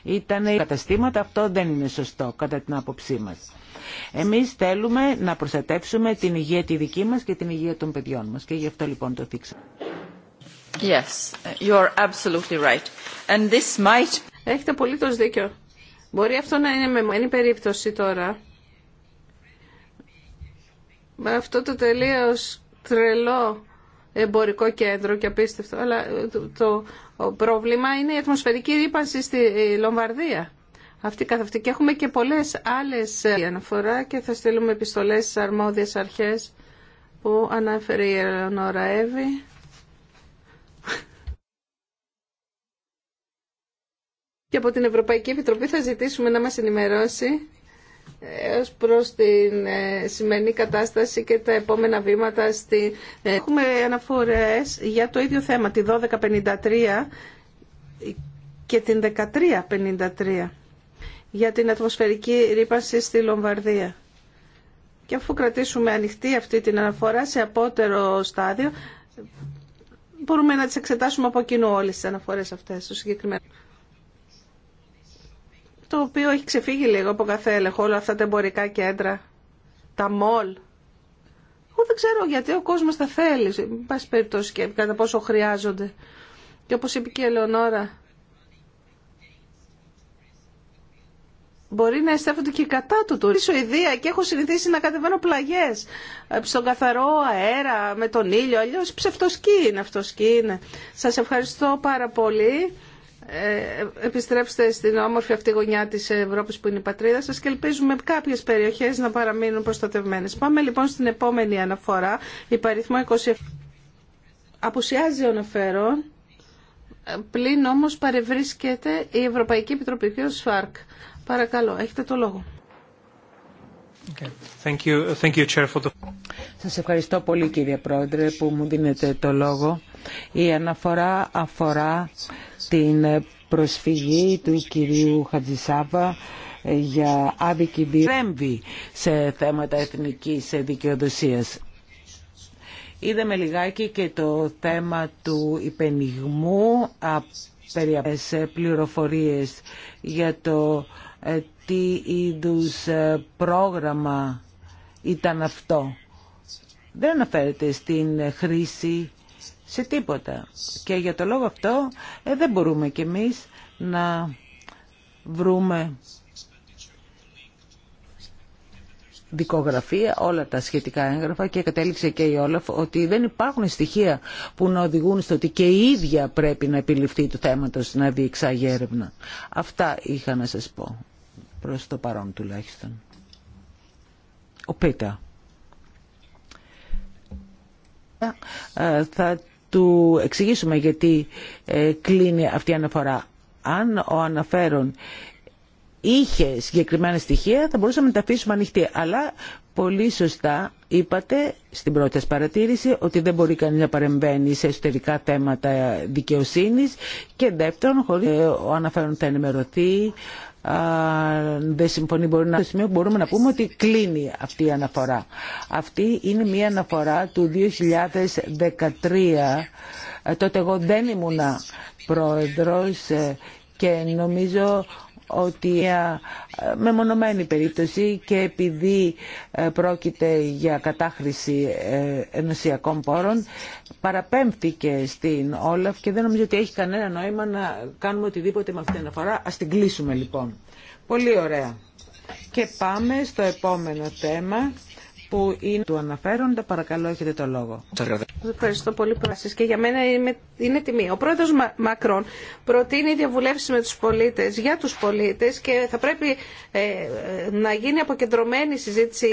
ήταν καταστήματα. Αυτό δεν είναι σωστό κατά την άποψή μας. Εμείς θέλουμε να προστατεύσουμε την υγεία τη δική μας και την υγεία των παιδιών μας και γι' αυτό λοιπόν το θίξαμε. Yes, you are absolutely right. And this might... Έχετε το δίκιο. Μπορεί αυτό να είναι μόνη περίπτωση τώρα. Με αυτό το τελείως τρελό εμπορικό κέντρο και απίστευτο. Αλλά ε, το, πρόβλημα είναι η ατμοσφαιρική ρήπανση στη ε, Λομβαρδία. Αυτή καθ' αυτή. Και έχουμε και πολλέ άλλε ε, αναφορά και θα στείλουμε επιστολέ στι αρμόδιες αρχές που ανάφερε η Ελεονόρα Εύη. Και από την Ευρωπαϊκή Επιτροπή θα ζητήσουμε να μας ενημερώσει έως προς την ε, σημερινή κατάσταση και τα επόμενα βήματα. Στη... Ε, Έχουμε αναφορές για το ίδιο θέμα, τη 1253 και την 1353 για την ατμοσφαιρική ρήπαση στη Λομβαρδία. Και αφού κρατήσουμε ανοιχτή αυτή την αναφορά σε απότερο στάδιο, μπορούμε να τις εξετάσουμε από κοινού όλες τις αναφορές αυτές, το το οποίο έχει ξεφύγει λίγο από κάθε έλεγχο, όλα αυτά τα εμπορικά κέντρα, τα μολ. Εγώ δεν ξέρω γιατί ο κόσμος τα θέλει, εν πάση περιπτώσει και κατά πόσο χρειάζονται. Και όπως είπε και η Ελεονόρα, μπορεί να εστέφονται και κατά του τουρισμού. Στη Σουηδία και έχω συνηθίσει να κατεβαίνω πλαγιέ ε, στον καθαρό αέρα, με τον ήλιο. Αλλιώ ψευτοσκή είναι αυτό είναι. Σα ευχαριστώ πάρα πολύ. Ε, επιστρέψτε στην όμορφη αυτή γωνιά της Ευρώπης που είναι η πατρίδα σας και ελπίζουμε κάποιες περιοχές να παραμείνουν προστατευμένες. Πάμε λοιπόν στην επόμενη αναφορά, η παριθμό 27. Αποουσιάζει ο αναφέρον, ε, πλην όμως παρευρίσκεται η Ευρωπαϊκή Επιτροπή, Σφάρκ. Παρακαλώ, έχετε το λόγο. Σας ευχαριστώ πολύ κύριε Πρόεδρε που μου δίνετε το λόγο. Η αναφορά αφορά την προσφυγή του κυρίου Χατζησάβα ε, για άδικη διέμβη σε θέματα εθνικής δικαιοδοσίας. Είδαμε λιγάκι και το θέμα του υπενιγμού από ε, πληροφορίες για το ε, τι είδους ε, πρόγραμμα ήταν αυτό. Δεν αναφέρεται στην χρήση σε τίποτα. Και για το λόγο αυτό ε, δεν μπορούμε κι εμείς να βρούμε δικογραφία, όλα τα σχετικά έγγραφα και κατέληξε και η Όλαφ ότι δεν υπάρχουν στοιχεία που να οδηγούν στο ότι και η ίδια πρέπει να επιληφθεί του θέματος να διεξάγει έρευνα. Αυτά είχα να σας πω προς το παρόν τουλάχιστον. Ο Πίτα. Ε, θα του εξηγήσουμε γιατί ε, κλείνει αυτή η αναφορά. Αν ο αναφέρον είχε συγκεκριμένα στοιχεία θα μπορούσαμε να τα αφήσουμε ανοιχτή. Αλλά πολύ σωστά είπατε στην πρώτη σας παρατήρηση ότι δεν μπορεί κανείς να παρεμβαίνει σε εσωτερικά θέματα δικαιοσύνης και δεύτερον ε, ο αναφέρον θα ενημερωθεί αν δεν συμφωνεί μπορεί να... μπορούμε να πούμε ότι κλείνει αυτή η αναφορά. Αυτή είναι μια αναφορά του 2013. Ε, τότε εγώ δεν ήμουνα πρόεδρος ε, και νομίζω ότι με μονομένη περίπτωση και επειδή ε, πρόκειται για κατάχρηση ενωσιακών πόρων παραπέμφθηκε στην Όλαφ και δεν νομίζω ότι έχει κανένα νόημα να κάνουμε οτιδήποτε με αυτή την αναφορά. Ας την κλείσουμε λοιπόν. Πολύ ωραία. Και πάμε στο επόμενο θέμα που είναι του αναφέροντα. Παρακαλώ, έχετε το λόγο. Ευχαριστώ πολύ, Πράσις. Και για μένα είναι τιμή. Ο πρόεδρος Μακρόν προτείνει διαβουλεύσεις με τους πολίτες, για τους πολίτες και θα πρέπει ε, ε, να γίνει αποκεντρωμένη συζήτηση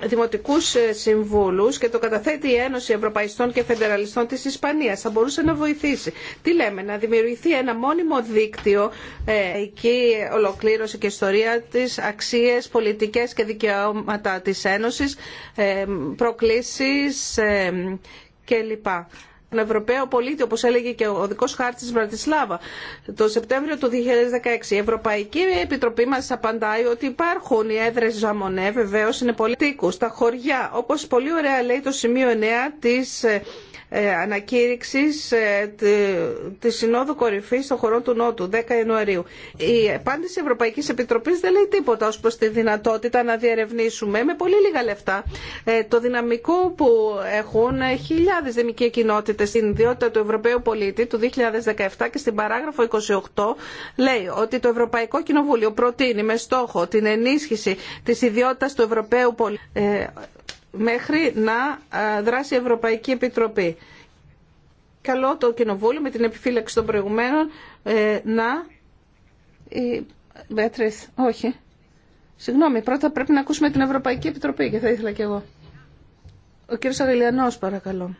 ε, δημοτικούς συμβούλους και το καταθέτει η Ένωση Ευρωπαϊστών και Φεντεραλιστών της Ισπανίας. Θα μπορούσε να βοηθήσει. Τι λέμε, να δημιουργηθεί ένα μόνιμο δίκτυο εκεί ολοκλήρωση και ιστορία της, αξίες, πολιτικές και δικαιώματα της Ένωσης ε, προκλήσεις ε, κλπ. Τον Ευρωπαίο πολίτη, όπως έλεγε και ο δικός χάρτης Βρατισλάβα, το Σεπτέμβριο του 2016. Η Ευρωπαϊκή Επιτροπή μας απαντάει ότι υπάρχουν οι έδρες Ζαμονέ, βεβαίως είναι πολιτικού, στα χωριά, όπως πολύ ωραία λέει το σημείο 9 της ε, ε, ανακήρυξης ε, της Συνόδου Κορυφής των χωρών του Νότου, 10 Ιανουαρίου. Η απάντηση Ευρωπαϊκής Επιτροπής δεν λέει τίποτα ως προς τη δυνατότητα να διερευνήσουμε με πολύ λίγα λεφτά ε, το δυναμικό που έχουν χιλιάδες δημικοί κοινότητες στην ιδιότητα του Ευρωπαίου πολίτη του 2017 και στην παράγραφο 28 λέει ότι το Ευρωπαϊκό Κοινοβούλιο προτείνει με στόχο την ενίσχυση της ιδιότητας του Ευρωπαίου πολίτη μέχρι να ε, δράσει η Ευρωπαϊκή Επιτροπή. Καλό το Κοινοβούλιο με την επιφύλαξη των προηγουμένων ε, να... Η... όχι. Συγγνώμη, πρώτα πρέπει να ακούσουμε την Ευρωπαϊκή Επιτροπή και θα ήθελα κι εγώ. Ο κύριος Αγγελιανός, παρακαλώ.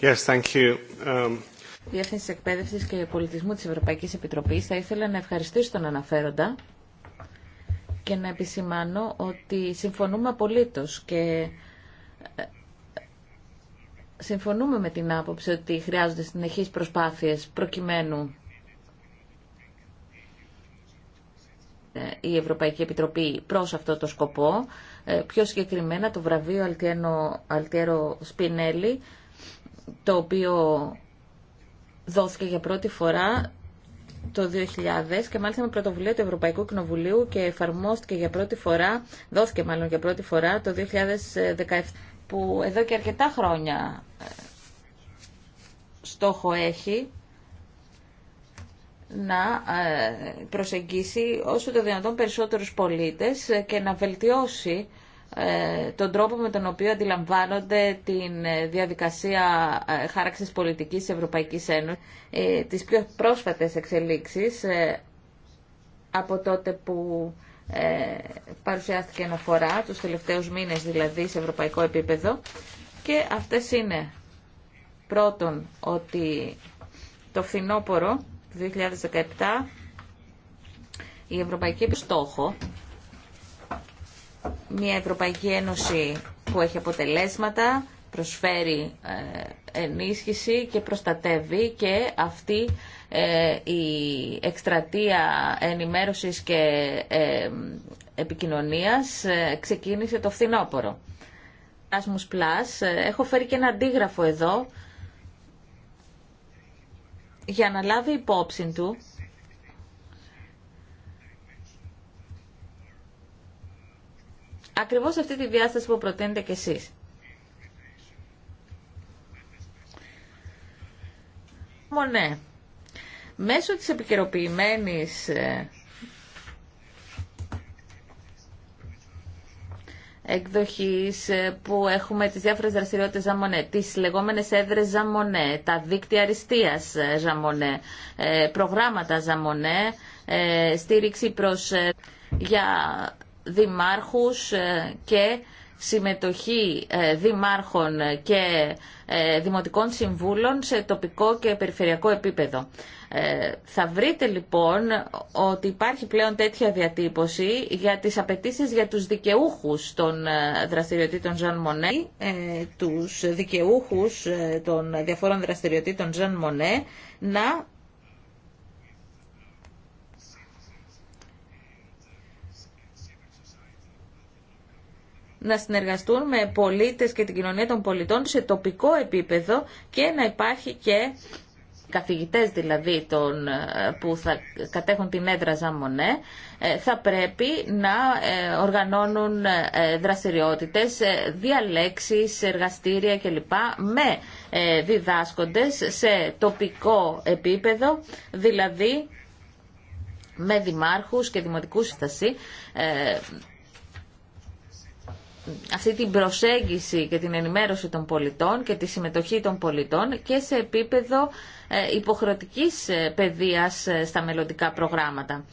Yes, thank you. Um... Διεύθυνση Εκπαίδευση και Πολιτισμού τη Ευρωπαϊκή Επιτροπή, θα ήθελα να ευχαριστήσω τον αναφέροντα και να επισημάνω ότι συμφωνούμε απολύτως και ε, συμφωνούμε με την άποψη ότι χρειάζονται συνεχείς προσπάθειες προκειμένου ε, η Ευρωπαϊκή Επιτροπή προς αυτό το σκοπό. Ε, πιο συγκεκριμένα το βραβείο Αλτιένο, Αλτιέρο Σπινέλη, το οποίο δόθηκε για πρώτη φορά το 2000 και μάλιστα με πρωτοβουλία του Ευρωπαϊκού Κοινοβουλίου και εφαρμόστηκε για πρώτη φορά, δόθηκε μάλλον για πρώτη φορά το 2017 που εδώ και αρκετά χρόνια ε, στόχο έχει να ε, προσεγγίσει όσο το δυνατόν περισσότερους πολίτες ε, και να βελτιώσει ε, τον τρόπο με τον οποίο αντιλαμβάνονται τη ε, διαδικασία ε, χάραξης πολιτικής της Ευρωπαϊκής Ένωσης, τις πιο πρόσφατες εξελίξεις από τότε που παρουσιάστηκε αναφορά, τους τελευταίους μήνες δηλαδή σε ευρωπαϊκό επίπεδο και αυτές είναι πρώτον ότι το φθινόπωρο 2017 η Ευρωπαϊκή Επιστόχο μια Ευρωπαϊκή Ένωση που έχει αποτελέσματα, προσφέρει ε, ενίσχυση και προστατεύει και αυτή ε, η εκστρατεία ενημέρωσης και ε, επικοινωνίας ξεκίνησε το φθινόπωρο. Άσμους πλάς, Έχω φέρει και ένα αντίγραφο εδώ για να λάβει υπόψη του ακριβώς αυτή τη διάσταση που προτείνετε κι εσείς. Μονέ, μέσω της επικαιροποιημένης ε, εκδοχής ε, που έχουμε τις διάφορες δραστηριότητες Ζαμονέ, τις λεγόμενες έδρες Ζαμονέ, τα δίκτυα αριστείας Ζαμονέ, ε, προγράμματα Ζαμονέ, στήριξη προς για δημάρχους ε, και συμμετοχή ε, δημάρχων και ε, δημοτικών συμβούλων σε τοπικό και περιφερειακό επίπεδο. Θα βρείτε λοιπόν ότι υπάρχει πλέον τέτοια διατύπωση για τις απαιτήσεις για τους δικαιούχους των δραστηριοτήτων Ζαν Μονέ, τους δικαιούχους των διαφόρων δραστηριοτήτων Ζαν Μονέ να να συνεργαστούν με πολίτες και την κοινωνία των πολιτών σε τοπικό επίπεδο και να υπάρχει και καθηγητές δηλαδή των, ε, που θα κατέχουν την έδρα Ζαμονέ, ε, θα πρέπει να ε, οργανώνουν δραστηριότητες, διαλέξεις, εργαστήρια κλπ. με διδάσκοντες σε τοπικό επίπεδο, δηλαδή με δημάρχους και δημοτικούς στασί, αυτή την προσέγγιση και την ενημέρωση των πολιτών και τη συμμετοχή των πολιτών και σε επίπεδο ε, υποχρεωτικής ε, παιδείας ε, στα μελλοντικά προγράμματα.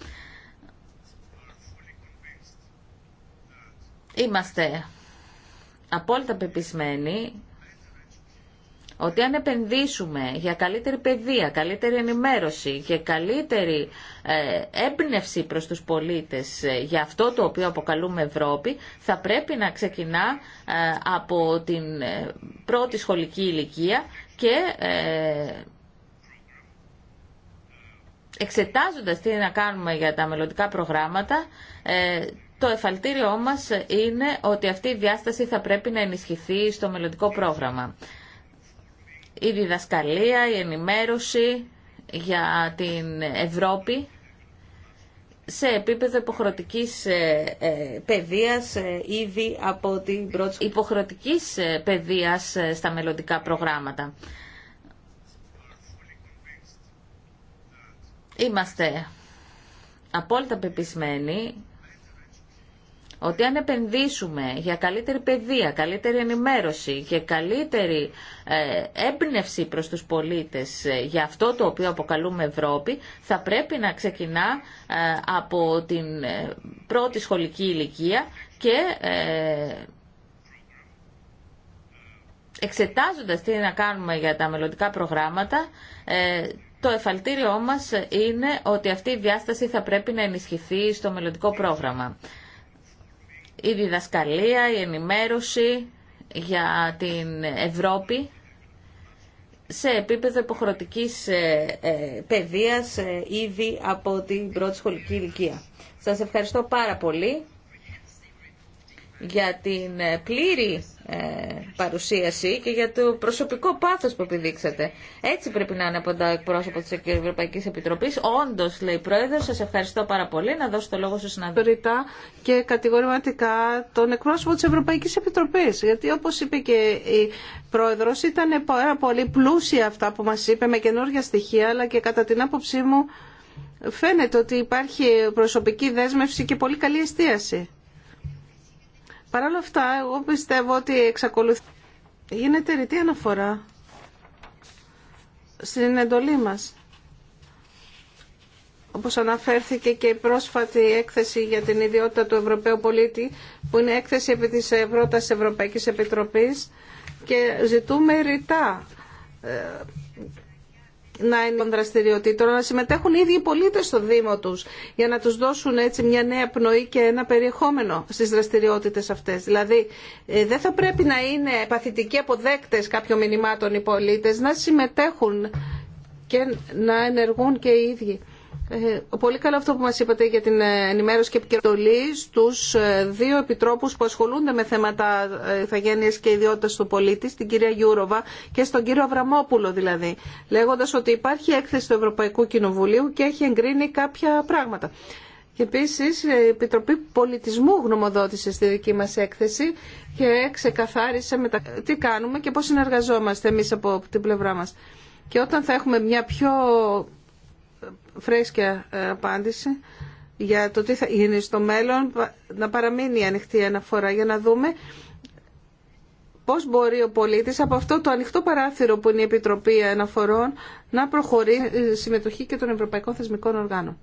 Είμαστε απόλυτα πεπισμένοι ότι αν επενδύσουμε για καλύτερη παιδεία, καλύτερη ενημέρωση και καλύτερη ε, έμπνευση προς τους πολίτες ε, για αυτό το οποίο αποκαλούμε Ευρώπη, θα πρέπει να ξεκινά ε, από την πρώτη σχολική ηλικία και εξετάζοντας τι να κάνουμε για τα μελλοντικά προγράμματα, το εφαλτήριό μας είναι ότι αυτή η διάσταση θα πρέπει να ενισχυθεί στο μελλοντικό πρόγραμμα η διδασκαλία, η ενημέρωση για την Ευρώπη σε επίπεδο υποχρεωτικής ε, ε, παιδείας ε, ήδη από την πρώτη υποχρεωτικής στα μελλοντικά προγράμματα. Είμαστε απόλυτα πεπισμένοι ότι αν επενδύσουμε για καλύτερη παιδεία, καλύτερη ενημέρωση και καλύτερη ε, έμπνευση προς τους πολίτες ε, για αυτό το οποίο αποκαλούμε Ευρώπη, θα πρέπει να ξεκινά ε, από την πρώτη σχολική ηλικία και εξετάζοντας τι να κάνουμε για τα μελλοντικά προγράμματα, το εφαλτήριό μας είναι ότι αυτή η διάσταση θα πρέπει να ενισχυθεί στο μελλοντικό πρόγραμμα η διδασκαλία, η ενημέρωση για την Ευρώπη σε επίπεδο υποχρεωτικής ε, ε, παιδείας ε, ήδη από την πρώτη σχολική ηλικία. Σας ευχαριστώ πάρα πολύ για την ε, πλήρη ε, παρουσίαση και για το προσωπικό πάθος που επιδείξατε. Έτσι πρέπει να είναι από τα εκπρόσωπο της Ευρωπαϊκής Επιτροπής. Όντως, λέει η Πρόεδρος, σας ευχαριστώ πάρα πολύ. Να δώσω το λόγο στους συναδέλφους. Και κατηγορηματικά τον εκπρόσωπο της Ευρωπαϊκής Επιτροπής. Γιατί όπως είπε και η Πρόεδρος, ήταν πάρα πολύ πλούσια αυτά που μας είπε με καινούργια στοιχεία, αλλά και κατά την άποψή μου φαίνεται ότι υπάρχει προσωπική δέσμευση και πολύ καλή εστίαση. Παρ' όλα αυτά, εγώ πιστεύω ότι εξακολουθεί. Γίνεται ρητή αναφορά στην εντολή μας. Όπως αναφέρθηκε και η πρόσφατη έκθεση για την ιδιότητα του Ευρωπαίου πολίτη, που είναι έκθεση επί της Ευρώτας Ευρωπαϊκής Επιτροπής και ζητούμε ρητά ε, να είναι δραστηριοτήτων, να συμμετέχουν οι ίδιοι οι πολίτες στο Δήμο τους για να τους δώσουν έτσι μια νέα πνοή και ένα περιεχόμενο στις δραστηριότητες αυτές. Δηλαδή ε, δεν θα πρέπει να είναι παθητικοί αποδέκτε κάποιων μηνυμάτων οι πολίτες, να συμμετέχουν και να ενεργούν και οι ίδιοι. Ε, πολύ καλό αυτό που μας είπατε για την ε, ενημέρωση και επικοινωνία στους ε, δύο επιτρόπους που ασχολούνται με θέματα ηθαγένειας και ιδιότητας του πολίτη, την κυρία Γιούροβα και στον κύριο Αβραμόπουλο δηλαδή, λέγοντας ότι υπάρχει έκθεση του Ευρωπαϊκού Κοινοβουλίου και έχει εγκρίνει κάποια πράγματα. Και επίσης η Επιτροπή Πολιτισμού γνωμοδότησε στη δική μας έκθεση και ξεκαθάρισε μετα... τι κάνουμε και πώς συνεργαζόμαστε εμείς από την πλευρά μας. Και όταν θα έχουμε μια πιο φρέσκια ε, απάντηση για το τι θα γίνει στο μέλλον, να παραμείνει ανοιχτή η αναφορά για να δούμε πώς μπορεί ο πολίτης από αυτό το ανοιχτό παράθυρο που είναι η Επιτροπή Αναφορών να προχωρεί συμμετοχή και των Ευρωπαϊκών Θεσμικών Οργάνων.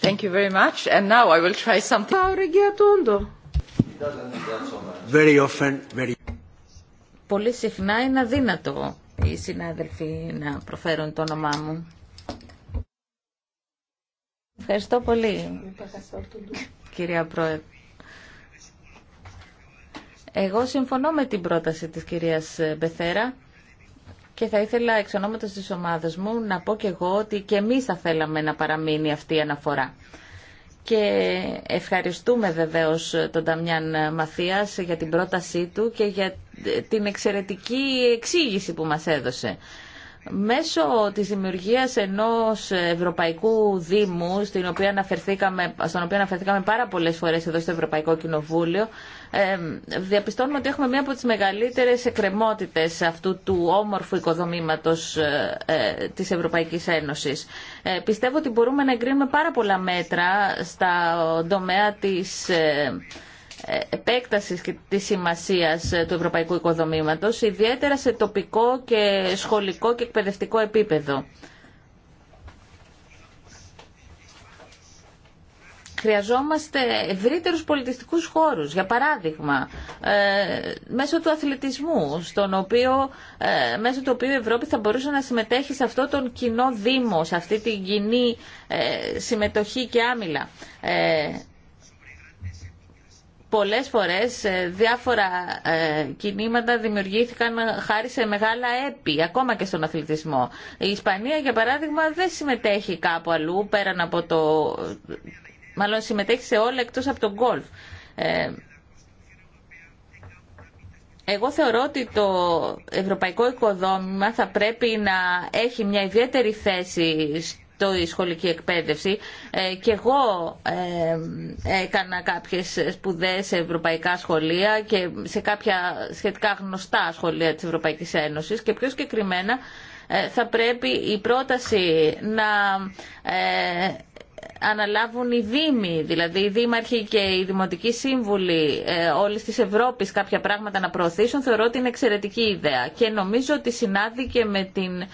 Thank you very much. And now I will try something. Very often, very... Πολύ συχνά είναι αδύνατο οι συνάδελφοι να προφέρουν το όνομά μου. Ευχαριστώ πολύ, κυρία Πρόεδρε. Εγώ συμφωνώ με την πρόταση της κυρίας Μπεθέρα και θα ήθελα εξ ονόματος της ομάδας μου να πω και εγώ ότι και εμείς θα θέλαμε να παραμείνει αυτή η αναφορά και ευχαριστούμε βεβαίως τον Ταμιάν Μαθίας για την πρότασή του και για την εξαιρετική εξήγηση που μας έδωσε. Μέσω της δημιουργίας ενός Ευρωπαϊκού Δήμου, στην οποία στον οποίο αναφερθήκαμε πάρα πολλές φορές εδώ στο Ευρωπαϊκό Κοινοβούλιο, διαπιστώνουμε ότι έχουμε μία από τις μεγαλύτερες εκκρεμότητες αυτού του όμορφου οικοδομήματος ε, ε, της Ευρωπαϊκής Ένωσης. Ε, πιστεύω ότι μπορούμε να εγκρίνουμε πάρα πολλά μέτρα στα τομέα της επέκτασης και της σημασίας του ευρωπαϊκού οικοδομήματος, ιδιαίτερα σε τοπικό και σχολικό και εκπαιδευτικό επίπεδο. Χρειαζόμαστε ευρύτερους πολιτιστικούς χώρους, για παράδειγμα, ε, μέσω του αθλητισμού, στον οποίο, ε, μέσω του οποίου η Ευρώπη θα μπορούσε να συμμετέχει σε αυτό τον κοινό δήμο, σε αυτή την κοινή ε, συμμετοχή και άμυλα πολλές φορές διάφορα κινήματα δημιουργήθηκαν χάρη σε μεγάλα έπι, ακόμα και στον αθλητισμό. Η Ισπανία, για παράδειγμα, δεν συμμετέχει κάπου αλλού πέραν από το μάλλον συμμετέχει σε όλα εκτός από τον γκολφ. Ε, εγώ θεωρώ ότι το ευρωπαϊκό οικοδόμημα θα πρέπει να έχει μια ιδιαίτερη θέση στο σχολική εκπαίδευση ε, και εγώ ε, έκανα κάποιες σπουδές σε ευρωπαϊκά σχολεία και σε κάποια σχετικά γνωστά σχολεία της Ευρωπαϊκής Ένωσης και πιο συγκεκριμένα ε, θα πρέπει η πρόταση να ε, αναλάβουν οι δήμοι, δηλαδή οι δήμαρχοι και οι δημοτικοί σύμβουλοι ε, όλη τη Ευρώπη κάποια πράγματα να προωθήσουν, θεωρώ ότι είναι εξαιρετική ιδέα. Και νομίζω ότι συνάδει και με την